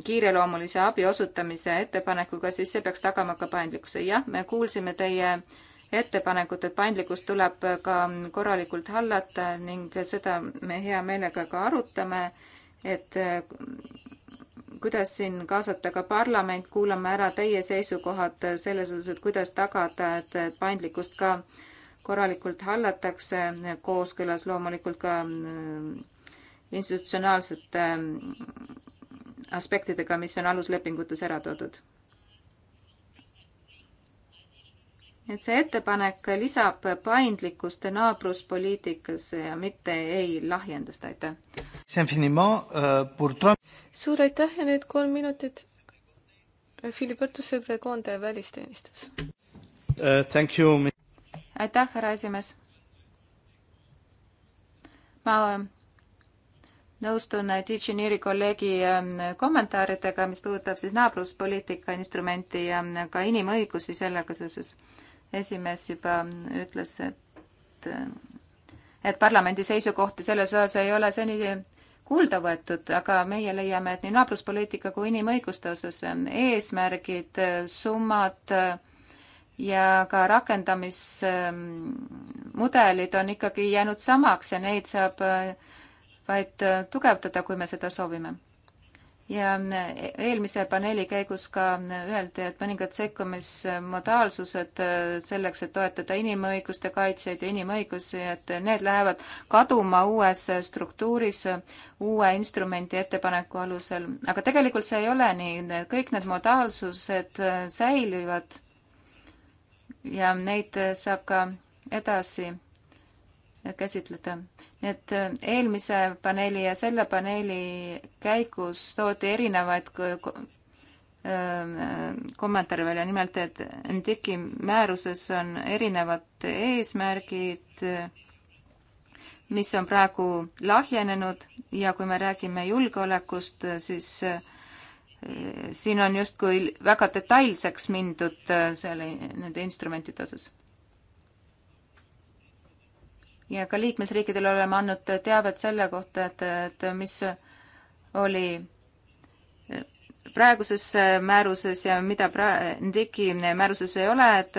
kiireloomulise abi osutamise ettepanekuga, siis see peaks tagama ka paindlikkuse. jah, me kuulsime teie äh, ettepanekut, et paindlikkust tuleb ka korralikult hallata ning seda me hea meelega ka arutame, et kuidas siin kaasata ka parlament, kuulame ära teie seisukohad selles osas, et kuidas tagada, et paindlikkust ka korralikult hallatakse, kooskõlas loomulikult ka äh, institutsionaalsete äh, aspektidega, mis on aluslepingutes ära toodud et see ettepanek lisab paindlikkust naabruspoliitikas ja mitte ei lahjenda seda, aitäh. Euh, suur aitäh ja need kolm minutit. Filibertus Sebregonde, välisteenistus uh,. aitäh, härra esimees. ma ähm, nõustun Diginieri äh, kolleegi ähm, kommentaaridega, mis puudutab siis naabruspoliitika instrumenti ja ähm, ka inimõigusi sellega seoses esimees juba ütles, et, et parlamendi seisukohti selles osas ei ole seni kuulda võetud, aga meie leiame, et nii naabruspoliitika kui inimõiguste osas eesmärgid, summad ja ka rakendamismudelid on ikkagi jäänud samaks ja neid saab vaid tugevdada, kui me seda soovime ja e, eelmise paneeli käigus ka öeldi, et mõningad sekkumismodaalsused e, selleks, et toetada inimõiguste kaitsjaid ja inimõigusi, et need lähevad kaduma uues struktuuris uue instrumendi ettepaneku alusel. aga tegelikult see ei ole nii, kõik need modaalsused e, säilivad ja neid saab ka edasi käsitleda nii et äh, eelmise paneeli ja selle paneeli käigus toodi erinevaid ähm, äh, kommentaare välja, nimelt et NDIC-i määruses on erinevad eesmärgid, äh, mis on praegu lahjenenud ja kui me räägime julgeolekust, siis siin on justkui väga detailseks mindud selle, nende instrumentide osas ja ka liikmesriikidele oleme andnud teavet selle kohta, et, et mis oli praeguses määruses ja mida pra-, NDIC-i määruses ei ole, et,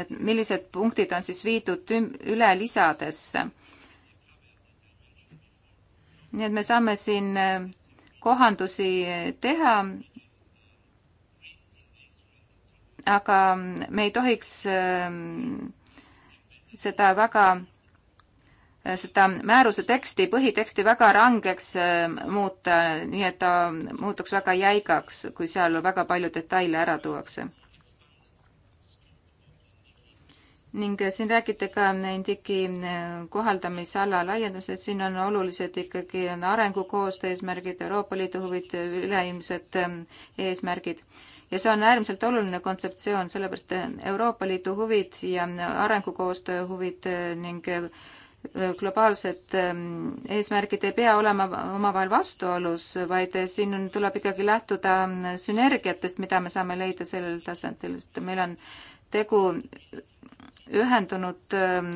et millised punktid on siis viidud üm, üle lisadesse. nii et me saame siin eh, kohandusi teha, aga me ei tohiks eh, seda väga seda määruse teksti, põhiteksti väga rangeks äh, muuta, nii et ta muutuks väga jäigaks, kui seal väga palju detaile ära tuuakse. ning äh, siin räägite ka äh, Indiki kohaldamisala laiendused, siin on olulised ikkagi arengukoostöö eesmärgid, Euroopa Liidu huvid, üleilmsed ähm, eesmärgid ja see on äärmiselt oluline kontseptsioon, sellepärast Euroopa Liidu huvid ja arengukoostöö huvid ning globaalsed ähm, eesmärgid ei pea olema omavahel vastuolus, vaid äh, siin on, tuleb ikkagi lähtuda ähm, sünergiatest, mida me saame leida sellel tasandil, sest meil on tegu ühendunud ähm,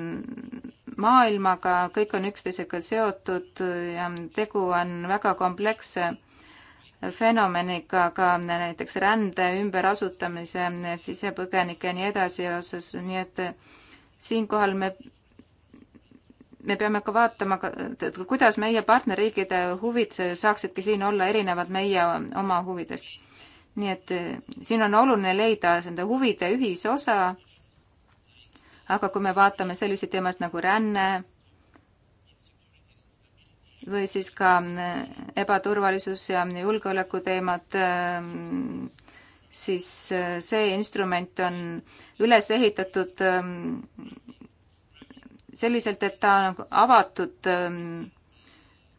maailmaga, kõik on üksteisega seotud äh, ja tegu on väga kompleksse fenomeniga, ka näiteks rände, ümberasutamise, äh, sisepõgenike ja nii edasi osas, nii et siinkohal me me peame ka vaatama, kuidas meie partnerriikide huvid saaksidki siin olla erinevad meie oma huvidest. nii et eh, siin on oluline leida nende huvide ühisosa, aga kui me vaatame selliseid teemasid nagu ränne või siis ka eh, ebaturvalisus ja julgeoleku teemad, eh, siis see instrument on üles ehitatud selliselt, et ta on nagu avatud ähm,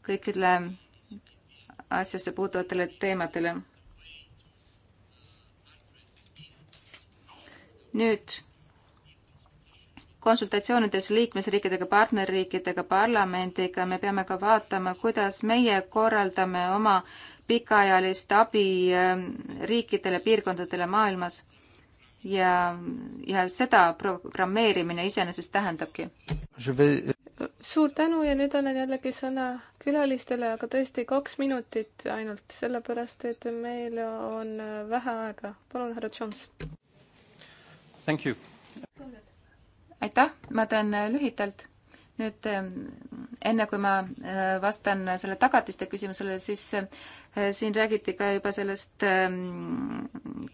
kõikidele asjasse puutuvatele teemadele. nüüd konsultatsioonides liikmesriikidega, partnerriikidega, parlamendiga me peame ka vaatama, kuidas meie korraldame oma pikaajalist abi ähm, riikidele, piirkondadele maailmas ja, ja seda programmeerimine iseenesest tähendabki. suur tänu ja nüüd annan jällegi sõna külalistele, aga tõesti kaks minutit ainult, sellepärast et meil on vähe aega. palun, härra Jones. aitäh, ma teen lühidalt nüüd enne, kui ma e, vastan selle tagatiste küsimusele, siis e, siin räägiti ka juba sellest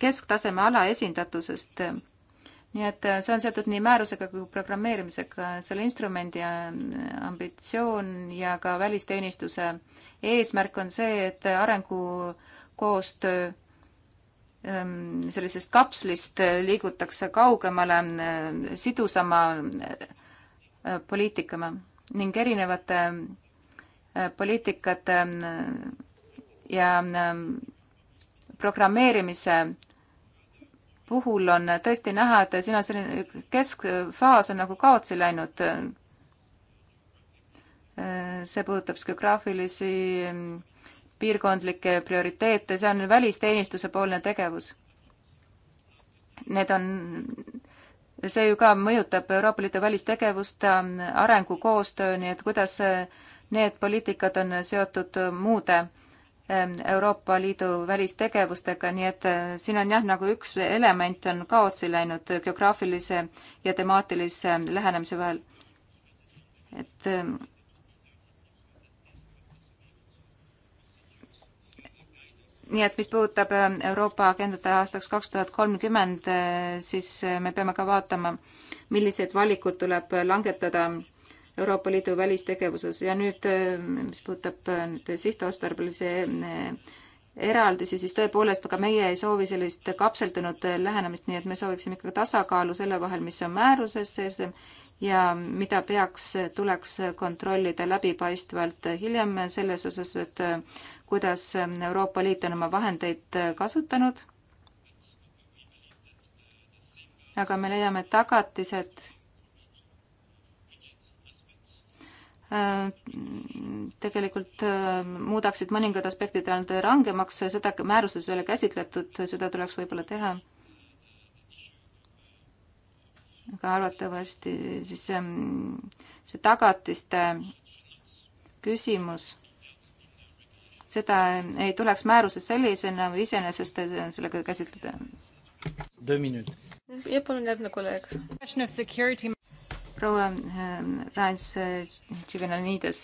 kesktaseme alaesindatusest. nii et e, see on seotud nii määrusega kui programmeerimisega, selle instrumendi ambitsioon ja ka välisteenistuse eesmärk on see, et arengukoostöö sellisest kapslist liigutakse kaugemale sidusama poliitikaga ning erinevate äh, poliitikate äh, ja äh, programmeerimise puhul on tõesti näha, et siin on selline keskfaas on nagu kaotsi läinud. see puudutab siis geograafilisi piirkondlikke prioriteete, see on välisteenistuse poolne tegevus. Need on see ju ka mõjutab Euroopa Liidu välistegevust, arengukoostöö, nii et kuidas need poliitikad on seotud muude ehm, Euroopa Liidu välistegevustega, nii et eh, siin on jah, nagu üks element on kaotsi läinud geograafilise ja temaatilise lähenemise vahel. et ehm, nii et mis puudutab äh, Euroopa agendat aastaks kaks tuhat kolmkümmend, äh, siis äh, me peame ka vaatama, millised valikud tuleb langetada Euroopa Liidu välistegevuses ja nüüd, mis puudutab nüüd sihtotstarbelisi eraldisi, siis tõepoolest, aga meie ei soovi sellist kapseldunud lähenemist, nii et me sooviksime ikkagi tasakaalu selle vahel, mis on määruses sees ja mida peaks, tuleks kontrollida läbipaistvalt hiljem selles osas, et kuidas ähm, Euroopa Liit on oma vahendeid äh, kasutanud. aga me leiame, et tagatised äh, tegelikult äh, muudaksid mõningad aspektid ainult rangemaks, seda määruses ei ole käsitletud, seda tuleks võib-olla teha aga arvatavasti siis see, ähm, see tagatiste küsimus seda ei tuleks määruses sellisena või iseenesest sellega käsitleda. ja palun järgmine kolleeg. proua ähm, Rans äh, Tšivenanides,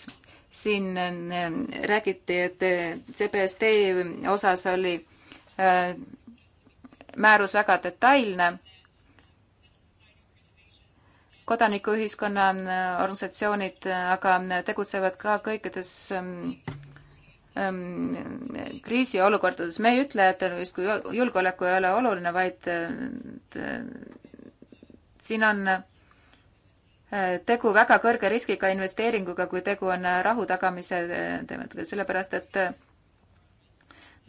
siin ähm, räägiti, et äh, CBSD osas oli äh, määrus väga detailne kodanikuühiskonna organisatsioonid aga tegutsevad ka kõikides ähm, Ehm, kriisiolukordades, me ei ütle, et justkui julgeolek ei ole oluline, vaid siin on e, tegu väga kõrge riskiga investeeringuga, kui tegu on rahu tagamise teemadega, sellepärast et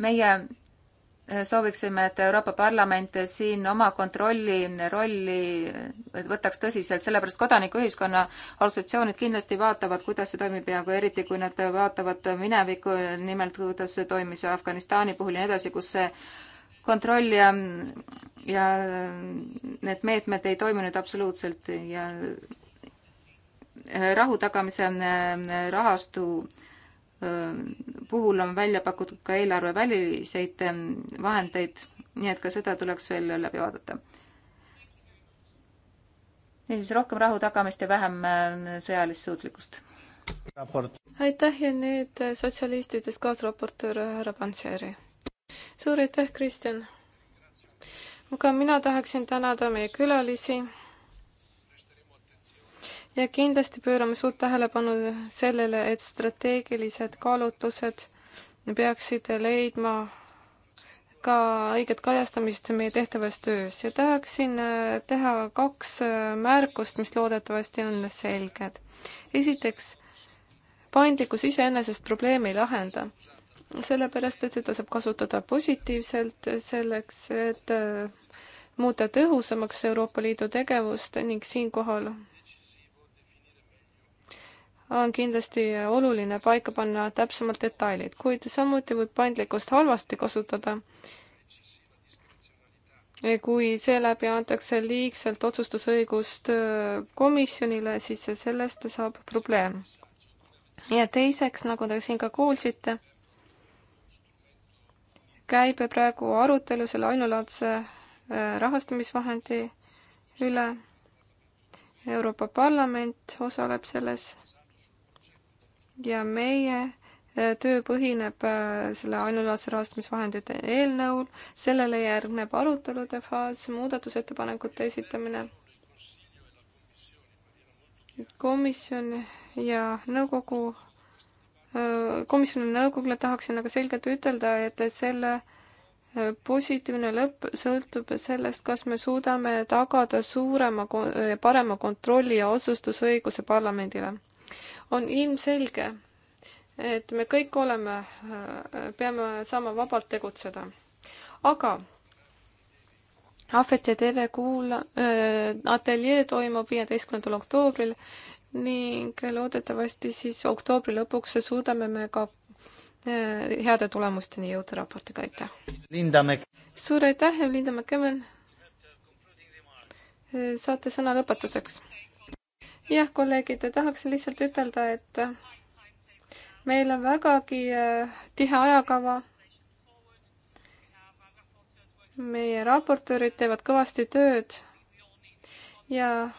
meie sooviksime, et Euroopa Parlament siin oma kontrolli rolli võtaks tõsiselt, sellepärast kodanikuühiskonna organisatsioonid kindlasti vaatavad, kuidas see toimib ja kui eriti, kui nad vaatavad minevikku, nimelt kuidas see toimis Afganistani puhul ja nii edasi, kus see kontroll ja, ja need meetmed ei toiminud absoluutselt ja rahu tagamise rahastu puhul on välja pakutud ka eelarveväliseid ähm, vahendeid, nii et ka seda tuleks veel läbi vaadata. niisiis, rohkem rahu tagamist ja vähem ähm, sõjalist suutlikkust. aitäh ja nüüd äh, sotsialistidest kaasraportöör härra Panseri. suur aitäh, Kristjan! ka mina tahaksin tänada meie külalisi ja kindlasti pöörame suurt tähelepanu sellele, et strateegilised kaalutlused peaksid leidma ka õiget kajastamist meie tehtavas töös ja tahaksin äh, teha kaks äh, märkust, mis loodetavasti on selged. esiteks, paindlikkus iseenesest probleemi ei lahenda, sellepärast et seda saab kasutada positiivselt selleks, et äh, muuta tõhusamaks Euroopa Liidu tegevust ning siinkohal on kindlasti oluline paika panna täpsemad detailid, kuid samuti võib paindlikkust halvasti kasutada, kui seeläbi antakse liigselt otsustusõigust komisjonile, siis sellest saab probleem. ja teiseks, nagu te siin ka kuulsite, käib praegu arutelu selle ainulaadse äh, rahastamisvahendi üle. Euroopa Parlament osaleb selles ja meie äh, töö põhineb äh, selle ainulaadse rahastamisvahendite eelnõul, sellele järgneb arutelude faas, muudatusettepanekute esitamine. komisjon ja nõukogu, äh, komisjoni nõukogule tahaksin aga selgelt ütelda, et selle positiivne lõpp sõltub sellest, kas me suudame tagada suurema, parema kontrolli ja otsustusõiguse parlamendile on ilmselge, et me kõik oleme, äh, peame saama vabalt tegutseda. aga Ahvet ja TV kuula- äh,, ateljee toimub viieteistkümnendal oktoobril ning loodetavasti siis oktoobri lõpuks suudame me ka äh, heade tulemusteni jõuda raportiga, aitäh! Linda Mäkk. suur aitäh, Linda Mäkkemen! Äh, saate sõna lõpetuseks jah, kolleegid, tahaks lihtsalt ütelda, et meil on vägagi äh, tihe ajakava. meie raportöörid teevad kõvasti tööd ja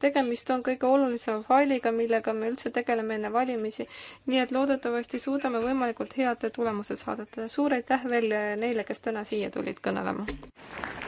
tegemist on kõige olulisema failiga, millega me üldse tegeleme enne valimisi. nii et loodetavasti suudame võimalikult head tulemused saadata. suur aitäh veel neile, kes täna siia tulid kõnelema.